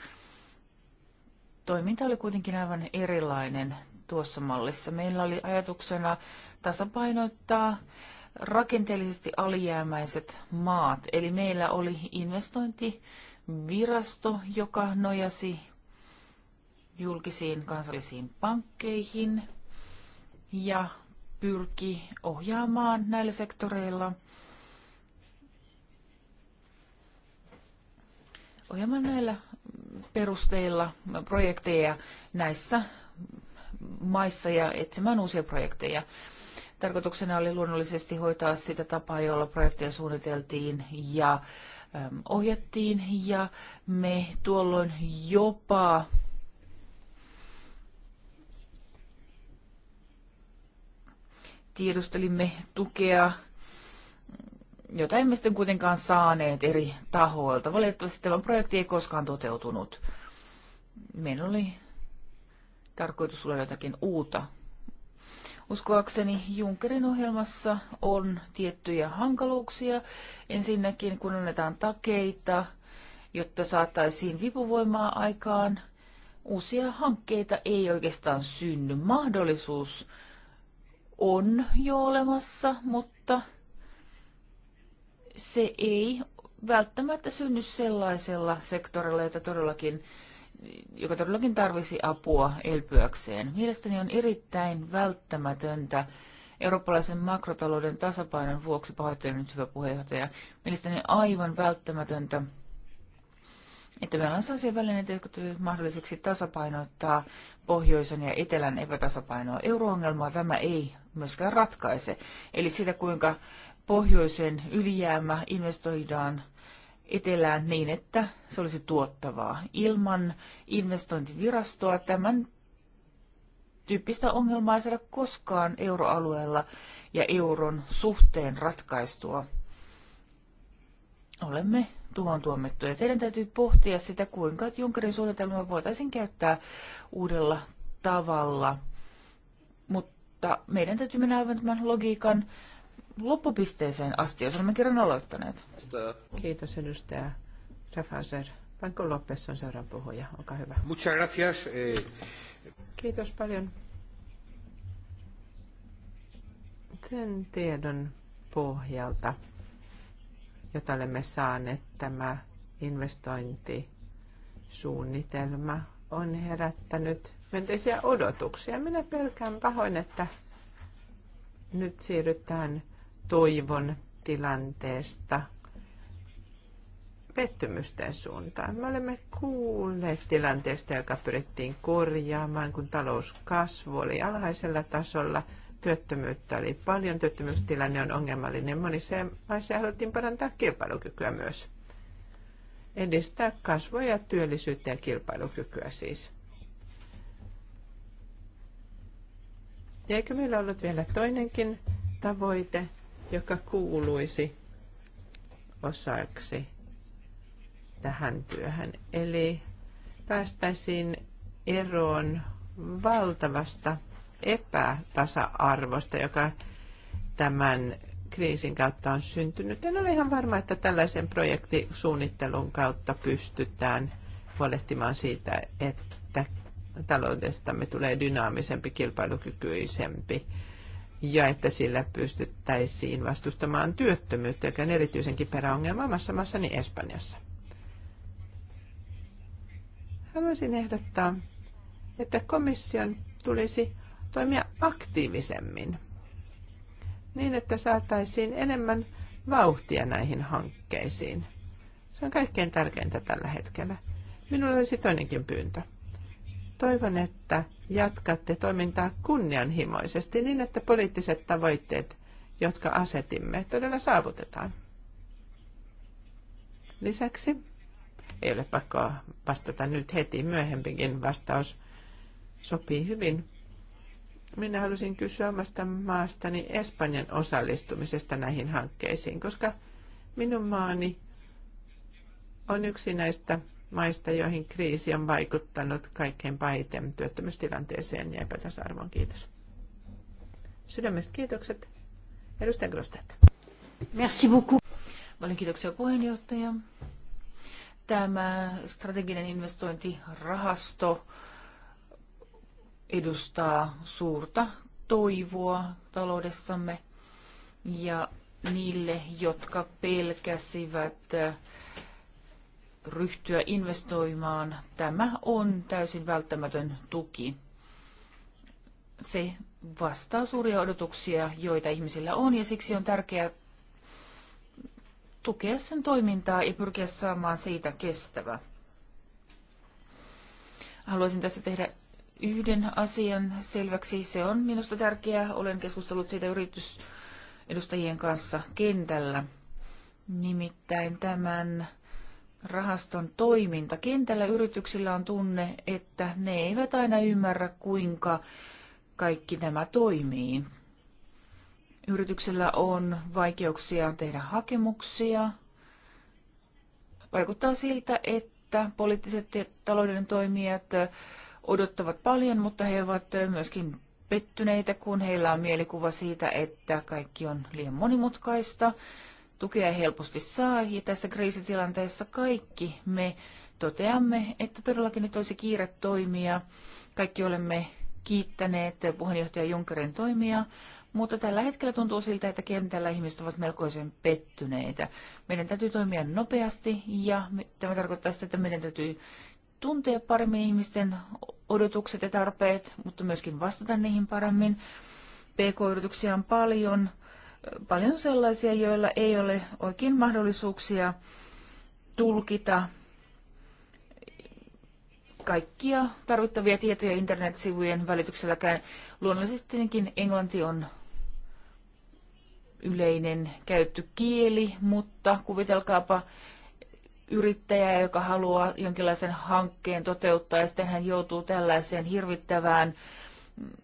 Toiminta oli kuitenkin aivan erilainen tuossa mallissa. Meillä oli ajatuksena tasapainottaa rakenteellisesti alijäämäiset maat. Eli meillä oli investointivirasto, joka nojasi julkisiin kansallisiin pankkeihin ja pyrki ohjaamaan näillä sektoreilla ohjaamaan näillä perusteilla projekteja näissä maissa ja etsimään uusia projekteja. Tarkoituksena oli luonnollisesti hoitaa sitä tapaa, jolla projekteja suunniteltiin ja ohjattiin ja me tuolloin jopa tiedustelimme tukea, jota emme sitten kuitenkaan saaneet eri tahoilta. Valitettavasti tämä projekti ei koskaan toteutunut. Meillä oli tarkoitus olla jotakin uutta. Uskoakseni Junckerin ohjelmassa on tiettyjä hankaluuksia. Ensinnäkin, kun annetaan takeita, jotta saataisiin vipuvoimaa aikaan, uusia hankkeita ei oikeastaan synny. Mahdollisuus on jo olemassa, mutta se ei välttämättä synny sellaisella sektorilla, jota todellakin, joka todellakin tarvisi apua elpyäkseen. Mielestäni on erittäin välttämätöntä eurooppalaisen makrotalouden tasapainon vuoksi, pahoittelen nyt hyvä puheenjohtaja, mielestäni aivan välttämätöntä, että meillä on sellaisia välineitä, jotka mahdolliseksi tasapainottaa pohjoisen ja etelän epätasapainoa. Euroongelmaa tämä ei myöskään ratkaise. Eli sitä, kuinka pohjoisen ylijäämä investoidaan etelään niin, että se olisi tuottavaa. Ilman investointivirastoa tämän tyyppistä ongelmaa ei saada koskaan euroalueella ja euron suhteen ratkaistua. Olemme tuohon tuomittuja. Teidän täytyy pohtia sitä, kuinka Junckerin suunnitelmaa voitaisiin käyttää uudella tavalla. Mutta mutta meidän täytyy mennä aivan tämän logiikan loppupisteeseen asti, jos olemme kerran aloittaneet. Kiitos edustaja Rafaser. Panko Lopes on seuraavan puhuja. Olkaa hyvä. Muchas gracias. Eh. Kiitos paljon. Sen tiedon pohjalta, jota olemme saaneet, tämä investointisuunnitelma on herättänyt myönteisiä odotuksia. Minä pelkään pahoin, että nyt siirrytään toivon tilanteesta pettymysten suuntaan. Me olemme kuulleet tilanteesta, joka pyrittiin korjaamaan, kun talouskasvu oli alhaisella tasolla, työttömyyttä oli paljon, työttömyystilanne on ongelmallinen. Monissa maissa haluttiin parantaa kilpailukykyä myös. Edistää kasvua ja työllisyyttä ja kilpailukykyä siis. Ja eikö meillä ollut vielä toinenkin tavoite, joka kuuluisi osaksi tähän työhön? Eli päästäisiin eroon valtavasta epätasa-arvosta, joka tämän kriisin kautta on syntynyt. En ole ihan varma, että tällaisen projektisuunnittelun kautta pystytään huolehtimaan siitä, että taloudestamme tulee dynaamisempi, kilpailukykyisempi ja että sillä pystyttäisiin vastustamaan työttömyyttä, joka on erityisen kiperä ongelma omassa maassani Espanjassa. Haluaisin ehdottaa, että komission tulisi toimia aktiivisemmin niin, että saataisiin enemmän vauhtia näihin hankkeisiin. Se on kaikkein tärkeintä tällä hetkellä. Minulla olisi toinenkin pyyntö. Toivon, että jatkatte toimintaa kunnianhimoisesti niin, että poliittiset tavoitteet, jotka asetimme, todella saavutetaan. Lisäksi, ei ole pakko vastata nyt heti, myöhempikin vastaus sopii hyvin. Minä halusin kysyä omasta maastani Espanjan osallistumisesta näihin hankkeisiin, koska minun maani on yksi näistä maista, joihin kriisi on vaikuttanut kaikkein pahiten työttömyystilanteeseen ja epätasa-arvoon. Kiitos. Sydämestä kiitokset. Edustaja Grostet. Merci beaucoup. Paljon kiitoksia puheenjohtaja. Tämä strateginen investointirahasto edustaa suurta toivoa taloudessamme ja niille, jotka pelkäsivät ryhtyä investoimaan. Tämä on täysin välttämätön tuki. Se vastaa suuria odotuksia, joita ihmisillä on, ja siksi on tärkeää tukea sen toimintaa ja pyrkiä saamaan siitä kestävä. Haluaisin tässä tehdä yhden asian selväksi. Se on minusta tärkeää. Olen keskustellut siitä yritysedustajien kanssa kentällä. Nimittäin tämän rahaston toiminta. Kentällä yrityksillä on tunne, että ne eivät aina ymmärrä, kuinka kaikki tämä toimii. Yrityksellä on vaikeuksia tehdä hakemuksia. Vaikuttaa siltä, että poliittiset ja talouden toimijat odottavat paljon, mutta he ovat myöskin pettyneitä, kun heillä on mielikuva siitä, että kaikki on liian monimutkaista. Tukea helposti saa ja tässä kriisitilanteessa kaikki me toteamme, että todellakin nyt olisi kiire toimia. Kaikki olemme kiittäneet puheenjohtaja Junckerin toimia, mutta tällä hetkellä tuntuu siltä, että kentällä ihmiset ovat melkoisen pettyneitä. Meidän täytyy toimia nopeasti ja tämä tarkoittaa sitä, että meidän täytyy tuntea paremmin ihmisten odotukset ja tarpeet, mutta myöskin vastata niihin paremmin. PK-yrityksiä on paljon paljon sellaisia, joilla ei ole oikein mahdollisuuksia tulkita kaikkia tarvittavia tietoja internetsivujen välitykselläkään. Luonnollisestikin englanti on yleinen käytty kieli, mutta kuvitelkaapa yrittäjää, joka haluaa jonkinlaisen hankkeen toteuttaa ja sitten hän joutuu tällaiseen hirvittävään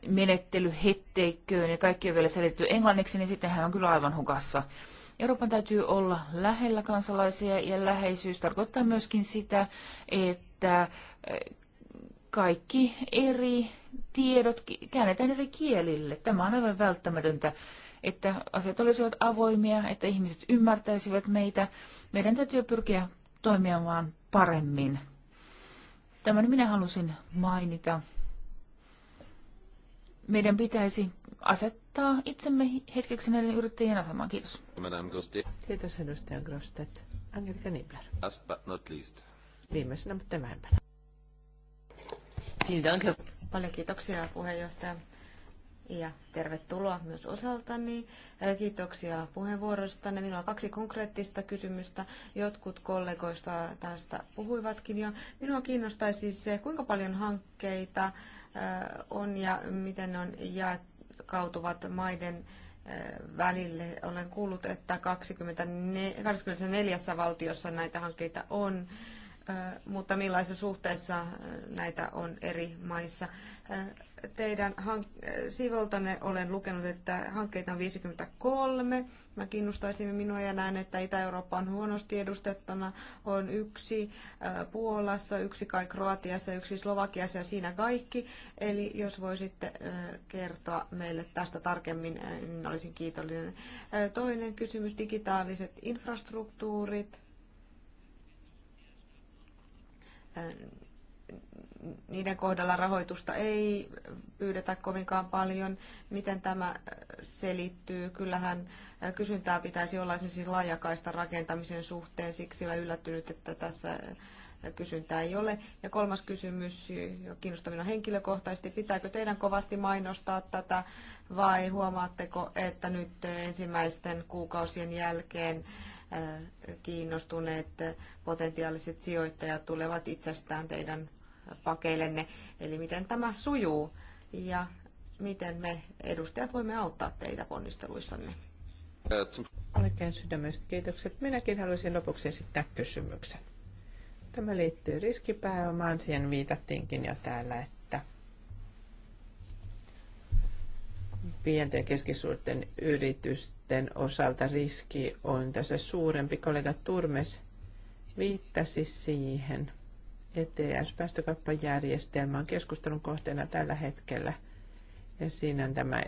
menettelyhetteikköön ja kaikki on vielä selitetty englanniksi, niin sitten hän on kyllä aivan hukassa. Euroopan täytyy olla lähellä kansalaisia ja läheisyys tarkoittaa myöskin sitä, että eh, kaikki eri tiedot käännetään eri kielille. Tämä on aivan välttämätöntä, että asiat olisivat avoimia, että ihmiset ymmärtäisivät meitä. Meidän täytyy pyrkiä toimimaan paremmin. Tämän minä halusin mainita meidän pitäisi asettaa itsemme hetkeksi näiden yrittäjien asemaan. Kiitos. Kiitos edustaja Grostet. Angelika Nibler. Last but not least. Viimeisenä, mutta vähempänä. Paljon kiitoksia puheenjohtaja ja tervetuloa myös osaltani. Kiitoksia puheenvuorosta. Minulla on kaksi konkreettista kysymystä. Jotkut kollegoista tästä puhuivatkin jo. Minua kiinnostaisi siis se, kuinka paljon hankkeita on ja miten ne on jakautuvat maiden välille. Olen kuullut, että 24, 24 valtiossa näitä hankkeita on, mutta millaisessa suhteessa näitä on eri maissa teidän hank- olen lukenut, että hankkeita on 53. Mä kiinnostaisin minua ja näen, että Itä-Eurooppa on huonosti edustettuna. On yksi Puolassa, yksi kai Kroatiassa, yksi Slovakiassa ja siinä kaikki. Eli jos voisitte kertoa meille tästä tarkemmin, niin olisin kiitollinen. Toinen kysymys, digitaaliset infrastruktuurit niiden kohdalla rahoitusta ei pyydetä kovinkaan paljon. Miten tämä äh, selittyy? Kyllähän äh, kysyntää pitäisi olla esimerkiksi laajakaista rakentamisen suhteen, siksi olen yllättynyt, että tässä äh, kysyntää ei ole. Ja kolmas kysymys, jo kiinnostavina henkilökohtaisesti, pitääkö teidän kovasti mainostaa tätä vai huomaatteko, että nyt ensimmäisten kuukausien jälkeen kiinnostuneet potentiaaliset sijoittajat tulevat itsestään teidän pakeillenne, eli miten tämä sujuu ja miten me edustajat voimme auttaa teitä ponnisteluissanne. Oikein sydämestä kiitokset. Minäkin haluaisin lopuksi esittää kysymyksen. Tämä liittyy riskipääomaan. Siihen viitattiinkin jo täällä, että pienten ja keskisuurten yritysten osalta riski on tässä suurempi. Kollega Turmes viittasi siihen – ETS-päästökauppajärjestelmä on keskustelun kohteena tällä hetkellä. Ja siinä on tämä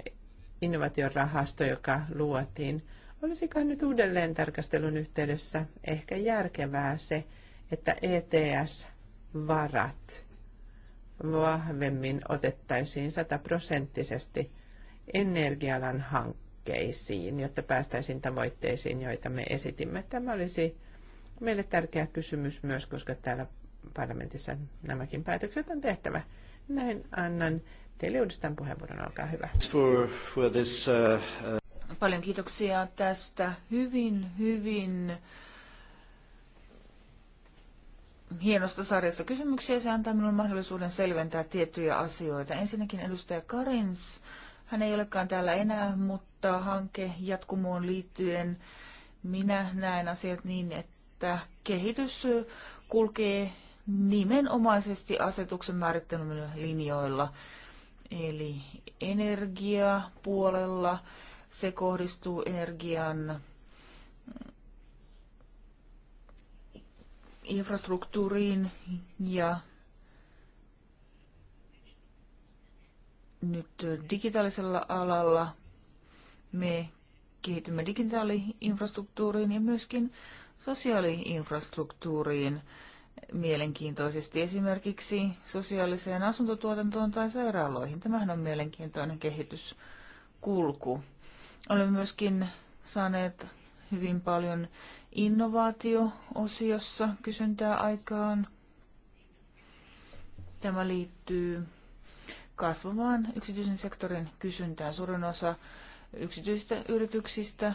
innovaatiorahasto, joka luotiin. Olisiko nyt uudelleen tarkastelun yhteydessä ehkä järkevää se, että ETS-varat vahvemmin otettaisiin sataprosenttisesti energialan hankkeisiin, jotta päästäisiin tavoitteisiin, joita me esitimme. Tämä olisi meille tärkeä kysymys myös, koska täällä parlamentissa nämäkin päätökset on tehtävä. Näin annan teille uudestaan puheenvuoron, olkaa hyvä. For, for this, uh, uh... Paljon kiitoksia tästä hyvin, hyvin hienosta sarjasta kysymyksiä. Se antaa minulle mahdollisuuden selventää tiettyjä asioita. Ensinnäkin edustaja Karins, hän ei olekaan täällä enää, mutta hanke jatkumoon liittyen minä näen asiat niin, että kehitys kulkee nimenomaisesti asetuksen määrittelemillä linjoilla. Eli energiapuolella se kohdistuu energian mm, infrastruktuuriin ja nyt digitaalisella alalla me kehitymme digitaali-infrastruktuuriin ja myöskin sosiaaliinfrastruktuuriin. infrastruktuuriin mielenkiintoisesti esimerkiksi sosiaaliseen asuntotuotantoon tai sairaaloihin. Tämähän on mielenkiintoinen kehityskulku. Olemme myöskin saaneet hyvin paljon innovaatio-osiossa kysyntää aikaan. Tämä liittyy kasvavaan yksityisen sektorin kysyntään. Suurin osa yksityisistä yrityksistä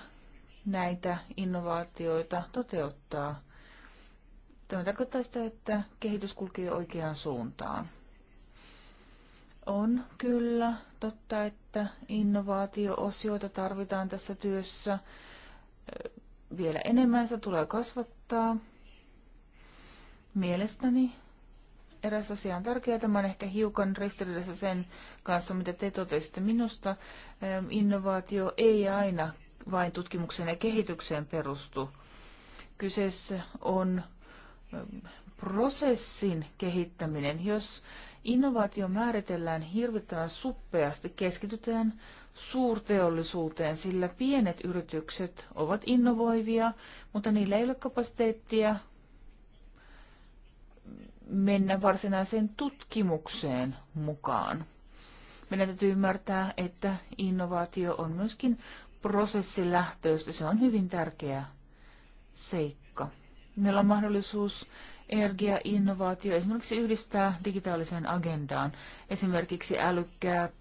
näitä innovaatioita toteuttaa. Tämä tarkoittaa sitä, että kehitys kulkee oikeaan suuntaan. On kyllä totta, että innovaatio-osioita tarvitaan tässä työssä. Vielä enemmän se tulee kasvattaa. Mielestäni eräs asia on tärkeä. Tämä on ehkä hiukan ristiriidassa sen kanssa, mitä te totesitte minusta. Ehm, innovaatio ei aina vain tutkimukseen ja kehitykseen perustu. Kyseessä on prosessin kehittäminen. Jos innovaatio määritellään hirvittävän suppeasti, keskitytään suurteollisuuteen, sillä pienet yritykset ovat innovoivia, mutta niillä ei ole kapasiteettia mennä varsinaiseen tutkimukseen mukaan. Meidän täytyy ymmärtää, että innovaatio on myöskin prosessilähtöistä. Se on hyvin tärkeä seikka. Meillä on mahdollisuus energiainnovaatio esimerkiksi yhdistää digitaaliseen agendaan. Esimerkiksi älykkäät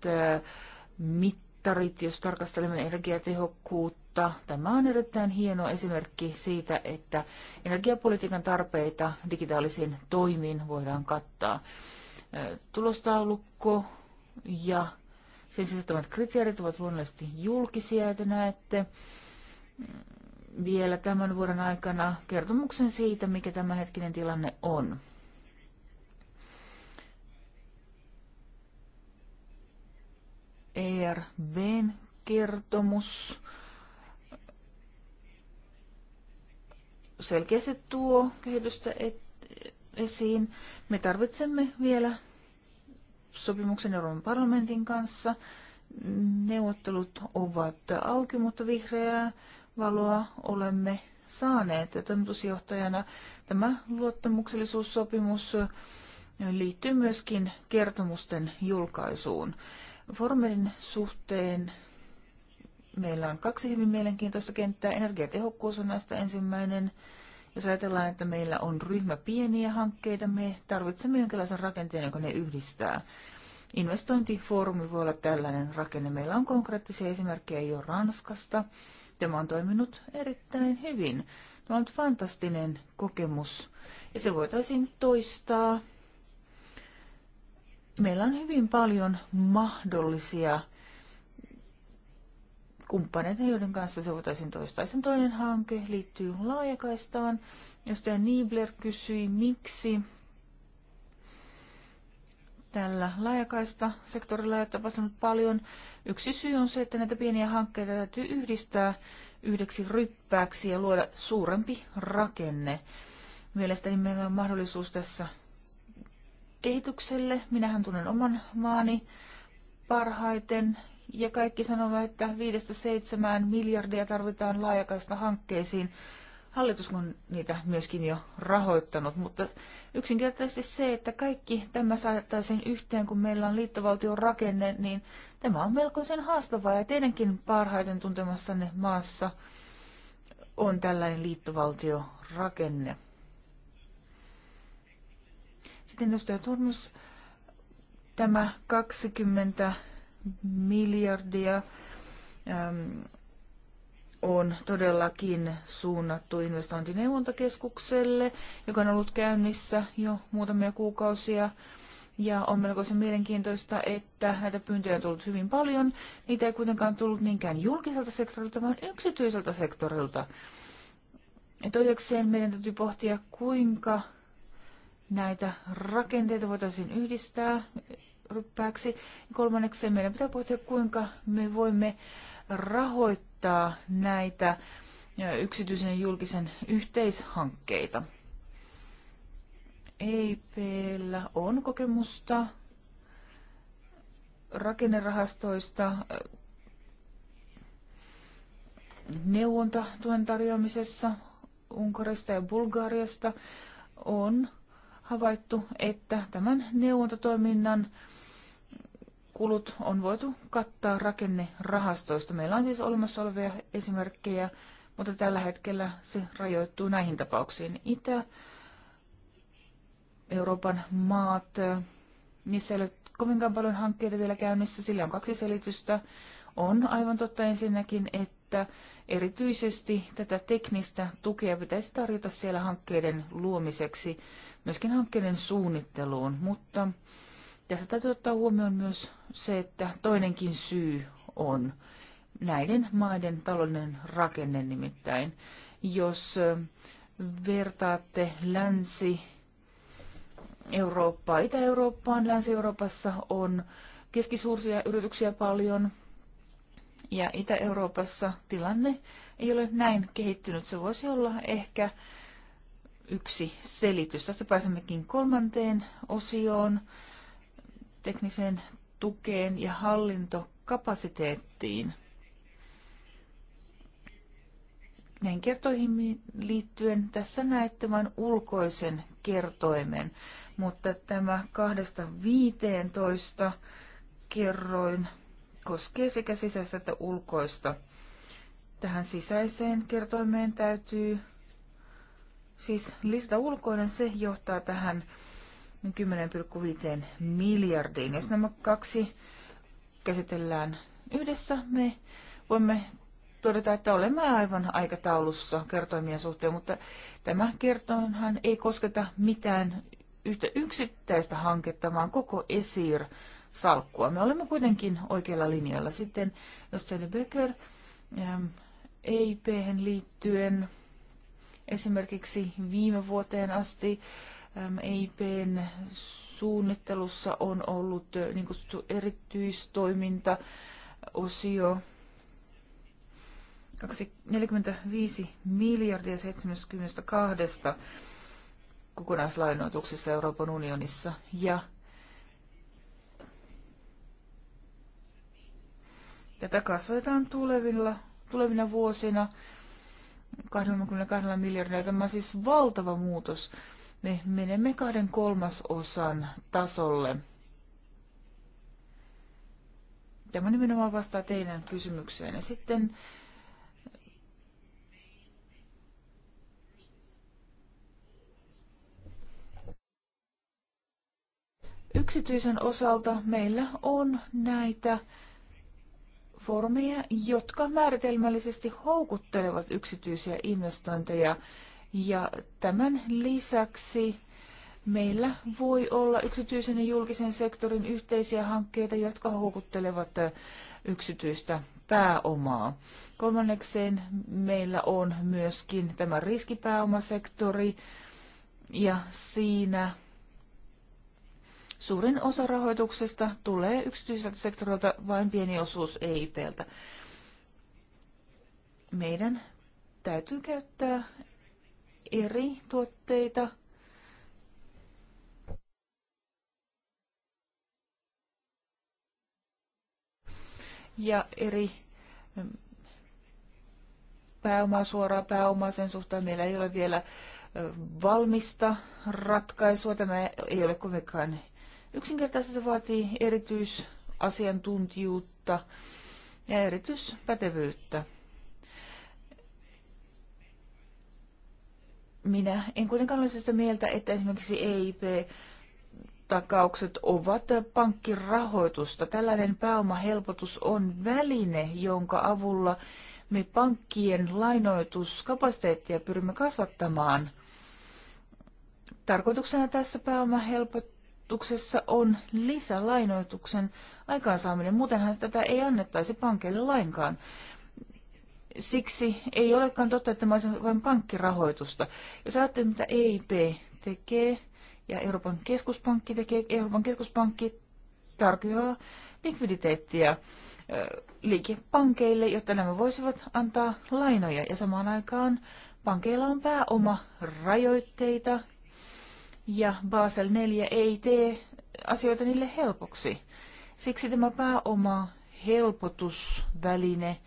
mittarit, jos tarkastelemme energiatehokkuutta. Tämä on erittäin hieno esimerkki siitä, että energiapolitiikan tarpeita digitaalisiin toimiin voidaan kattaa. Tulostaulukko ja sen sisältämät kriteerit ovat luonnollisesti julkisia, että näette vielä tämän vuoden aikana kertomuksen siitä, mikä tämä hetkinen tilanne on. ERBn kertomus selkeästi tuo kehitystä esiin. Me tarvitsemme vielä sopimuksen Euroopan parlamentin kanssa. Neuvottelut ovat auki, mutta vihreää valoa olemme saaneet toimitusjohtajana. Tämä luottamuksellisuussopimus liittyy myöskin kertomusten julkaisuun. Formelin suhteen meillä on kaksi hyvin mielenkiintoista kenttää. Energiatehokkuus on näistä ensimmäinen. Jos ajatellaan, että meillä on ryhmä pieniä hankkeita, me tarvitsemme jonkinlaisen rakenteen, joka ne yhdistää. Investointifoorumi voi olla tällainen rakenne. Meillä on konkreettisia esimerkkejä jo Ranskasta. Tämä on toiminut erittäin hyvin. Tämä on fantastinen kokemus ja se voitaisiin toistaa. Meillä on hyvin paljon mahdollisia kumppaneita, joiden kanssa se voitaisiin toistaa. Sen toinen hanke liittyy laajakaistaan. Jos Niebler kysyi, miksi tällä laajakaista sektorilla ei ole tapahtunut paljon. Yksi syy on se, että näitä pieniä hankkeita täytyy yhdistää yhdeksi ryppääksi ja luoda suurempi rakenne. Mielestäni meillä on mahdollisuus tässä kehitykselle. Minähän tunnen oman maani parhaiten ja kaikki sanovat, että 5-7 miljardia tarvitaan laajakaista hankkeisiin. Hallitus on niitä myöskin jo rahoittanut, mutta yksinkertaisesti se, että kaikki tämä saataisiin yhteen, kun meillä on liittovaltion rakenne, niin tämä on melkoisen haastavaa ja teidänkin parhaiten tuntemassanne maassa on tällainen liittovaltiorakenne. Sitten edustaja Turmus, tämä 20 miljardia on todellakin suunnattu investointineuvontakeskukselle, joka on ollut käynnissä jo muutamia kuukausia. Ja on melkoisen mielenkiintoista, että näitä pyyntöjä on tullut hyvin paljon. Niitä ei kuitenkaan tullut niinkään julkiselta sektorilta, vaan yksityiseltä sektorilta. Ja toisekseen meidän täytyy pohtia, kuinka näitä rakenteita voitaisiin yhdistää ryppääksi. Kolmanneksi meidän pitää pohtia, kuinka me voimme rahoittaa näitä yksityisen ja julkisen yhteishankkeita. EIPllä on kokemusta rakennerahastoista neuvontatuen tarjoamisessa Unkarista ja Bulgariasta on havaittu, että tämän neuvontatoiminnan äh, kulut on voitu kattaa rakennerahastoista. Meillä on siis olemassa olevia esimerkkejä, mutta tällä hetkellä se rajoittuu näihin tapauksiin. Itä, Euroopan maat, niissä ei ole kovinkaan paljon hankkeita vielä käynnissä. Sillä on kaksi selitystä. On aivan totta ensinnäkin, että erityisesti tätä teknistä tukea pitäisi tarjota siellä hankkeiden luomiseksi, myöskin hankkeiden suunnitteluun, mutta tässä täytyy ottaa huomioon myös se, että toinenkin syy on näiden maiden taloudellinen rakenne nimittäin. Jos vertaatte länsi Eurooppaa Itä-Eurooppaan, Länsi-Euroopassa on keskisuuria yrityksiä paljon ja Itä-Euroopassa tilanne ei ole näin kehittynyt. Se voisi olla ehkä yksi selitys. Tästä pääsemmekin kolmanteen osioon tekniseen tukeen ja hallintokapasiteettiin. Näin kertoihin liittyen tässä näette vain ulkoisen kertoimen, mutta tämä 2-15 kerroin koskee sekä sisäistä että ulkoista. Tähän sisäiseen kertoimeen täytyy siis lista ulkoinen, se johtaa tähän 10,5 niin miljardiin. Jos nämä kaksi käsitellään yhdessä, me voimme todeta, että olemme aivan aikataulussa kertoimien suhteen, mutta tämä kertoinhan ei kosketa mitään yhtä yksittäistä hanketta, vaan koko ESIR-salkkua. Me olemme kuitenkin oikealla linjalla. Sitten Nostele Becker ähm, eip liittyen esimerkiksi viime vuoteen asti EIPn suunnittelussa on ollut niin kuin erityistoiminta osio 45 miljardia 72 kokonaislainoituksessa Euroopan unionissa ja Tätä kasvatetaan tulevilla, tulevina vuosina 22 miljardia. Tämä on siis valtava muutos me menemme kahden kolmasosan tasolle. Tämä nimenomaan vastaa teidän kysymykseen. Ja sitten yksityisen osalta meillä on näitä formeja, jotka määritelmällisesti houkuttelevat yksityisiä investointeja ja tämän lisäksi meillä voi olla yksityisen ja julkisen sektorin yhteisiä hankkeita, jotka houkuttelevat yksityistä pääomaa. Kolmannekseen meillä on myöskin tämä riskipääomasektori ja siinä suurin osa rahoituksesta tulee yksityiseltä sektorilta, vain pieni osuus EIPltä. Meidän täytyy käyttää eri tuotteita. Ja eri mm, pääomaa, suoraa pääomaa sen suhteen. Meillä ei ole vielä valmista ratkaisua. Tämä ei ole kovinkaan yksinkertaisesti se vaatii erityisasiantuntijuutta ja erityispätevyyttä. Minä en kuitenkaan ole sitä mieltä, että esimerkiksi EIP takaukset ovat pankkirahoitusta. Tällainen pääomahelpotus on väline, jonka avulla me pankkien lainoituskapasiteettia pyrimme kasvattamaan. Tarkoituksena tässä pääomahelpotuksessa on lisälainoituksen aikaansaaminen. Muutenhan tätä ei annettaisi pankeille lainkaan. Siksi ei olekaan totta, että tämä olisi vain pankkirahoitusta. Jos ajattelee, mitä EIP tekee ja Euroopan keskuspankki tekee, Euroopan keskuspankki tarjoaa likviditeettiä liikepankeille, jotta nämä voisivat antaa lainoja. Ja samaan aikaan pankeilla on pääoma rajoitteita ja Basel 4 ei tee asioita niille helpoksi. Siksi tämä pääoma helpotusväline –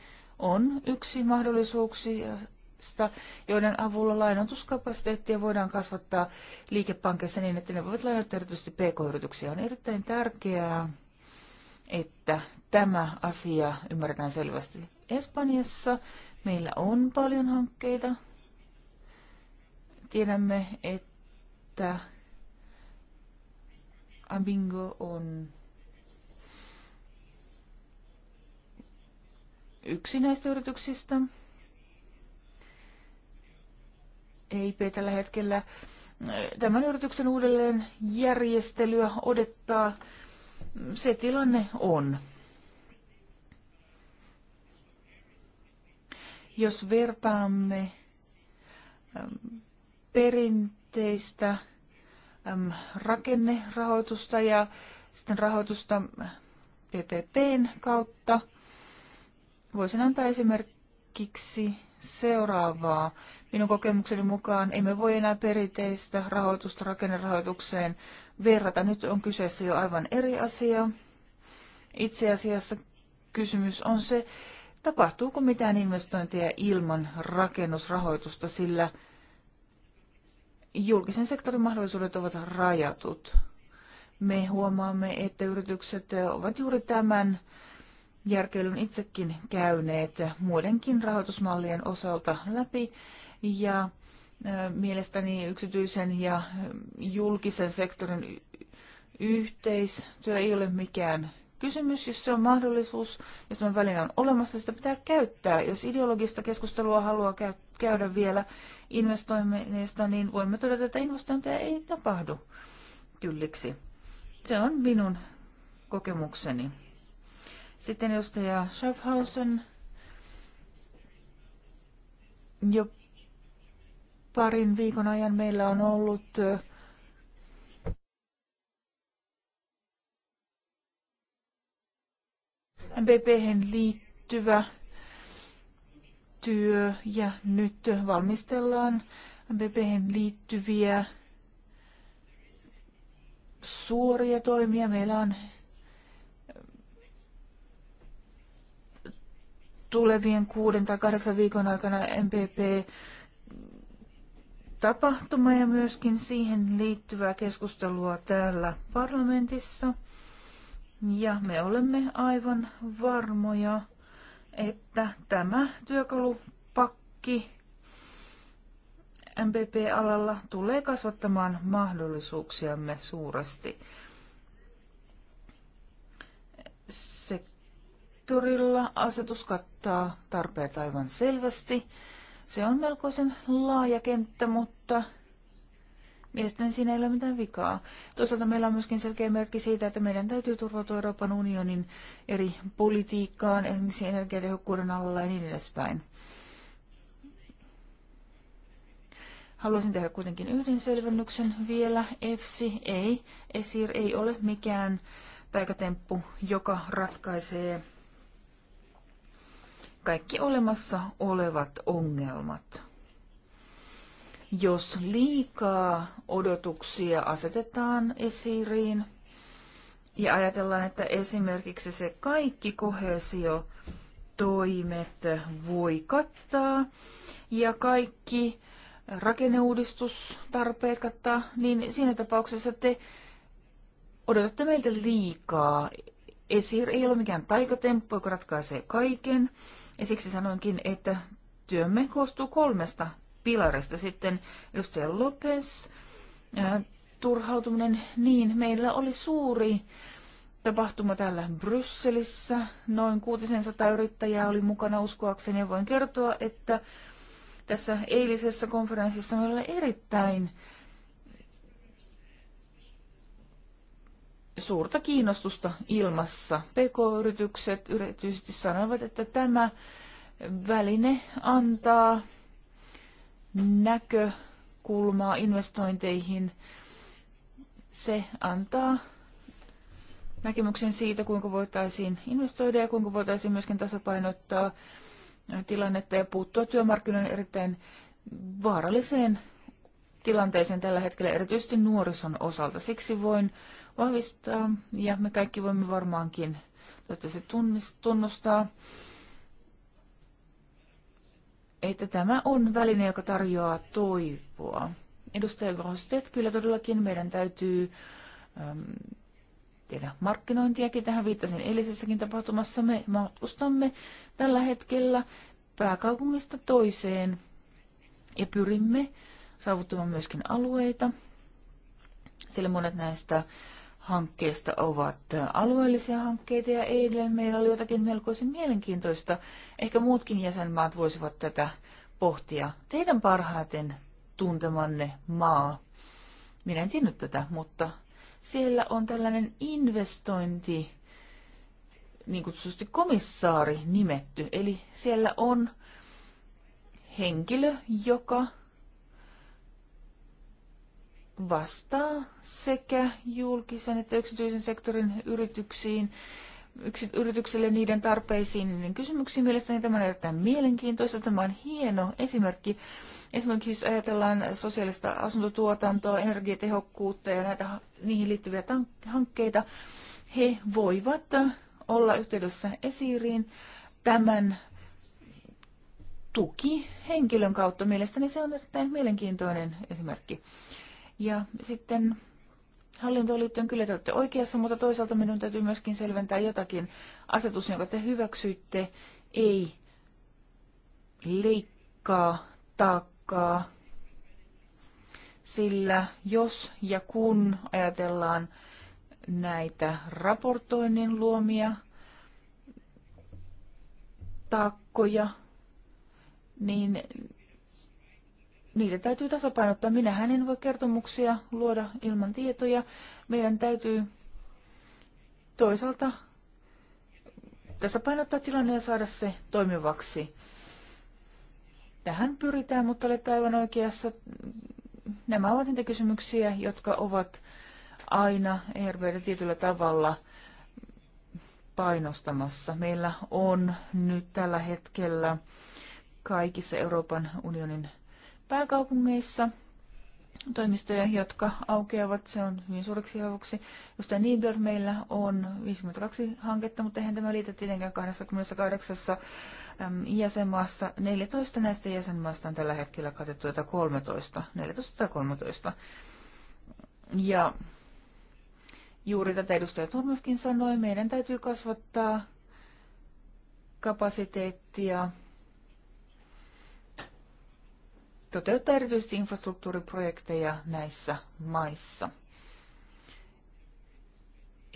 on yksi mahdollisuuksista, joiden avulla lainoituskapasiteettia voidaan kasvattaa liikepankissa niin, että ne voivat lainoittaa erityisesti pk-yrityksiä. On erittäin tärkeää, että tämä asia ymmärretään selvästi. Espanjassa meillä on paljon hankkeita. Tiedämme, että Abingo on yksi näistä yrityksistä. EIP tällä hetkellä äh, tämän yrityksen uudelleen järjestelyä odottaa. Se tilanne on. Jos vertaamme ähm, perinteistä ähm, rakennerahoitusta ja sitten rahoitusta PPPn kautta, Voisin antaa esimerkiksi seuraavaa. Minun kokemukseni mukaan emme voi enää perinteistä rahoitusta rakennerahoitukseen verrata. Nyt on kyseessä jo aivan eri asia. Itse asiassa kysymys on se, tapahtuuko mitään investointeja ilman rakennusrahoitusta, sillä julkisen sektorin mahdollisuudet ovat rajatut. Me huomaamme, että yritykset ovat juuri tämän järkeilyn itsekin käyneet muidenkin rahoitusmallien osalta läpi ja mielestäni yksityisen ja julkisen sektorin yhteistyö ei ole mikään kysymys, jos se on mahdollisuus, jos on väline on olemassa, sitä pitää käyttää. Jos ideologista keskustelua haluaa käydä vielä investoinneista, niin voimme todeta, että investointeja ei tapahdu kylliksi. Se on minun kokemukseni. Sitten edustaja Schaffhausen jo parin viikon ajan meillä on ollut mpp liittyvä työ ja nyt valmistellaan mpp liittyviä suoria toimia. Meillä on tulevien kuuden tai kahdeksan viikon aikana MPP tapahtuma ja myöskin siihen liittyvää keskustelua täällä parlamentissa. Ja me olemme aivan varmoja, että tämä työkalupakki MPP-alalla tulee kasvattamaan mahdollisuuksiamme suuresti. sektorilla asetus kattaa tarpeet aivan selvästi. Se on melkoisen laaja kenttä, mutta mielestäni siinä ei ole mitään vikaa. Toisaalta meillä on myöskin selkeä merkki siitä, että meidän täytyy turvautua Euroopan unionin eri politiikkaan, esimerkiksi energiatehokkuuden alalla ja niin edespäin. Haluaisin tehdä kuitenkin yhden selvennyksen vielä. EFSI ei, ESIR ei ole mikään taikatemppu, joka ratkaisee kaikki olemassa olevat ongelmat. Jos liikaa odotuksia asetetaan esiriin ja ajatellaan, että esimerkiksi se kaikki kohesio toimet voi kattaa ja kaikki rakenneuudistustarpeet kattaa, niin siinä tapauksessa te odotatte meiltä liikaa. Esir ei ole mikään taikatemppu, joka ratkaisee kaiken. Ja siksi sanoinkin, että työmme koostuu kolmesta pilarista. Sitten edustaja Lopes, turhautuminen, niin meillä oli suuri tapahtuma täällä Brysselissä. Noin 600 yrittäjää oli mukana uskoakseni ja voin kertoa, että tässä eilisessä konferenssissa meillä oli erittäin suurta kiinnostusta ilmassa. PK-yritykset erityisesti sanovat, että tämä väline antaa näkökulmaa investointeihin. Se antaa näkemyksen siitä, kuinka voitaisiin investoida ja kuinka voitaisiin myöskin tasapainottaa tilannetta ja puuttua työmarkkinoiden erittäin vaaralliseen tilanteeseen tällä hetkellä, erityisesti nuorison osalta. Siksi voin vahvistaa ja me kaikki voimme varmaankin toivottavasti tunnustaa, että tämä on väline, joka tarjoaa toivoa. Edustaja Grosstedt, kyllä todellakin meidän täytyy äm, tehdä markkinointiakin. Tähän viittasin eilisessäkin tapahtumassa. Me matkustamme tällä hetkellä pääkaupungista toiseen ja pyrimme saavuttamaan myöskin alueita, sillä monet näistä hankkeesta ovat alueellisia hankkeita ja eilen meillä oli jotakin melkoisen mielenkiintoista. Ehkä muutkin jäsenmaat voisivat tätä pohtia. Teidän parhaiten tuntemanne maa. Minä en tiennyt tätä, mutta siellä on tällainen investointi, niin kutsutusti komissaari nimetty. Eli siellä on henkilö, joka vastaa sekä julkisen että yksityisen sektorin yrityksiin, yrityksille niiden tarpeisiin, niin kysymyksiin mielestäni tämä on erittäin mielenkiintoista. Tämä on hieno esimerkki. Esimerkiksi jos ajatellaan sosiaalista asuntotuotantoa, energiatehokkuutta ja näitä niihin liittyviä hankkeita, he voivat olla yhteydessä esiriin tämän tuki henkilön kautta. Mielestäni se on erittäin mielenkiintoinen esimerkki. Ja sitten hallintoon liittyen kyllä te olette oikeassa, mutta toisaalta minun täytyy myöskin selventää jotakin. Asetus, jonka te hyväksyitte, ei leikkaa taakkaa, sillä jos ja kun ajatellaan näitä raportoinnin luomia taakkoja, niin niiden täytyy tasapainottaa. Minähän en voi kertomuksia luoda ilman tietoja. Meidän täytyy toisaalta tasapainottaa tilanne ja saada se toimivaksi. Tähän pyritään, mutta olette aivan oikeassa. Nämä ovat niitä kysymyksiä, jotka ovat aina ERVtä tietyllä tavalla painostamassa. Meillä on nyt tällä hetkellä kaikissa Euroopan unionin pääkaupungeissa toimistoja, jotka aukeavat. Se on hyvin suureksi avuksi. Jostain Niebler meillä on 52 hanketta, mutta eihän tämä liitä tietenkään 28 jäsenmaassa. 14 näistä jäsenmaista on tällä hetkellä katettu että 13, 14 tai 13. Ja juuri tätä edustaja Turmaskin sanoi, meidän täytyy kasvattaa kapasiteettia toteuttaa erityisesti infrastruktuuriprojekteja näissä maissa.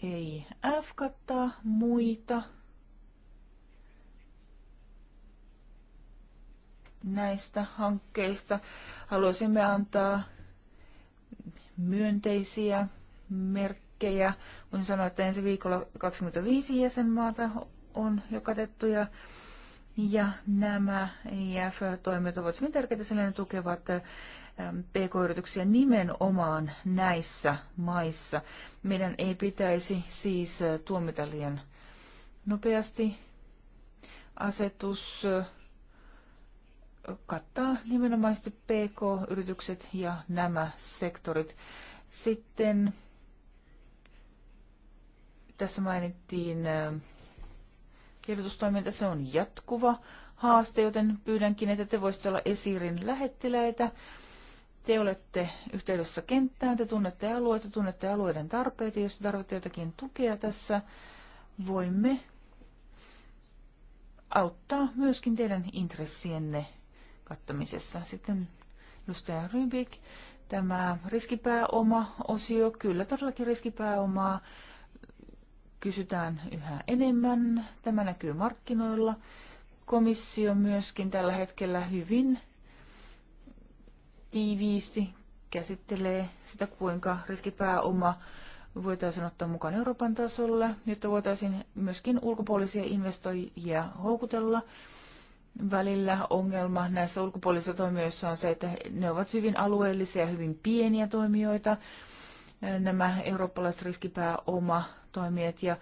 Ei F kattaa muita näistä hankkeista. Haluaisimme antaa myönteisiä merkkejä. Voin sanoa, että ensi viikolla 25 jäsenmaata on jo katettu ja ja nämä EIF-toimet ovat hyvin tärkeitä, sillä ne tukevat ähm, PK-yrityksiä nimenomaan näissä maissa. Meidän ei pitäisi siis äh, tuomita liian nopeasti. Asetus äh, kattaa nimenomaisesti PK-yritykset ja nämä sektorit. Sitten tässä mainittiin äh, Kirjoitustoiminta se on jatkuva haaste, joten pyydänkin, että te voisitte olla esirin lähettiläitä. Te olette yhteydessä kenttään, te tunnette alueita, tunnette alueiden tarpeet, jos tarvitsette jotakin tukea tässä, voimme auttaa myöskin teidän intressienne kattamisessa. Sitten edustaja Rybik, tämä riskipääoma-osio, kyllä todellakin riskipääomaa kysytään yhä enemmän. Tämä näkyy markkinoilla. Komissio myöskin tällä hetkellä hyvin tiiviisti käsittelee sitä, kuinka riskipääoma voitaisiin ottaa mukaan Euroopan tasolle, jotta voitaisiin myöskin ulkopuolisia investoijia houkutella. Välillä ongelma näissä ulkopuolisissa toimijoissa on se, että ne ovat hyvin alueellisia, hyvin pieniä toimijoita. Nämä eurooppalaiset riskipääoma toimijat ja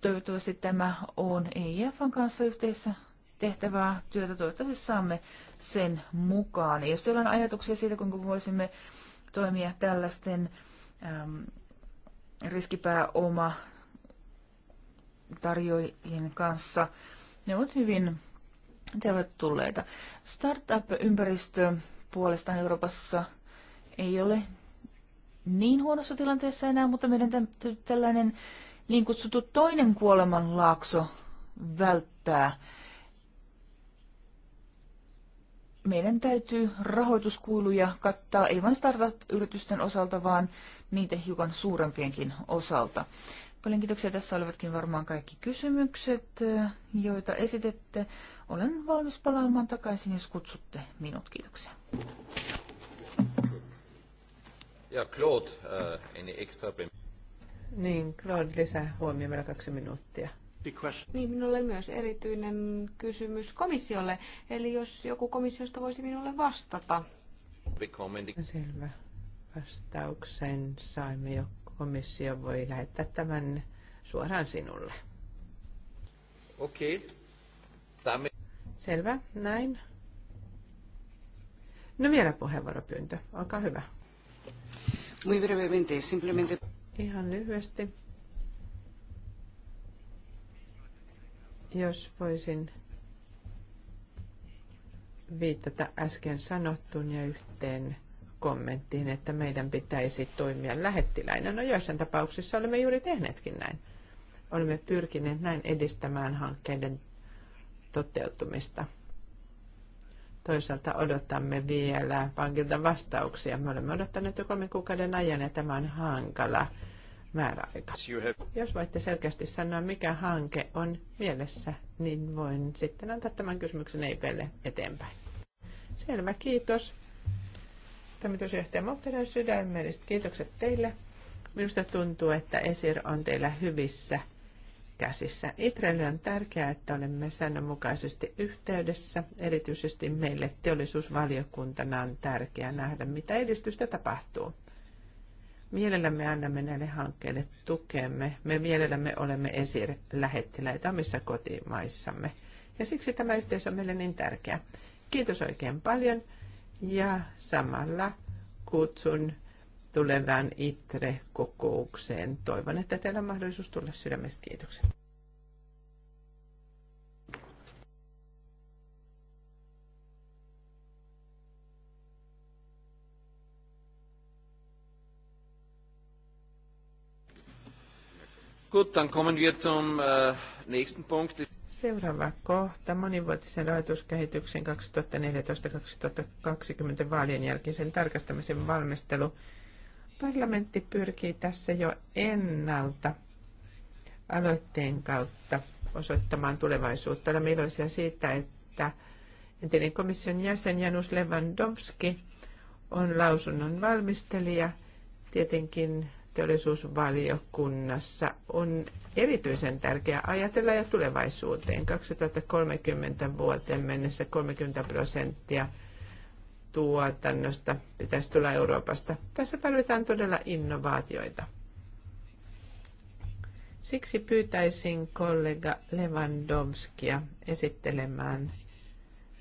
toivottavasti tämä on EIFn kanssa yhteisessä tehtävää työtä. Toivottavasti saamme sen mukaan. Ja jos teillä on ajatuksia siitä, kuinka voisimme toimia tällaisten äm, riskipääoma tarjoajien kanssa, ne ovat hyvin tervetulleita. Startup-ympäristö puolestaan Euroopassa ei ole niin huonossa tilanteessa enää, mutta meidän täytyy tällainen niin kutsuttu toinen kuolemanlaakso välttää. Meidän täytyy rahoituskuiluja kattaa ei vain startup-yritysten osalta, vaan niitä hiukan suurempienkin osalta. Paljon kiitoksia. Tässä olivatkin varmaan kaikki kysymykset, joita esitette. Olen valmis palaamaan takaisin, jos kutsutte minut. Kiitoksia. Ja Claude, äh, extra niin, Claude, lisää huomioon vielä kaksi minuuttia. Niin, minulle myös erityinen kysymys komissiolle. Eli jos joku komissiosta voisi minulle vastata. Selvä. Vastauksen saimme jo. Komissio voi lähettää tämän suoraan sinulle. Okei. Okay. Selvä, näin. No vielä puheenvuoropyyntö. Olkaa hyvä. Muy brevemente, simplemente... Ihan lyhyesti. Jos voisin viitata äsken sanottuun ja yhteen kommenttiin, että meidän pitäisi toimia lähettiläinä. No joissain tapauksissa olemme juuri tehneetkin näin. Olemme pyrkineet näin edistämään hankkeiden toteutumista. Toisaalta odotamme vielä pankilta vastauksia. Me olemme odottaneet jo kolmen kuukauden ajan ja tämä on hankala määräaika. Jos voitte selkeästi sanoa, mikä hanke on mielessä, niin voin sitten antaa tämän kysymyksen EIPlle eteenpäin. Selvä, kiitos. Toimitusjohtaja Mottinen, sydämelliset kiitokset teille. Minusta tuntuu, että ESIR on teillä hyvissä käsissä. Itrelle on tärkeää, että olemme säännönmukaisesti yhteydessä. Erityisesti meille teollisuusvaliokuntana on tärkeää nähdä, mitä edistystä tapahtuu. Mielellämme annamme näille hankkeille tukemme. Me mielellämme olemme esilähettiläitä lähettiläitä omissa kotimaissamme. Ja siksi tämä yhteys on meille niin tärkeä. Kiitos oikein paljon ja samalla kutsun tulevaan ITRE-kokoukseen. Toivon, että teillä on mahdollisuus tulla sydämestä kiitokset. Gut, dann kommen wir zum äh, nächsten Punkt. Seuraava kohta, monivuotisen rahoituskehityksen 2014-2020 vaalien jälkeisen tarkastamisen valmistelu. Parlamentti pyrkii tässä jo ennalta aloitteen kautta osoittamaan tulevaisuutta. Olemme iloisia siitä, että entinen komission jäsen Janus Lewandowski on lausunnon valmistelija. Tietenkin teollisuusvaliokunnassa on erityisen tärkeää ajatella ja tulevaisuuteen. 2030 vuoteen mennessä 30 prosenttia – tuotannosta pitäisi tulla Euroopasta. Tässä tarvitaan todella innovaatioita. Siksi pyytäisin kollega Lewandowskia esittelemään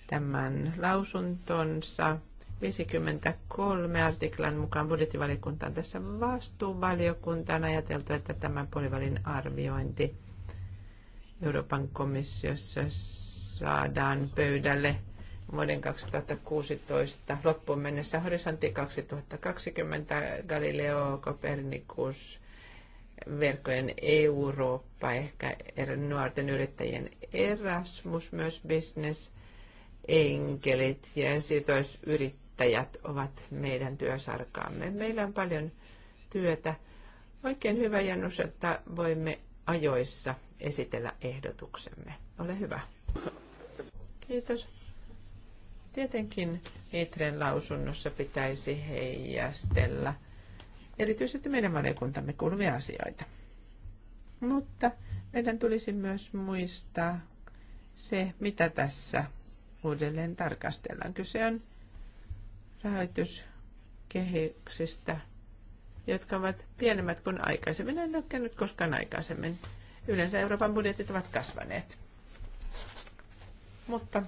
tämän lausuntonsa. 53 artiklan mukaan budjettivaliokunta on tässä vastuuvaliokunta. On ajateltu, että tämä puolivälin arviointi Euroopan komissiossa saadaan pöydälle – vuoden 2016 loppuun mennessä horisontti 2020 Galileo Copernicus verkkojen Eurooppa, ehkä er- nuorten yrittäjien Erasmus, myös business, enkelit ja yrittäjät ovat meidän työsarkaamme. Meillä on paljon työtä. Oikein hyvä Janus, että voimme ajoissa esitellä ehdotuksemme. Ole hyvä. Kiitos. Tietenkin Itren lausunnossa pitäisi heijastella erityisesti meidän valiokuntamme kuuluvia asioita. Mutta meidän tulisi myös muistaa se, mitä tässä uudelleen tarkastellaan. Kyse on rahoituskehyksistä, jotka ovat pienemmät kuin aikaisemmin. En ole käynyt koskaan aikaisemmin. Yleensä Euroopan budjetit ovat kasvaneet. Mutta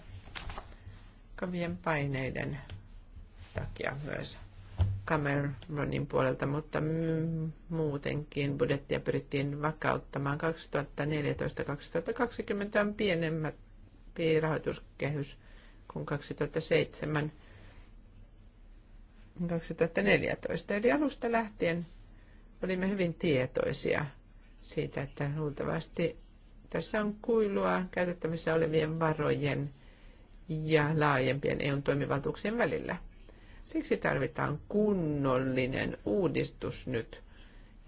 kovien paineiden takia myös Cameronin puolelta, mutta muutenkin budjettia pyrittiin vakauttamaan 2014-2020 on pienemmät rahoituskehys kuin 2007 2014. Eli alusta lähtien olimme hyvin tietoisia siitä, että luultavasti tässä on kuilua käytettävissä olevien varojen – ja laajempien EUn toimivaltuuksien välillä. Siksi tarvitaan kunnollinen uudistus nyt,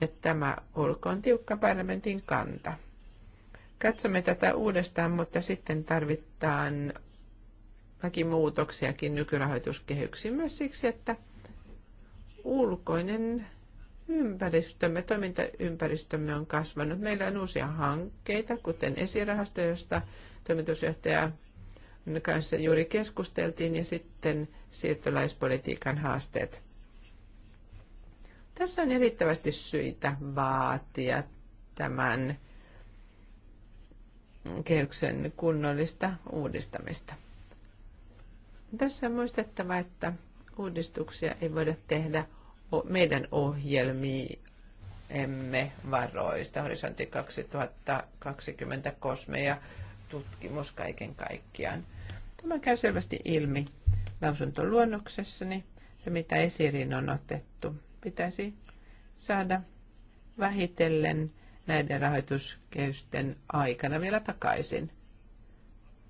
ja tämä olkoon tiukka parlamentin kanta. Katsomme tätä uudestaan, mutta sitten tarvitaan lakimuutoksiakin nykyrahoituskehyksiin myös siksi, että ulkoinen ympäristömme, toimintaympäristömme on kasvanut. Meillä on uusia hankkeita, kuten esirahasto, josta toimitusjohtaja kanssa juuri keskusteltiin, ja sitten siirtolaispolitiikan haasteet. Tässä on erittävästi syitä vaatia tämän kehyksen kunnollista uudistamista. Tässä on muistettava, että uudistuksia ei voida tehdä meidän ohjelmiemme varoista, horisontti 2020 kosmeja tutkimus kaiken kaikkiaan. Tämä käy selvästi ilmi lausuntoluonnoksessani. Se, mitä esiriin on otettu, pitäisi saada vähitellen näiden rahoituskehysten aikana vielä takaisin.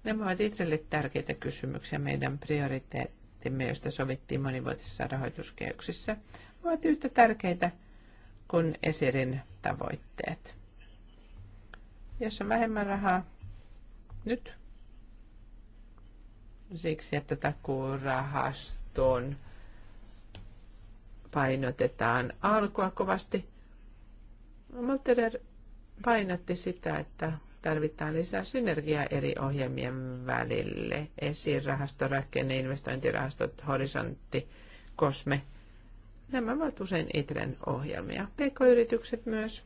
Nämä ovat itselle tärkeitä kysymyksiä meidän prioriteettimme, joista sovittiin monivuotisissa rahoituskehyksissä. Ovat yhtä tärkeitä kuin esirin tavoitteet. Jos on vähemmän rahaa nyt siksi, että takuurahastoon painotetaan alkua kovasti. Malterer painotti sitä, että tarvitaan lisää synergiaa eri ohjelmien välille. Esirahasto, rakenne, investointirahastot, horisontti, kosme. Nämä ovat usein ITREn ohjelmia. PK-yritykset myös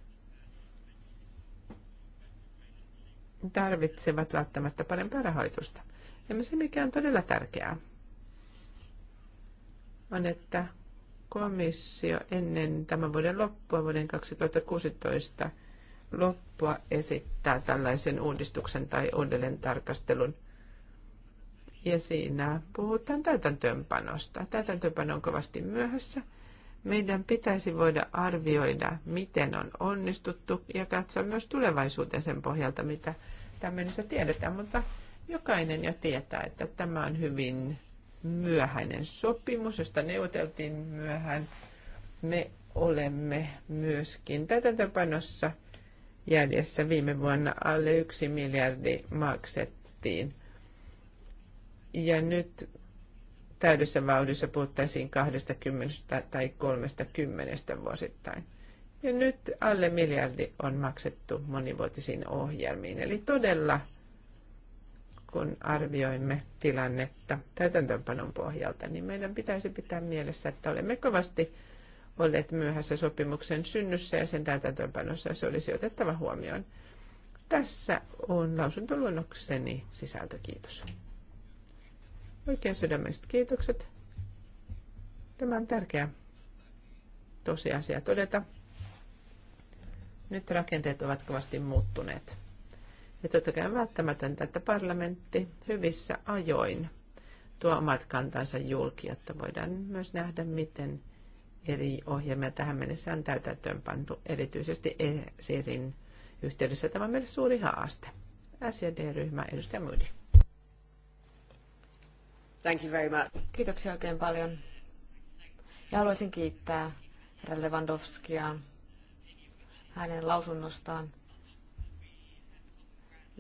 tarvitsevat välttämättä parempaa rahoitusta. Ja se, mikä on todella tärkeää, on, että komissio ennen tämän vuoden loppua, vuoden 2016 loppua, esittää tällaisen uudistuksen tai uudelleen tarkastelun. Ja siinä puhutaan täytäntöönpanosta. Täytäntöönpano on kovasti myöhässä. Meidän pitäisi voida arvioida, miten on onnistuttu ja katsoa myös tulevaisuuteen sen pohjalta, mitä tämän mennessä tiedetään, mutta Jokainen jo tietää, että tämä on hyvin myöhäinen sopimus, josta neuvoteltiin myöhään. Me olemme myöskin täytäntöpanossa jäljessä viime vuonna alle yksi miljardi maksettiin. Ja nyt täydessä vauhdissa puhuttaisiin 20 tai 30 vuosittain. Ja nyt alle miljardi on maksettu monivuotisiin ohjelmiin. Eli todella kun arvioimme tilannetta täytäntöönpanon pohjalta, niin meidän pitäisi pitää mielessä, että olemme kovasti olleet myöhässä sopimuksen synnyssä ja sen täytäntöönpanossa se olisi otettava huomioon. Tässä on lausuntoluonnokseni sisältö. Kiitos. Oikein sydämestä kiitokset. Tämä on tärkeä tosiasia todeta. Nyt rakenteet ovat kovasti muuttuneet. Ja totta kai on välttämätöntä, että parlamentti hyvissä ajoin tuo omat kantansa julki, jotta voidaan myös nähdä, miten eri ohjelmia tähän mennessä on täytäntöön pantu, erityisesti ESIRin yhteydessä. Tämä on meille suuri haaste. SJD-ryhmä, edustaja Moody. Thank you very much. Kiitoksia oikein paljon. Ja haluaisin kiittää herra Lewandowskia hänen lausunnostaan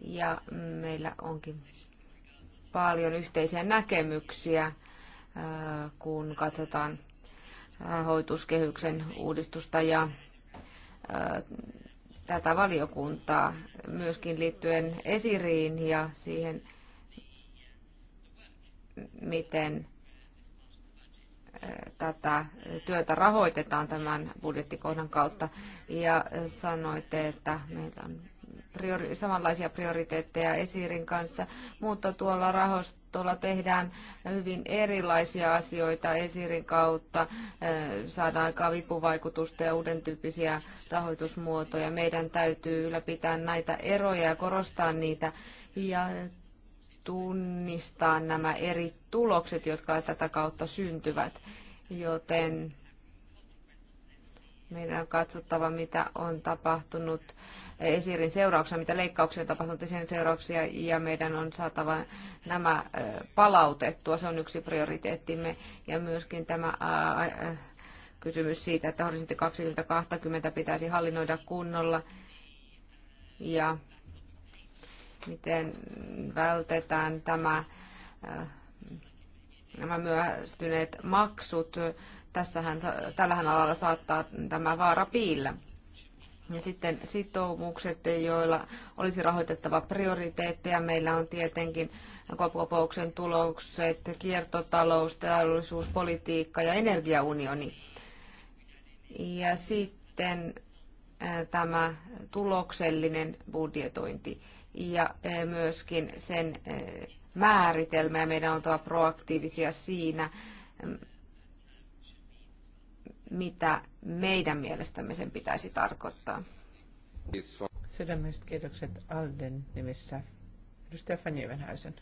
ja meillä onkin paljon yhteisiä näkemyksiä, äh, kun katsotaan äh, hoituskehyksen uudistusta ja äh, tätä valiokuntaa myöskin liittyen esiriin ja siihen, miten tätä työtä rahoitetaan tämän budjettikohdan kautta. Ja sanoitte, että meillä on priori, samanlaisia prioriteetteja Esirin kanssa, mutta tuolla rahastolla tehdään hyvin erilaisia asioita Esirin kautta, saadaan aikaa vipuvaikutusta ja uuden tyyppisiä rahoitusmuotoja. Meidän täytyy ylläpitää näitä eroja ja korostaa niitä ja tunnistaa nämä eri tulokset, jotka tätä kautta syntyvät. Joten meidän on katsottava, mitä on tapahtunut esirin seurauksena, mitä leikkauksia on tapahtunut esirin seurauksia, ja meidän on saatava nämä palautettua. Se on yksi prioriteettimme, ja myöskin tämä kysymys siitä, että horisontti 2020 pitäisi hallinnoida kunnolla, ja miten vältetään tämä nämä myöhästyneet maksut. Tässähän, tällähän alalla saattaa tämä vaara piillä. Ja sitten sitoumukset, joilla olisi rahoitettava prioriteetteja. Meillä on tietenkin kokouksen tulokset, kiertotalous, teollisuus, politiikka ja energiaunioni. Ja sitten äh, tämä tuloksellinen budjetointi ja äh, myöskin sen äh, määritelmä ja meidän on oltava proaktiivisia siinä, mitä meidän mielestämme sen pitäisi tarkoittaa. Sydämelliset kiitokset Alden nimissä. Edustaja Fanjevenhäysen.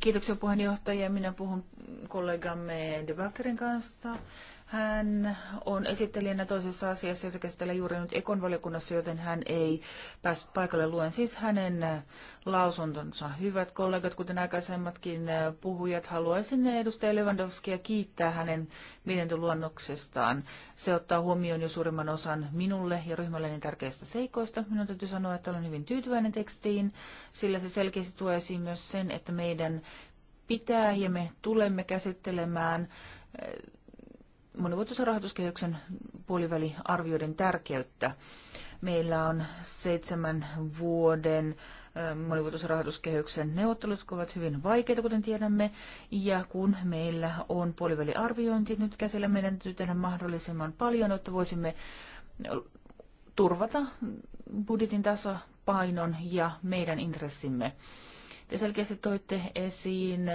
Kiitoksia puheenjohtaja. Minä puhun kollegamme De Valkerin kanssa. Hän on esittelijänä toisessa asiassa, jota käsitellään juuri nyt Ekon valiokunnassa, joten hän ei päässyt paikalle. Luen siis hänen lausuntonsa. Hyvät kollegat, kuten aikaisemmatkin puhujat, haluaisin edustaja Lewandowskia kiittää hänen mietintöluonnoksestaan. Se ottaa huomioon jo suurimman osan minulle ja ryhmälleni niin tärkeistä seikoista. Minun täytyy sanoa, että olen hyvin tyytyväinen tekstiin, sillä se selkeästi tuo esiin myös sen, että meidän pitää ja me tulemme käsittelemään monivuotisen rahoituskehyksen puoliväliarvioiden tärkeyttä. Meillä on seitsemän vuoden monivuotisen rahoituskehyksen neuvottelut, jotka ovat hyvin vaikeita, kuten tiedämme. Ja kun meillä on puoliväliarviointi nyt käsillä, meidän täytyy tehdä mahdollisimman paljon, jotta voisimme turvata budjetin tasapainon ja meidän intressimme. Te selkeästi toitte esiin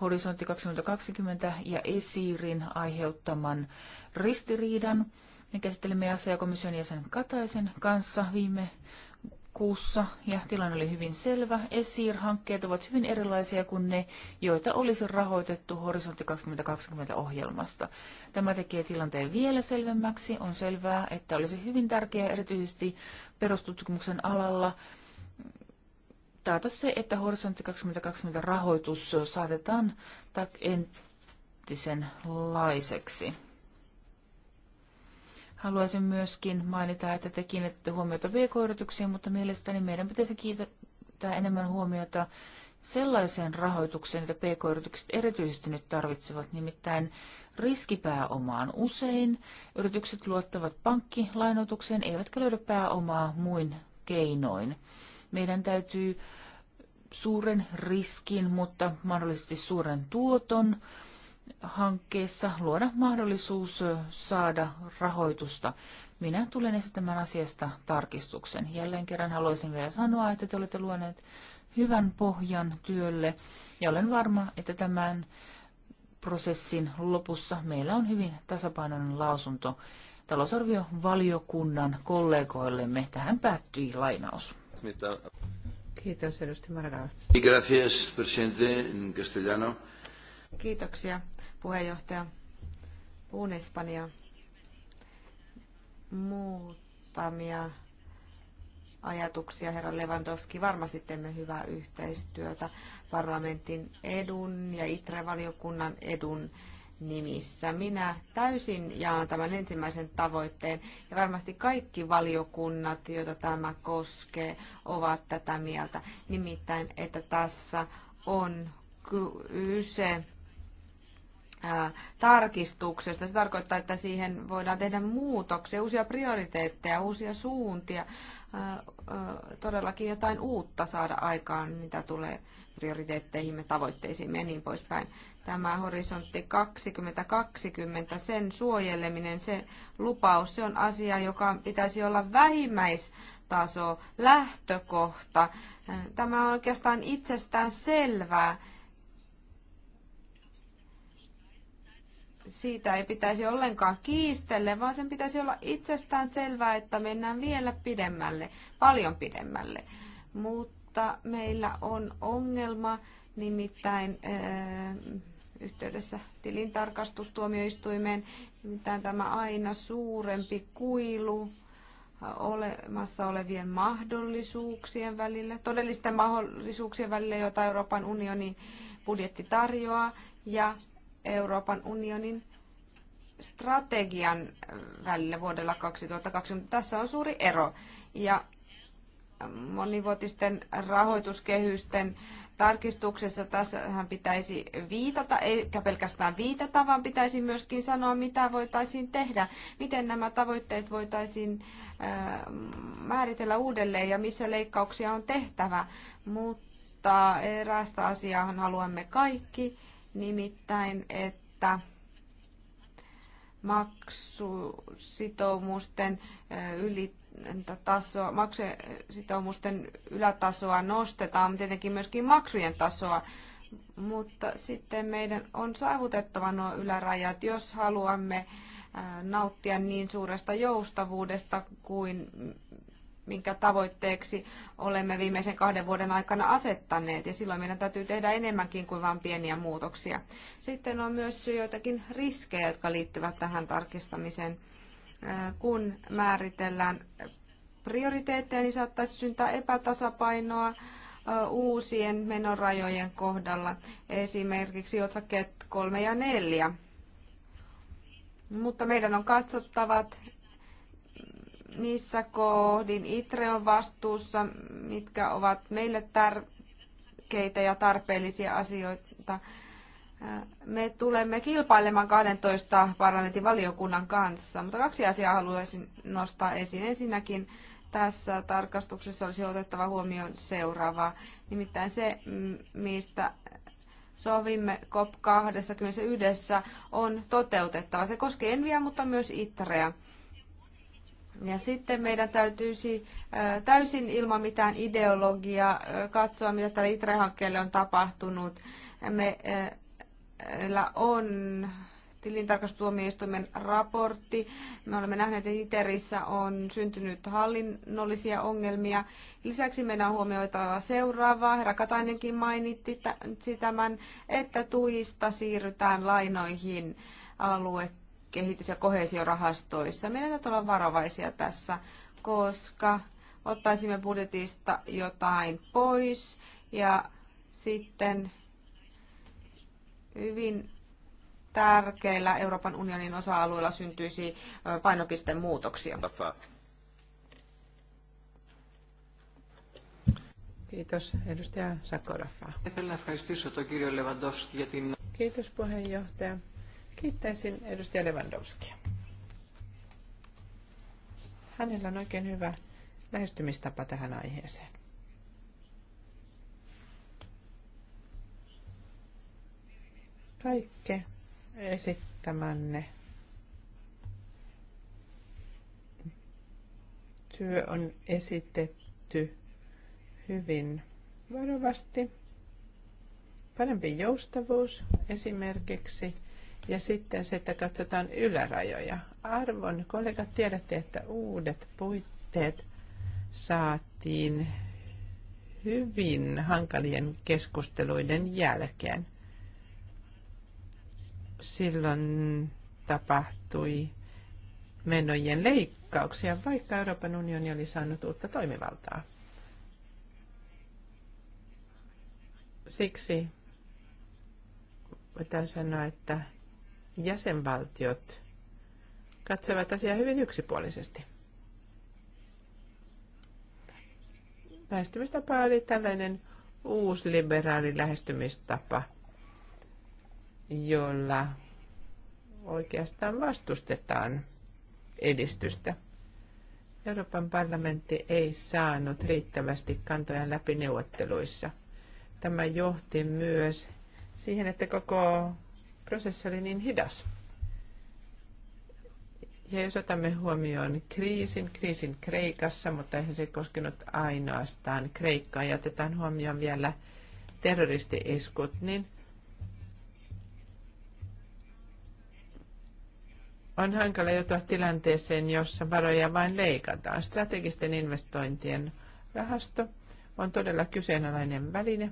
Horisontti 2020 ja ESIRin aiheuttaman ristiriidan. Me käsittelimme ja komission jäsen Kataisen kanssa viime kuussa ja tilanne oli hyvin selvä. ESIR-hankkeet ovat hyvin erilaisia kuin ne, joita olisi rahoitettu Horisontti 2020 ohjelmasta. Tämä tekee tilanteen vielä selvemmäksi. On selvää, että olisi hyvin tärkeää erityisesti perustutkimuksen alalla taata se, että Horisontti 2020 rahoitus saatetaan tak entisenlaiseksi. Haluaisin myöskin mainita, että te kiinnitätte huomiota vk yrityksiin mutta mielestäni meidän pitäisi kiinnittää enemmän huomiota sellaiseen rahoitukseen, jota pk-yritykset erityisesti nyt tarvitsevat, nimittäin riskipääomaan. Usein yritykset luottavat pankkilainoitukseen, eivätkä löydä pääomaa muin keinoin. Meidän täytyy suuren riskin, mutta mahdollisesti suuren tuoton hankkeessa luoda mahdollisuus saada rahoitusta. Minä tulen esittämään asiasta tarkistuksen. Jälleen kerran haluaisin vielä sanoa, että te olette luoneet hyvän pohjan työlle ja olen varma, että tämän prosessin lopussa meillä on hyvin tasapainoinen lausunto talousarviovaliokunnan kollegoillemme. Tähän päättyi lainaus. Kiitos, edustaja Maragall. Gracias, presidente, castellano. Kiitoksia, puheenjohtaja. Puhun Espanja. Muutamia ajatuksia. Herra Lewandowski, varmasti teemme hyvää yhteistyötä parlamentin edun ja itre edun nimissä. Minä täysin jaan tämän ensimmäisen tavoitteen ja varmasti kaikki valiokunnat, joita tämä koskee, ovat tätä mieltä. Nimittäin, että tässä on kyse tarkistuksesta. Se tarkoittaa, että siihen voidaan tehdä muutoksia, uusia prioriteetteja, uusia suuntia, todellakin jotain uutta saada aikaan, mitä tulee prioriteetteihimme, tavoitteisiin ja niin poispäin tämä horisontti 2020, sen suojeleminen, se lupaus, se on asia, joka pitäisi olla vähimmäistaso, lähtökohta. Tämä on oikeastaan itsestään selvää. Siitä ei pitäisi ollenkaan kiistellä, vaan sen pitäisi olla itsestään selvää, että mennään vielä pidemmälle, paljon pidemmälle. Mutta meillä on ongelma, nimittäin Ää, yhteydessä tilintarkastustuomioistuimeen. Nimittäin tämä aina suurempi kuilu olemassa olevien mahdollisuuksien välillä, todellisten mahdollisuuksien välillä, joita Euroopan unionin budjetti tarjoaa, ja Euroopan unionin strategian välillä vuodella 2020. Tässä on suuri ero. Ja monivuotisten rahoituskehysten tarkistuksessa tässähän pitäisi viitata, eikä pelkästään viitata, vaan pitäisi myöskin sanoa, mitä voitaisiin tehdä, miten nämä tavoitteet voitaisiin äh, määritellä uudelleen ja missä leikkauksia on tehtävä. Mutta eräästä asiaa haluamme kaikki, nimittäin, että maksusitoumusten äh, ylittäminen tasoa, maksusitoumusten ylätasoa nostetaan, tietenkin myöskin maksujen tasoa, mutta sitten meidän on saavutettava nuo ylärajat, jos haluamme nauttia niin suuresta joustavuudesta kuin minkä tavoitteeksi olemme viimeisen kahden vuoden aikana asettaneet, ja silloin meidän täytyy tehdä enemmänkin kuin vain pieniä muutoksia. Sitten on myös joitakin riskejä, jotka liittyvät tähän tarkistamiseen kun määritellään prioriteetteja, niin saattaisi syntyä epätasapainoa uusien menorajojen kohdalla, esimerkiksi otsakkeet 3 ja 4. Mutta meidän on katsottavat, missä kohdin ITRE on vastuussa, mitkä ovat meille tärkeitä ja tarpeellisia asioita me tulemme kilpailemaan 12 parlamentin valiokunnan kanssa, mutta kaksi asiaa haluaisin nostaa esiin. Ensinnäkin tässä tarkastuksessa olisi otettava huomioon seuraavaa, nimittäin se, mistä sovimme COP21 on toteutettava. Se koskee Enviä, mutta myös Itreä. Ja sitten meidän täytyisi täysin ilman mitään ideologiaa katsoa, mitä tälle Itre-hankkeelle on tapahtunut. Me on tilintarkastustuomioistuimen raportti. Me olemme nähneet, että ITERissä on syntynyt hallinnollisia ongelmia. Lisäksi meidän on huomioitava seuraavaa. Herra Katainenkin mainitti tämän, että tuista siirrytään lainoihin aluekehitys- ja kohesiorahastoissa. Meidän täytyy olla varovaisia tässä, koska ottaisimme budjetista jotain pois ja sitten hyvin tärkeillä Euroopan unionin osa-alueilla syntyisi painopisteen muutoksia. Kiitos. Edustaja Sakoraffa. Kiitos puheenjohtaja. Kiittäisin edustaja Lewandowskia. Hänellä on oikein hyvä lähestymistapa tähän aiheeseen. kaikki esittämänne työ on esitetty hyvin varovasti. Parempi joustavuus esimerkiksi ja sitten se, että katsotaan ylärajoja. Arvon kollegat, tiedätte, että uudet puitteet saatiin hyvin hankalien keskusteluiden jälkeen silloin tapahtui menojen leikkauksia, vaikka Euroopan unioni oli saanut uutta toimivaltaa. Siksi voidaan sanoa, että jäsenvaltiot katsovat asiaa hyvin yksipuolisesti. Lähestymistapa oli tällainen uusliberaali lähestymistapa – jolla oikeastaan vastustetaan edistystä. Euroopan parlamentti ei saanut riittävästi kantoja läpi neuvotteluissa. Tämä johti myös siihen, että koko prosessi oli niin hidas. Ja jos otamme huomioon kriisin, kriisin Kreikassa, mutta eihän se koskenut ainoastaan Kreikkaa, ja otetaan huomioon vielä terroristi niin on hankala joutua tilanteeseen, jossa varoja vain leikataan. Strategisten investointien rahasto on todella kyseenalainen väline.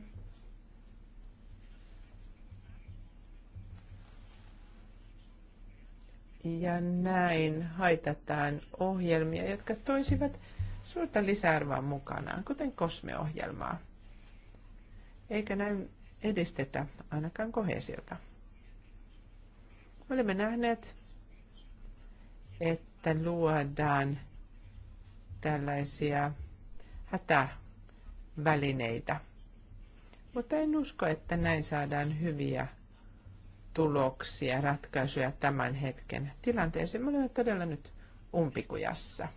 Ja näin haitataan ohjelmia, jotka toisivat suurta lisäarvoa mukanaan, kuten kosmeohjelmaa. Eikä näin edistetä ainakaan kohesiota. Olemme nähneet että luodaan tällaisia hätävälineitä. Mutta en usko, että näin saadaan hyviä tuloksia, ratkaisuja tämän hetken tilanteeseen. Me olemme todella nyt umpikujassa.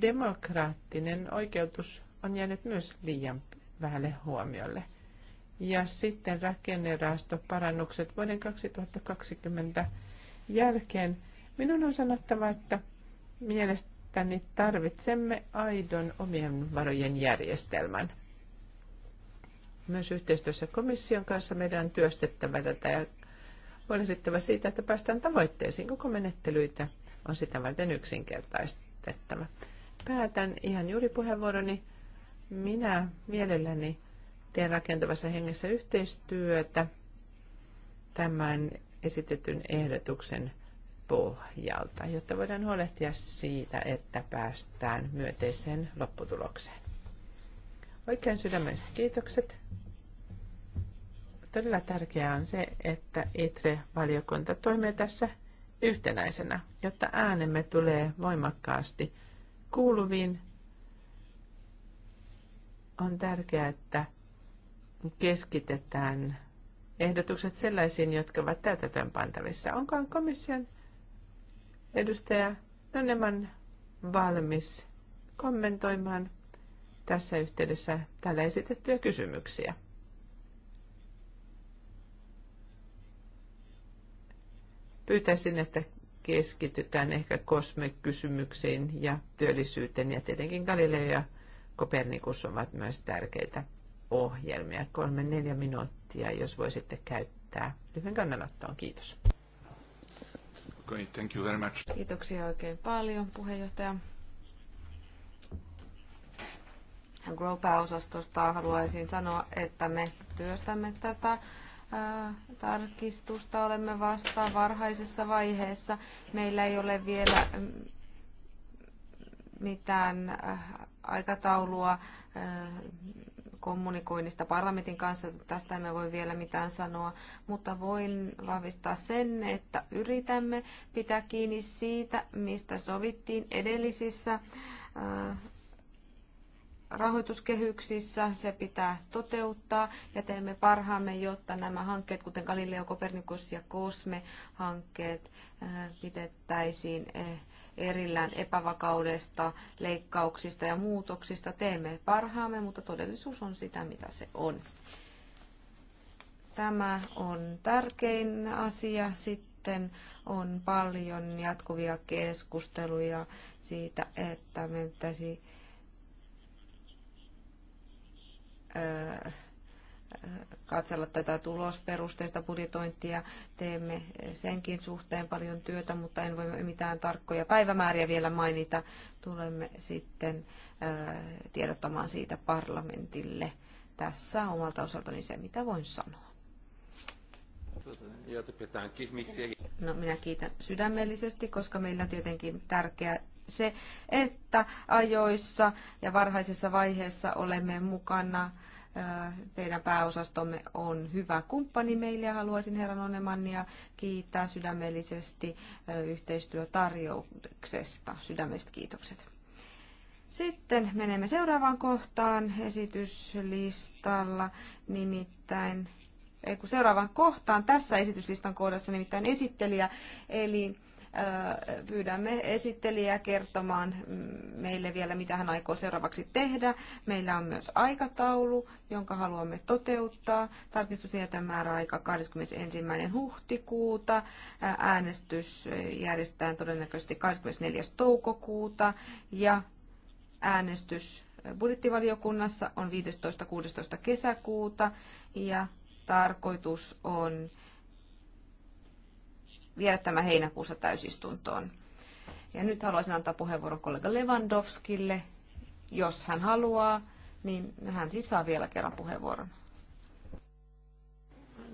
Demokraattinen oikeutus on jäänyt myös liian vähälle huomiolle. Ja sitten rakennerahastoparannukset vuoden 2020 jälkeen. Minun on sanottava, että mielestäni tarvitsemme aidon omien varojen järjestelmän. Myös yhteistyössä komission kanssa meidän on työstettävä tätä ja huolehdittava siitä, että päästään tavoitteisiin. Koko menettelyitä on sitä varten yksinkertaistettava. Päätän ihan juuri puheenvuoroni. Minä mielelläni teen rakentavassa hengessä yhteistyötä tämän esitetyn ehdotuksen pohjalta, jotta voidaan huolehtia siitä, että päästään myönteiseen lopputulokseen. Oikein sydämelliset kiitokset. Todella tärkeää on se, että ITRE-valiokunta toimii tässä yhtenäisenä, jotta äänemme tulee voimakkaasti kuuluviin. On tärkeää, että keskitetään ehdotukset sellaisiin, jotka ovat täytäntöön pantavissa. Onkohan komission edustaja Nanneman valmis kommentoimaan tässä yhteydessä täällä esitettyjä kysymyksiä? Pyytäisin, että keskitytään ehkä kosmekysymyksiin ja työllisyyteen ja tietenkin Galileo ja Kopernikus ovat myös tärkeitä ohjelmia. Kolme, neljä minuuttia, jos voisitte käyttää lyhyen kannanottoon. Kiitos. Okay, thank you very much. Kiitoksia oikein paljon, puheenjohtaja. grow osastosta haluaisin sanoa, että me työstämme tätä äh, tarkistusta. Olemme vasta varhaisessa vaiheessa. Meillä ei ole vielä mm, mitään äh, aikataulua äh, kommunikoinnista parlamentin kanssa. Tästä en voi vielä mitään sanoa, mutta voin vahvistaa sen, että yritämme pitää kiinni siitä, mistä sovittiin edellisissä äh, rahoituskehyksissä, se pitää toteuttaa ja teemme parhaamme, jotta nämä hankkeet, kuten Galileo, Kopernikus ja Kosme hankkeet äh, pidettäisiin eh, erillään epävakaudesta, leikkauksista ja muutoksista. Teemme parhaamme, mutta todellisuus on sitä, mitä se on. Tämä on tärkein asia sitten on paljon jatkuvia keskusteluja siitä, että me pitäisi katsella tätä tulosperusteista budjetointia. Teemme senkin suhteen paljon työtä, mutta en voi mitään tarkkoja päivämääriä vielä mainita. Tulemme sitten tiedottamaan siitä parlamentille. Tässä omalta osaltani se, mitä voin sanoa. No, minä kiitän sydämellisesti, koska meillä on tietenkin tärkeää se, että ajoissa ja varhaisessa vaiheessa olemme mukana Teidän pääosastomme on hyvä kumppani meille ja haluaisin herran Onemannia kiittää sydämellisesti yhteistyötarjouksesta. Sydämelliset kiitokset. Sitten menemme seuraavaan kohtaan esityslistalla, nimittäin ei kun seuraavaan kohtaan tässä esityslistan kohdassa nimittäin esittelijä, eli Pyydämme esittelijää kertomaan meille vielä, mitä hän aikoo seuraavaksi tehdä. Meillä on myös aikataulu, jonka haluamme toteuttaa. Tarkistusjätön määräaika 21. huhtikuuta. Äänestys järjestetään todennäköisesti 24. toukokuuta ja äänestys budjettivaliokunnassa on 15.–16. kesäkuuta ja tarkoitus on viedä tämä heinäkuussa täysistuntoon. Ja nyt haluaisin antaa puheenvuoron kollega Lewandowskille. Jos hän haluaa, niin hän siis saa vielä kerran puheenvuoron.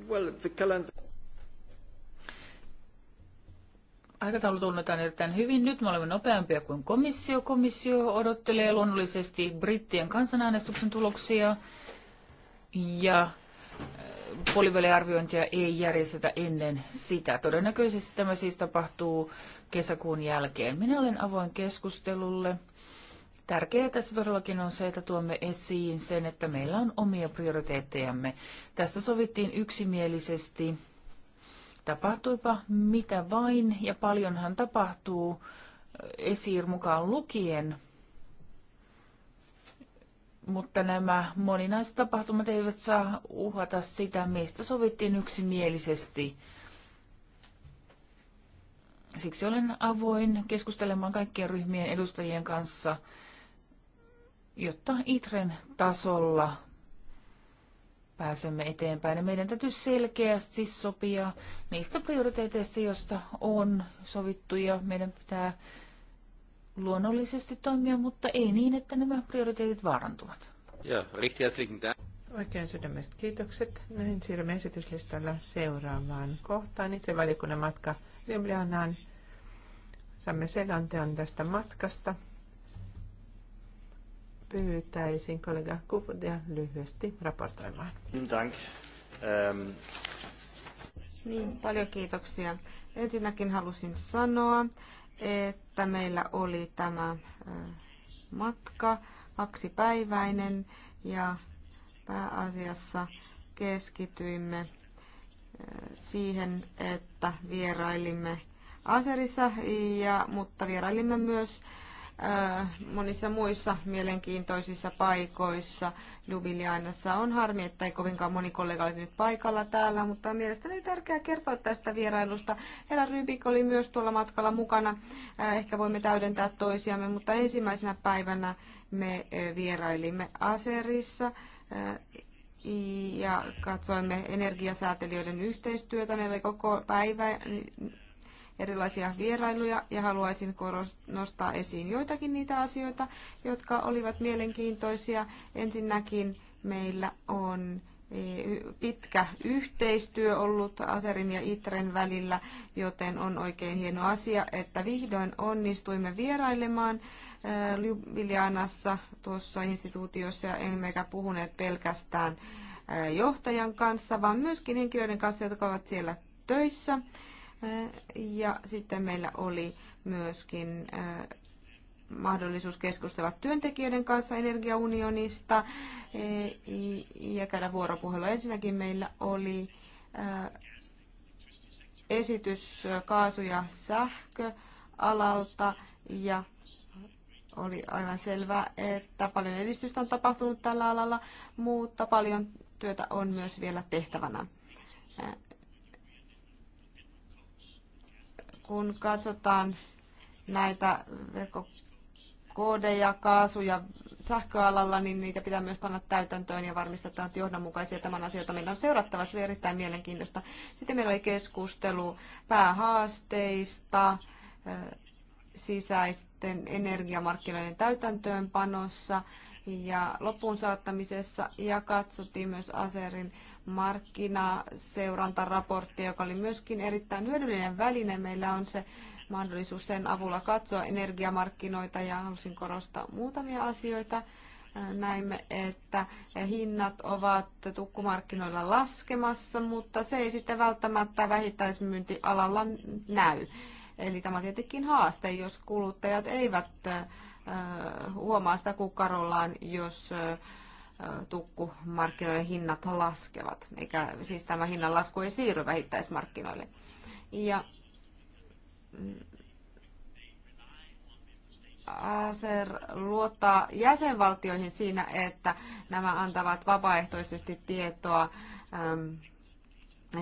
Well, the calendar... Aikataulu tunnetaan erittäin hyvin. Nyt me olemme nopeampia kuin komissio. Komissio odottelee luonnollisesti brittien kansanäänestyksen tuloksia. Ja puoliväliarviointia ei järjestetä ennen sitä. Todennäköisesti tämä siis tapahtuu kesäkuun jälkeen. Minä olen avoin keskustelulle. Tärkeää tässä todellakin on se, että tuomme esiin sen, että meillä on omia prioriteettejamme. Tästä sovittiin yksimielisesti. Tapahtuipa mitä vain ja paljonhan tapahtuu eh, esiir mukaan lukien – mutta nämä moninaiset tapahtumat eivät saa uhata sitä, mistä sovittiin yksimielisesti. Siksi olen avoin keskustelemaan kaikkien ryhmien edustajien kanssa, jotta ITREN tasolla pääsemme eteenpäin. Ja meidän täytyy selkeästi sopia niistä prioriteeteista, joista on sovittu, ja meidän pitää luonnollisesti toimia, mutta ei niin, että nämä prioriteetit vaarantuvat. Joo, Oikein sydämestä kiitokset. Näin siirrymme esityslistalla seuraavaan kohtaan. Itse valiokunnan matka Ljubljanaan. Saamme selonteon tästä matkasta. Pyytäisin kollega Kufudia lyhyesti raportoimaan. Dank. Ähm. Niin, paljon kiitoksia. Ensinnäkin halusin sanoa, että meillä oli tämä matka kaksipäiväinen ja pääasiassa keskityimme siihen, että vierailimme Aserissa, ja, mutta vierailimme myös monissa muissa mielenkiintoisissa paikoissa Ljubiljanassa. On harmi, että ei kovinkaan moni kollega ole nyt paikalla täällä, mutta on tärkeää kertoa tästä vierailusta. Herra Rybik oli myös tuolla matkalla mukana. Ehkä voimme täydentää toisiamme, mutta ensimmäisenä päivänä me vierailimme Aserissa ja katsoimme energiasäätelijöiden yhteistyötä. Meillä oli koko päivä erilaisia vierailuja ja haluaisin nostaa esiin joitakin niitä asioita, jotka olivat mielenkiintoisia. Ensinnäkin meillä on e, pitkä yhteistyö ollut Aterin ja Itren välillä, joten on oikein hieno asia, että vihdoin onnistuimme vierailemaan e, Ljubljanassa tuossa instituutiossa ja emmekä puhuneet pelkästään e, johtajan kanssa, vaan myöskin henkilöiden kanssa, jotka ovat siellä töissä. Ja sitten meillä oli myöskin äh, mahdollisuus keskustella työntekijöiden kanssa energiaunionista äh, ja käydä vuoropuhelua. Ensinnäkin meillä oli äh, esitys kaasu- ja sähköalalta ja oli aivan selvää, että paljon edistystä on tapahtunut tällä alalla, mutta paljon työtä on myös vielä tehtävänä. kun katsotaan näitä verkkokoodeja, kaasuja sähköalalla, niin niitä pitää myös panna täytäntöön ja varmistetaan, että johdonmukaisia tämän asioita meidän on seurattava. Se oli erittäin mielenkiintoista. Sitten meillä oli keskustelu päähaasteista, sisäisten energiamarkkinoiden täytäntöönpanossa ja loppuun saattamisessa ja katsottiin myös Aserin markkinaseurantaraportti, joka oli myöskin erittäin hyödyllinen väline. Meillä on se mahdollisuus sen avulla katsoa energiamarkkinoita ja halusin korostaa muutamia asioita. Näimme, että hinnat ovat tukkumarkkinoilla laskemassa, mutta se ei sitten välttämättä vähittäismyyntialalla näy. Eli tämä on tietenkin haaste, jos kuluttajat eivät huomaa sitä kukkarollaan, jos tukkumarkkinoiden hinnat laskevat, eikä siis tämä hinnan lasku ei siirry vähittäismarkkinoille. Ja mm, ASER luottaa jäsenvaltioihin siinä, että nämä antavat vapaaehtoisesti tietoa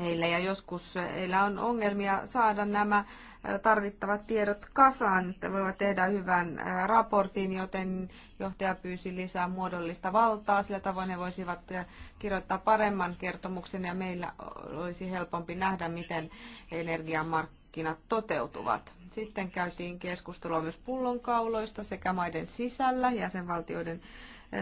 heille ja joskus heillä on ongelmia saada nämä tarvittavat tiedot kasaan, että voivat tehdä hyvän raportin, joten johtaja pyysi lisää muodollista valtaa. Sillä tavoin he voisivat kirjoittaa paremman kertomuksen ja meillä olisi helpompi nähdä, miten energiamarkkinat toteutuvat. Sitten käytiin keskustelua myös pullonkauloista sekä maiden sisällä jäsenvaltioiden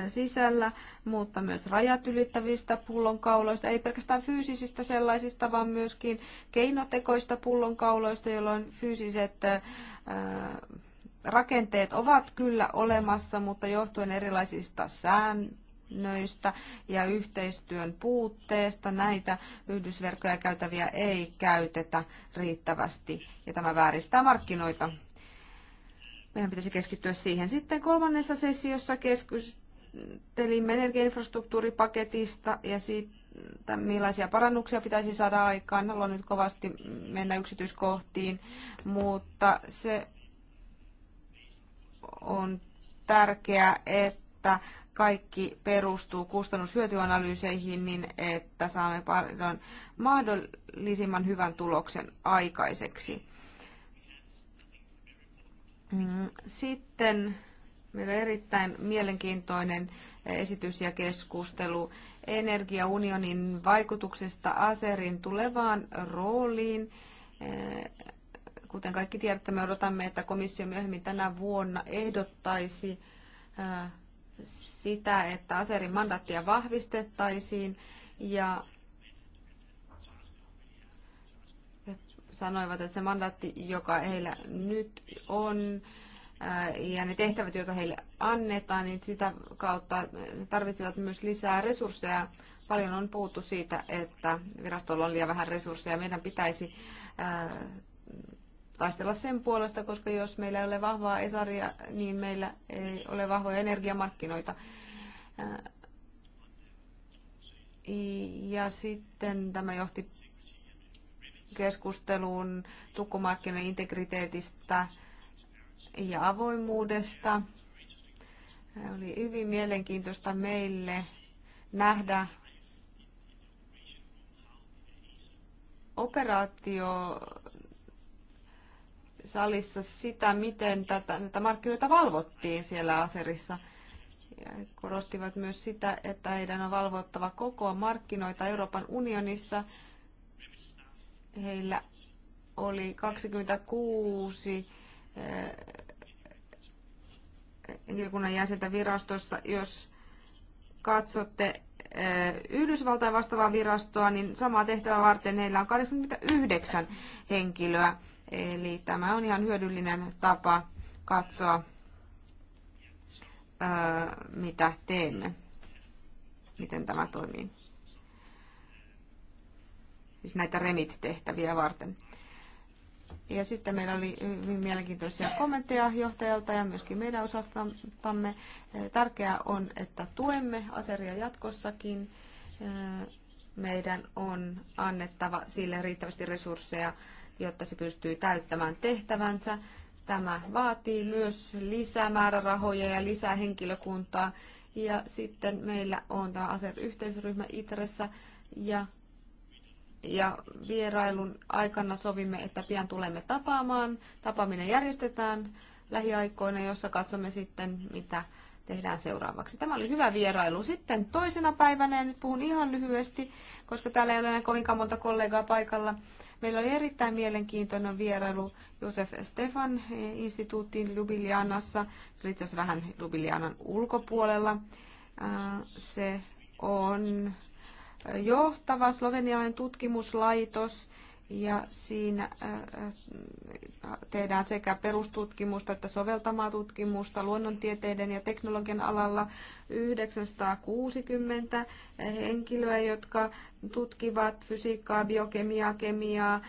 sisällä, mutta myös rajat ylittävistä pullonkauloista, ei pelkästään fyysisistä sellaisista, vaan myöskin keinotekoista pullonkauloista, jolloin fyysiset rakenteet ovat kyllä olemassa, mutta johtuen erilaisista säännöistä ja yhteistyön puutteesta näitä yhdysverkkoja käytäviä ei käytetä riittävästi ja tämä vääristää markkinoita. Meidän pitäisi keskittyä siihen. Sitten kolmannessa sessiossa keskus, keskustelimme energiainfrastruktuuripaketista ja siitä, millaisia parannuksia pitäisi saada aikaan. Haluan nyt kovasti mennä yksityiskohtiin, mutta se on tärkeää, että kaikki perustuu kustannushyötyanalyyseihin niin, että saamme paljon mahdollisimman hyvän tuloksen aikaiseksi. Mm, sitten Meillä on erittäin mielenkiintoinen esitys ja keskustelu energiaunionin vaikutuksesta Aserin tulevaan rooliin. Eh, kuten kaikki tiedätte, me odotamme, että komissio myöhemmin tänä vuonna ehdottaisi eh, sitä, että Aserin mandaattia vahvistettaisiin ja sanoivat, että se mandaatti, joka heillä nyt on, ja ne tehtävät, joita heille annetaan, niin sitä kautta tarvitsevat myös lisää resursseja. Paljon on puhuttu siitä, että virastolla on liian vähän resursseja. Meidän pitäisi taistella sen puolesta, koska jos meillä ei ole vahvaa esaria, niin meillä ei ole vahvoja energiamarkkinoita. Ja sitten tämä johti keskusteluun tukkumarkkinoiden integriteetistä ja avoimuudesta. Oli hyvin mielenkiintoista meille nähdä operaatio salissa sitä, miten tätä, näitä markkinoita valvottiin siellä Aserissa. Ja korostivat myös sitä, että heidän on valvottava koko markkinoita Euroopan unionissa. Heillä oli 26 henkilökunnan jäsentä virastosta, jos katsotte eh, Yhdysvaltain vastaavaa virastoa, niin samaa tehtävää varten heillä on 89 henkilöä. Eli tämä on ihan hyödyllinen tapa katsoa, eh, mitä teemme, miten tämä toimii. Siis näitä remit-tehtäviä varten. Ja sitten meillä oli hyvin mielenkiintoisia kommentteja johtajalta ja myöskin meidän osastamme. Tärkeää on, että tuemme aseria jatkossakin. Meidän on annettava sille riittävästi resursseja, jotta se pystyy täyttämään tehtävänsä. Tämä vaatii myös lisää määrärahoja ja lisää henkilökuntaa. Ja sitten meillä on tämä aser-yhteisryhmä ITRessä ja ja vierailun aikana sovimme, että pian tulemme tapaamaan. Tapaaminen järjestetään lähiaikoina, jossa katsomme sitten, mitä tehdään seuraavaksi. Tämä oli hyvä vierailu. Sitten toisena päivänä, ja nyt puhun ihan lyhyesti, koska täällä ei ole enää kovinkaan monta kollegaa paikalla. Meillä oli erittäin mielenkiintoinen vierailu Josef Stefan eh, instituuttiin Ljubljanassa, se itse asiassa vähän Ljubljanan ulkopuolella. Äh, se on johtava slovenialainen tutkimuslaitos ja siinä äh, äh, tehdään sekä perustutkimusta että soveltamaa tutkimusta luonnontieteiden ja teknologian alalla 960 henkilöä, jotka tutkivat fysiikkaa, biokemiaa, kemiaa,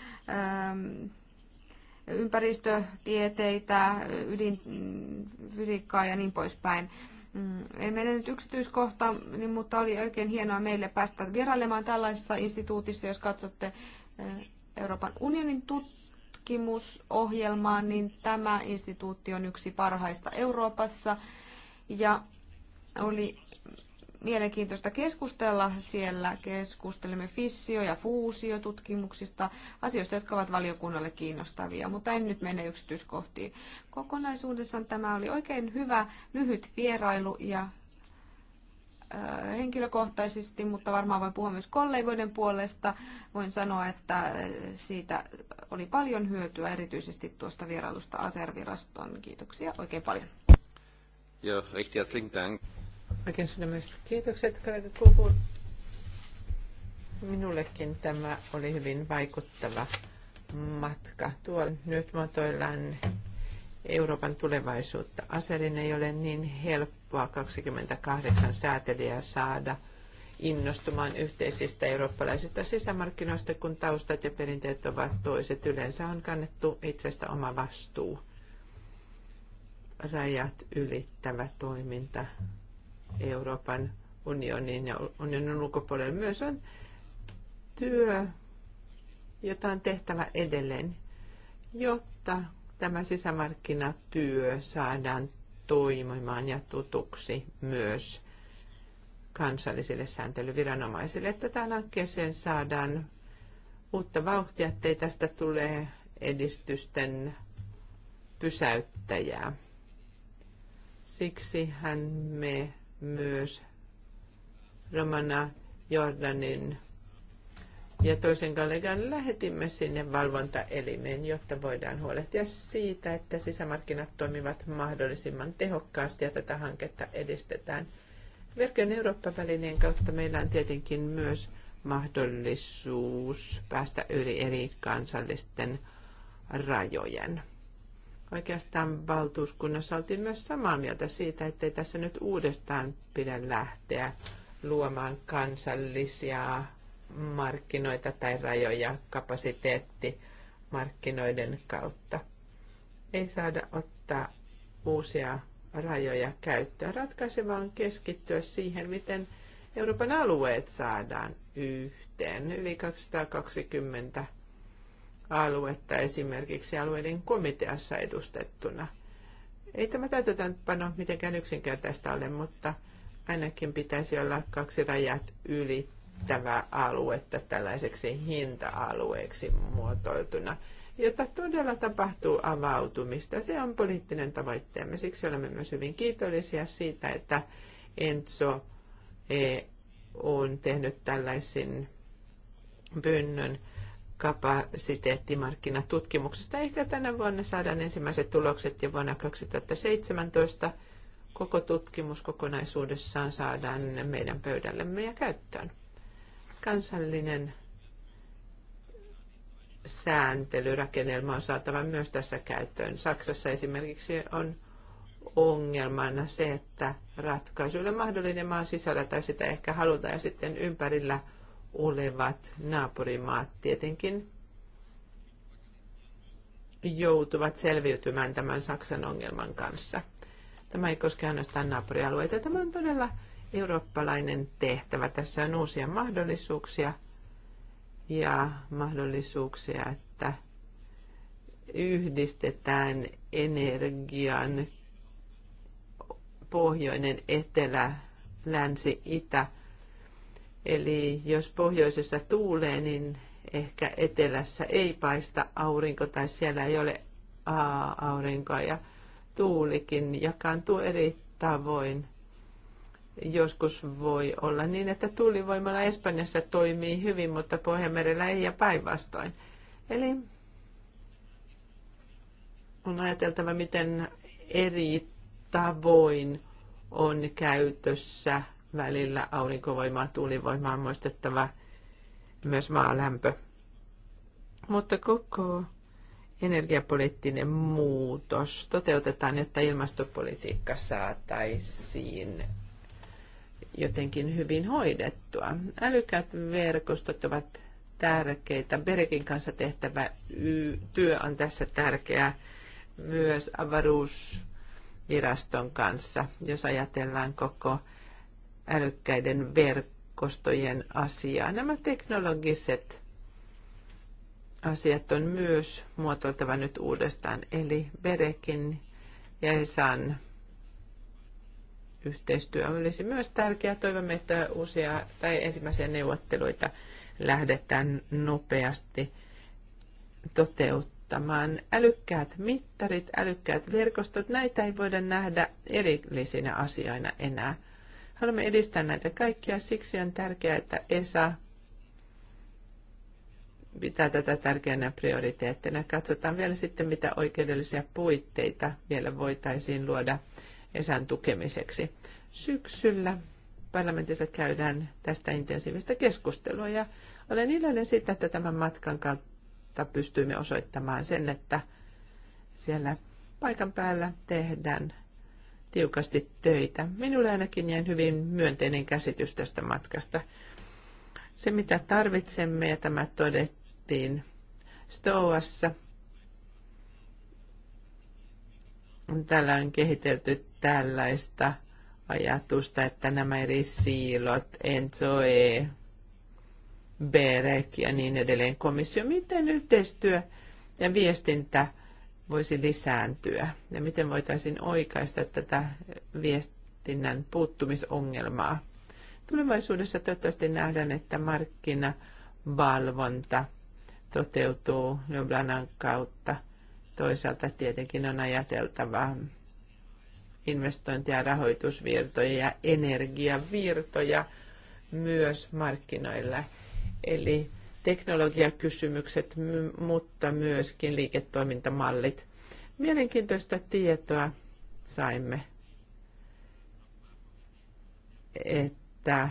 ähm, ympäristötieteitä, ydinfysiikkaa mm, ja niin poispäin. Mm, Ei mene nyt yksityiskohta, niin, mutta oli oikein hienoa meille päästä vierailemaan tällaisessa instituutissa. Jos katsotte eh, Euroopan unionin tutkimusohjelmaa, niin tämä instituutti on yksi parhaista Euroopassa. Ja oli mielenkiintoista keskustella siellä. Keskustelemme fissio- ja fuusiotutkimuksista, asioista, jotka ovat valiokunnalle kiinnostavia, mutta en nyt mene yksityiskohtiin. Kokonaisuudessaan tämä oli oikein hyvä, lyhyt vierailu ja henkilökohtaisesti, mutta varmaan voin puhua myös kollegoiden puolesta. Voin sanoa, että siitä oli paljon hyötyä, erityisesti tuosta vierailusta Aservirastoon. Kiitoksia oikein paljon. Joo, recht herzlichen Dank. Oikein sydämestä kiitokset, kollega Kuhu. Minullekin tämä oli hyvin vaikuttava matka. Tuolla nyt matoillaan Euroopan tulevaisuutta. Aserin ei ole niin helppoa 28 säätelijää saada innostumaan yhteisistä eurooppalaisista sisämarkkinoista, kun taustat ja perinteet ovat toiset. Yleensä on kannettu itsestä oma vastuu. Rajat ylittävä toiminta Euroopan unionin ja unionin ulkopuolella myös on työ, jota on tehtävä edelleen, jotta tämä sisämarkkinatyö saadaan toimimaan ja tutuksi myös kansallisille sääntelyviranomaisille, että tämän hankkeeseen saadaan uutta vauhtia, ettei tästä tule edistysten pysäyttäjää. siksi hän me myös Romana Jordanin ja toisen kollegan lähetimme sinne valvontaelimeen, jotta voidaan huolehtia siitä, että sisämarkkinat toimivat mahdollisimman tehokkaasti ja tätä hanketta edistetään. Verkön Eurooppa-välineen kautta meillä on tietenkin myös mahdollisuus päästä yli eri kansallisten rajojen. Oikeastaan valtuuskunnassa oltiin myös samaa mieltä siitä, ettei tässä nyt uudestaan pidä lähteä luomaan kansallisia markkinoita tai rajoja kapasiteettimarkkinoiden kautta. Ei saada ottaa uusia rajoja käyttöön. Ratkaiseva on keskittyä siihen, miten Euroopan alueet saadaan yhteen. Yli 220 aluetta esimerkiksi alueiden komiteassa edustettuna. Ei tämä täytäntöönpano mitenkään yksinkertaista ole, mutta ainakin pitäisi olla kaksi rajat ylittävää aluetta tällaiseksi hinta-alueeksi muotoiltuna, jotta todella tapahtuu avautumista. Se on poliittinen tavoitteemme. Siksi olemme myös hyvin kiitollisia siitä, että Enso e on tehnyt tällaisen pyynnön kapasiteettimarkkinatutkimuksesta. Ehkä tänä vuonna saadaan ensimmäiset tulokset ja vuonna 2017 koko tutkimus kokonaisuudessaan saadaan meidän pöydällemme ja käyttöön. Kansallinen sääntelyrakennelma on saatava myös tässä käyttöön. Saksassa esimerkiksi on ongelmana se, että ratkaisu mahdollinen maan sisällä tai sitä ehkä halutaan ja sitten ympärillä – olevat naapurimaat tietenkin joutuvat selviytymään tämän Saksan ongelman kanssa. Tämä ei koske ainoastaan naapurialueita. Tämä on todella eurooppalainen tehtävä. Tässä on uusia mahdollisuuksia ja mahdollisuuksia, että yhdistetään energian pohjoinen, etelä, länsi, itä Eli jos pohjoisessa tuulee, niin ehkä etelässä ei paista aurinko tai siellä ei ole aurinkoa ja tuulikin jakaantuu eri tavoin. Joskus voi olla niin, että tuulivoimalla Espanjassa toimii hyvin, mutta Pohjanmerellä ei ja päinvastoin. Eli on ajateltava, miten eri tavoin on käytössä välillä aurinkovoimaa, tuulivoimaa muistettava myös maalämpö. Mutta koko energiapoliittinen muutos toteutetaan, jotta ilmastopolitiikka saataisiin jotenkin hyvin hoidettua. Älykkäät verkostot ovat tärkeitä. Berekin kanssa tehtävä työ on tässä tärkeää myös avaruusviraston kanssa, jos ajatellaan koko älykkäiden verkostojen asiaa. Nämä teknologiset asiat on myös muotoiltava nyt uudestaan, eli Berekin ja ESAN yhteistyö olisi myös tärkeää. Toivomme, että uusia tai ensimmäisiä neuvotteluita lähdetään nopeasti toteuttamaan. Älykkäät mittarit, älykkäät verkostot, näitä ei voida nähdä erillisinä asioina enää. Haluamme edistää näitä kaikkia, siksi on tärkeää, että ESA pitää tätä tärkeänä prioriteettina. Katsotaan vielä sitten, mitä oikeudellisia puitteita vielä voitaisiin luoda ESAn tukemiseksi. Syksyllä parlamentissa käydään tästä intensiivistä keskustelua ja olen iloinen siitä, että tämän matkan kautta pystyimme osoittamaan sen, että siellä paikan päällä tehdään tiukasti töitä. Minulle ainakin jäi hyvin myönteinen käsitys tästä matkasta. Se, mitä tarvitsemme, ja tämä todettiin Stoassa, täällä on kehitelty tällaista ajatusta, että nämä eri siilot, Enzoe, Berek ja niin edelleen komissio, miten yhteistyö ja viestintä voisi lisääntyä ja miten voitaisiin oikaista tätä viestinnän puuttumisongelmaa. Tulevaisuudessa toivottavasti nähdään, että markkinavalvonta toteutuu Ljubljanan kautta. Toisaalta tietenkin on ajateltava investointi- ja rahoitusvirtoja ja energiavirtoja myös markkinoilla. Eli teknologiakysymykset, mutta myöskin liiketoimintamallit. Mielenkiintoista tietoa saimme, että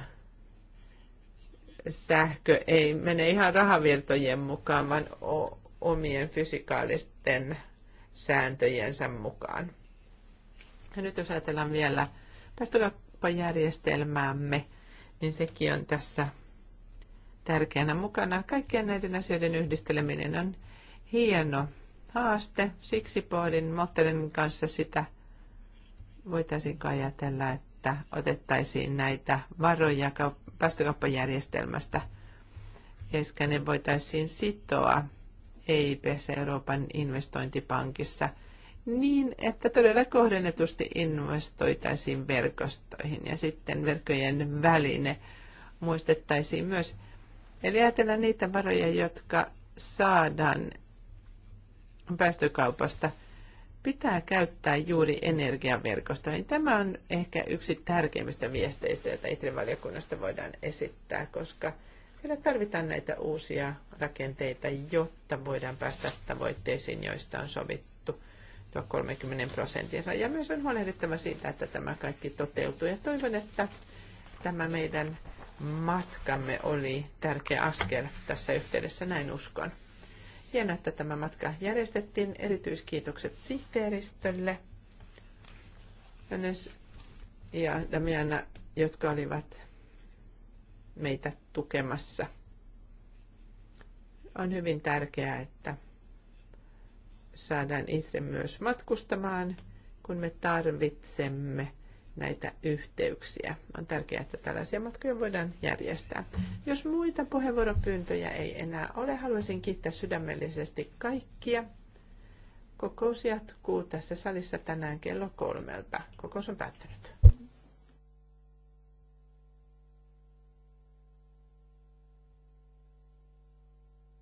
sähkö ei mene ihan rahavirtojen mukaan, vaan omien fysikaalisten sääntöjensä mukaan. Ja nyt jos ajatellaan vielä päästökauppajärjestelmäämme, niin sekin on tässä tärkeänä mukana. Kaikkien näiden asioiden yhdisteleminen on hieno haaste. Siksi pohdin Mottelin kanssa sitä, voitaisiinko ajatella, että otettaisiin näitä varoja päästökauppajärjestelmästä ja ne voitaisiin sitoa EIPssä Euroopan investointipankissa niin, että todella kohdennetusti investoitaisiin verkostoihin ja sitten verkkojen väline muistettaisiin myös – Eli ajatellaan niitä varoja, jotka saadaan päästökaupasta – pitää käyttää juuri energiaverkostoihin. Tämä on ehkä yksi tärkeimmistä viesteistä, joita Itrin valiokunnasta voidaan esittää, koska siellä tarvitaan näitä uusia rakenteita, jotta voidaan päästä tavoitteisiin, joista on sovittu tuo 30 prosentin raja. Myös on huolehdittava siitä, että tämä kaikki toteutuu ja toivon, että tämä meidän matkamme oli tärkeä askel tässä yhteydessä, näin uskon. Hienoa, että tämä matka järjestettiin. Erityiskiitokset sihteeristölle ja Damiana, jotka olivat meitä tukemassa. On hyvin tärkeää, että saadaan itse myös matkustamaan, kun me tarvitsemme – näitä yhteyksiä. On tärkeää, että tällaisia matkoja voidaan järjestää. Jos muita puheenvuoropyyntöjä ei enää ole, haluaisin kiittää sydämellisesti kaikkia. Kokous jatkuu tässä salissa tänään kello kolmelta. Kokous on päättynyt.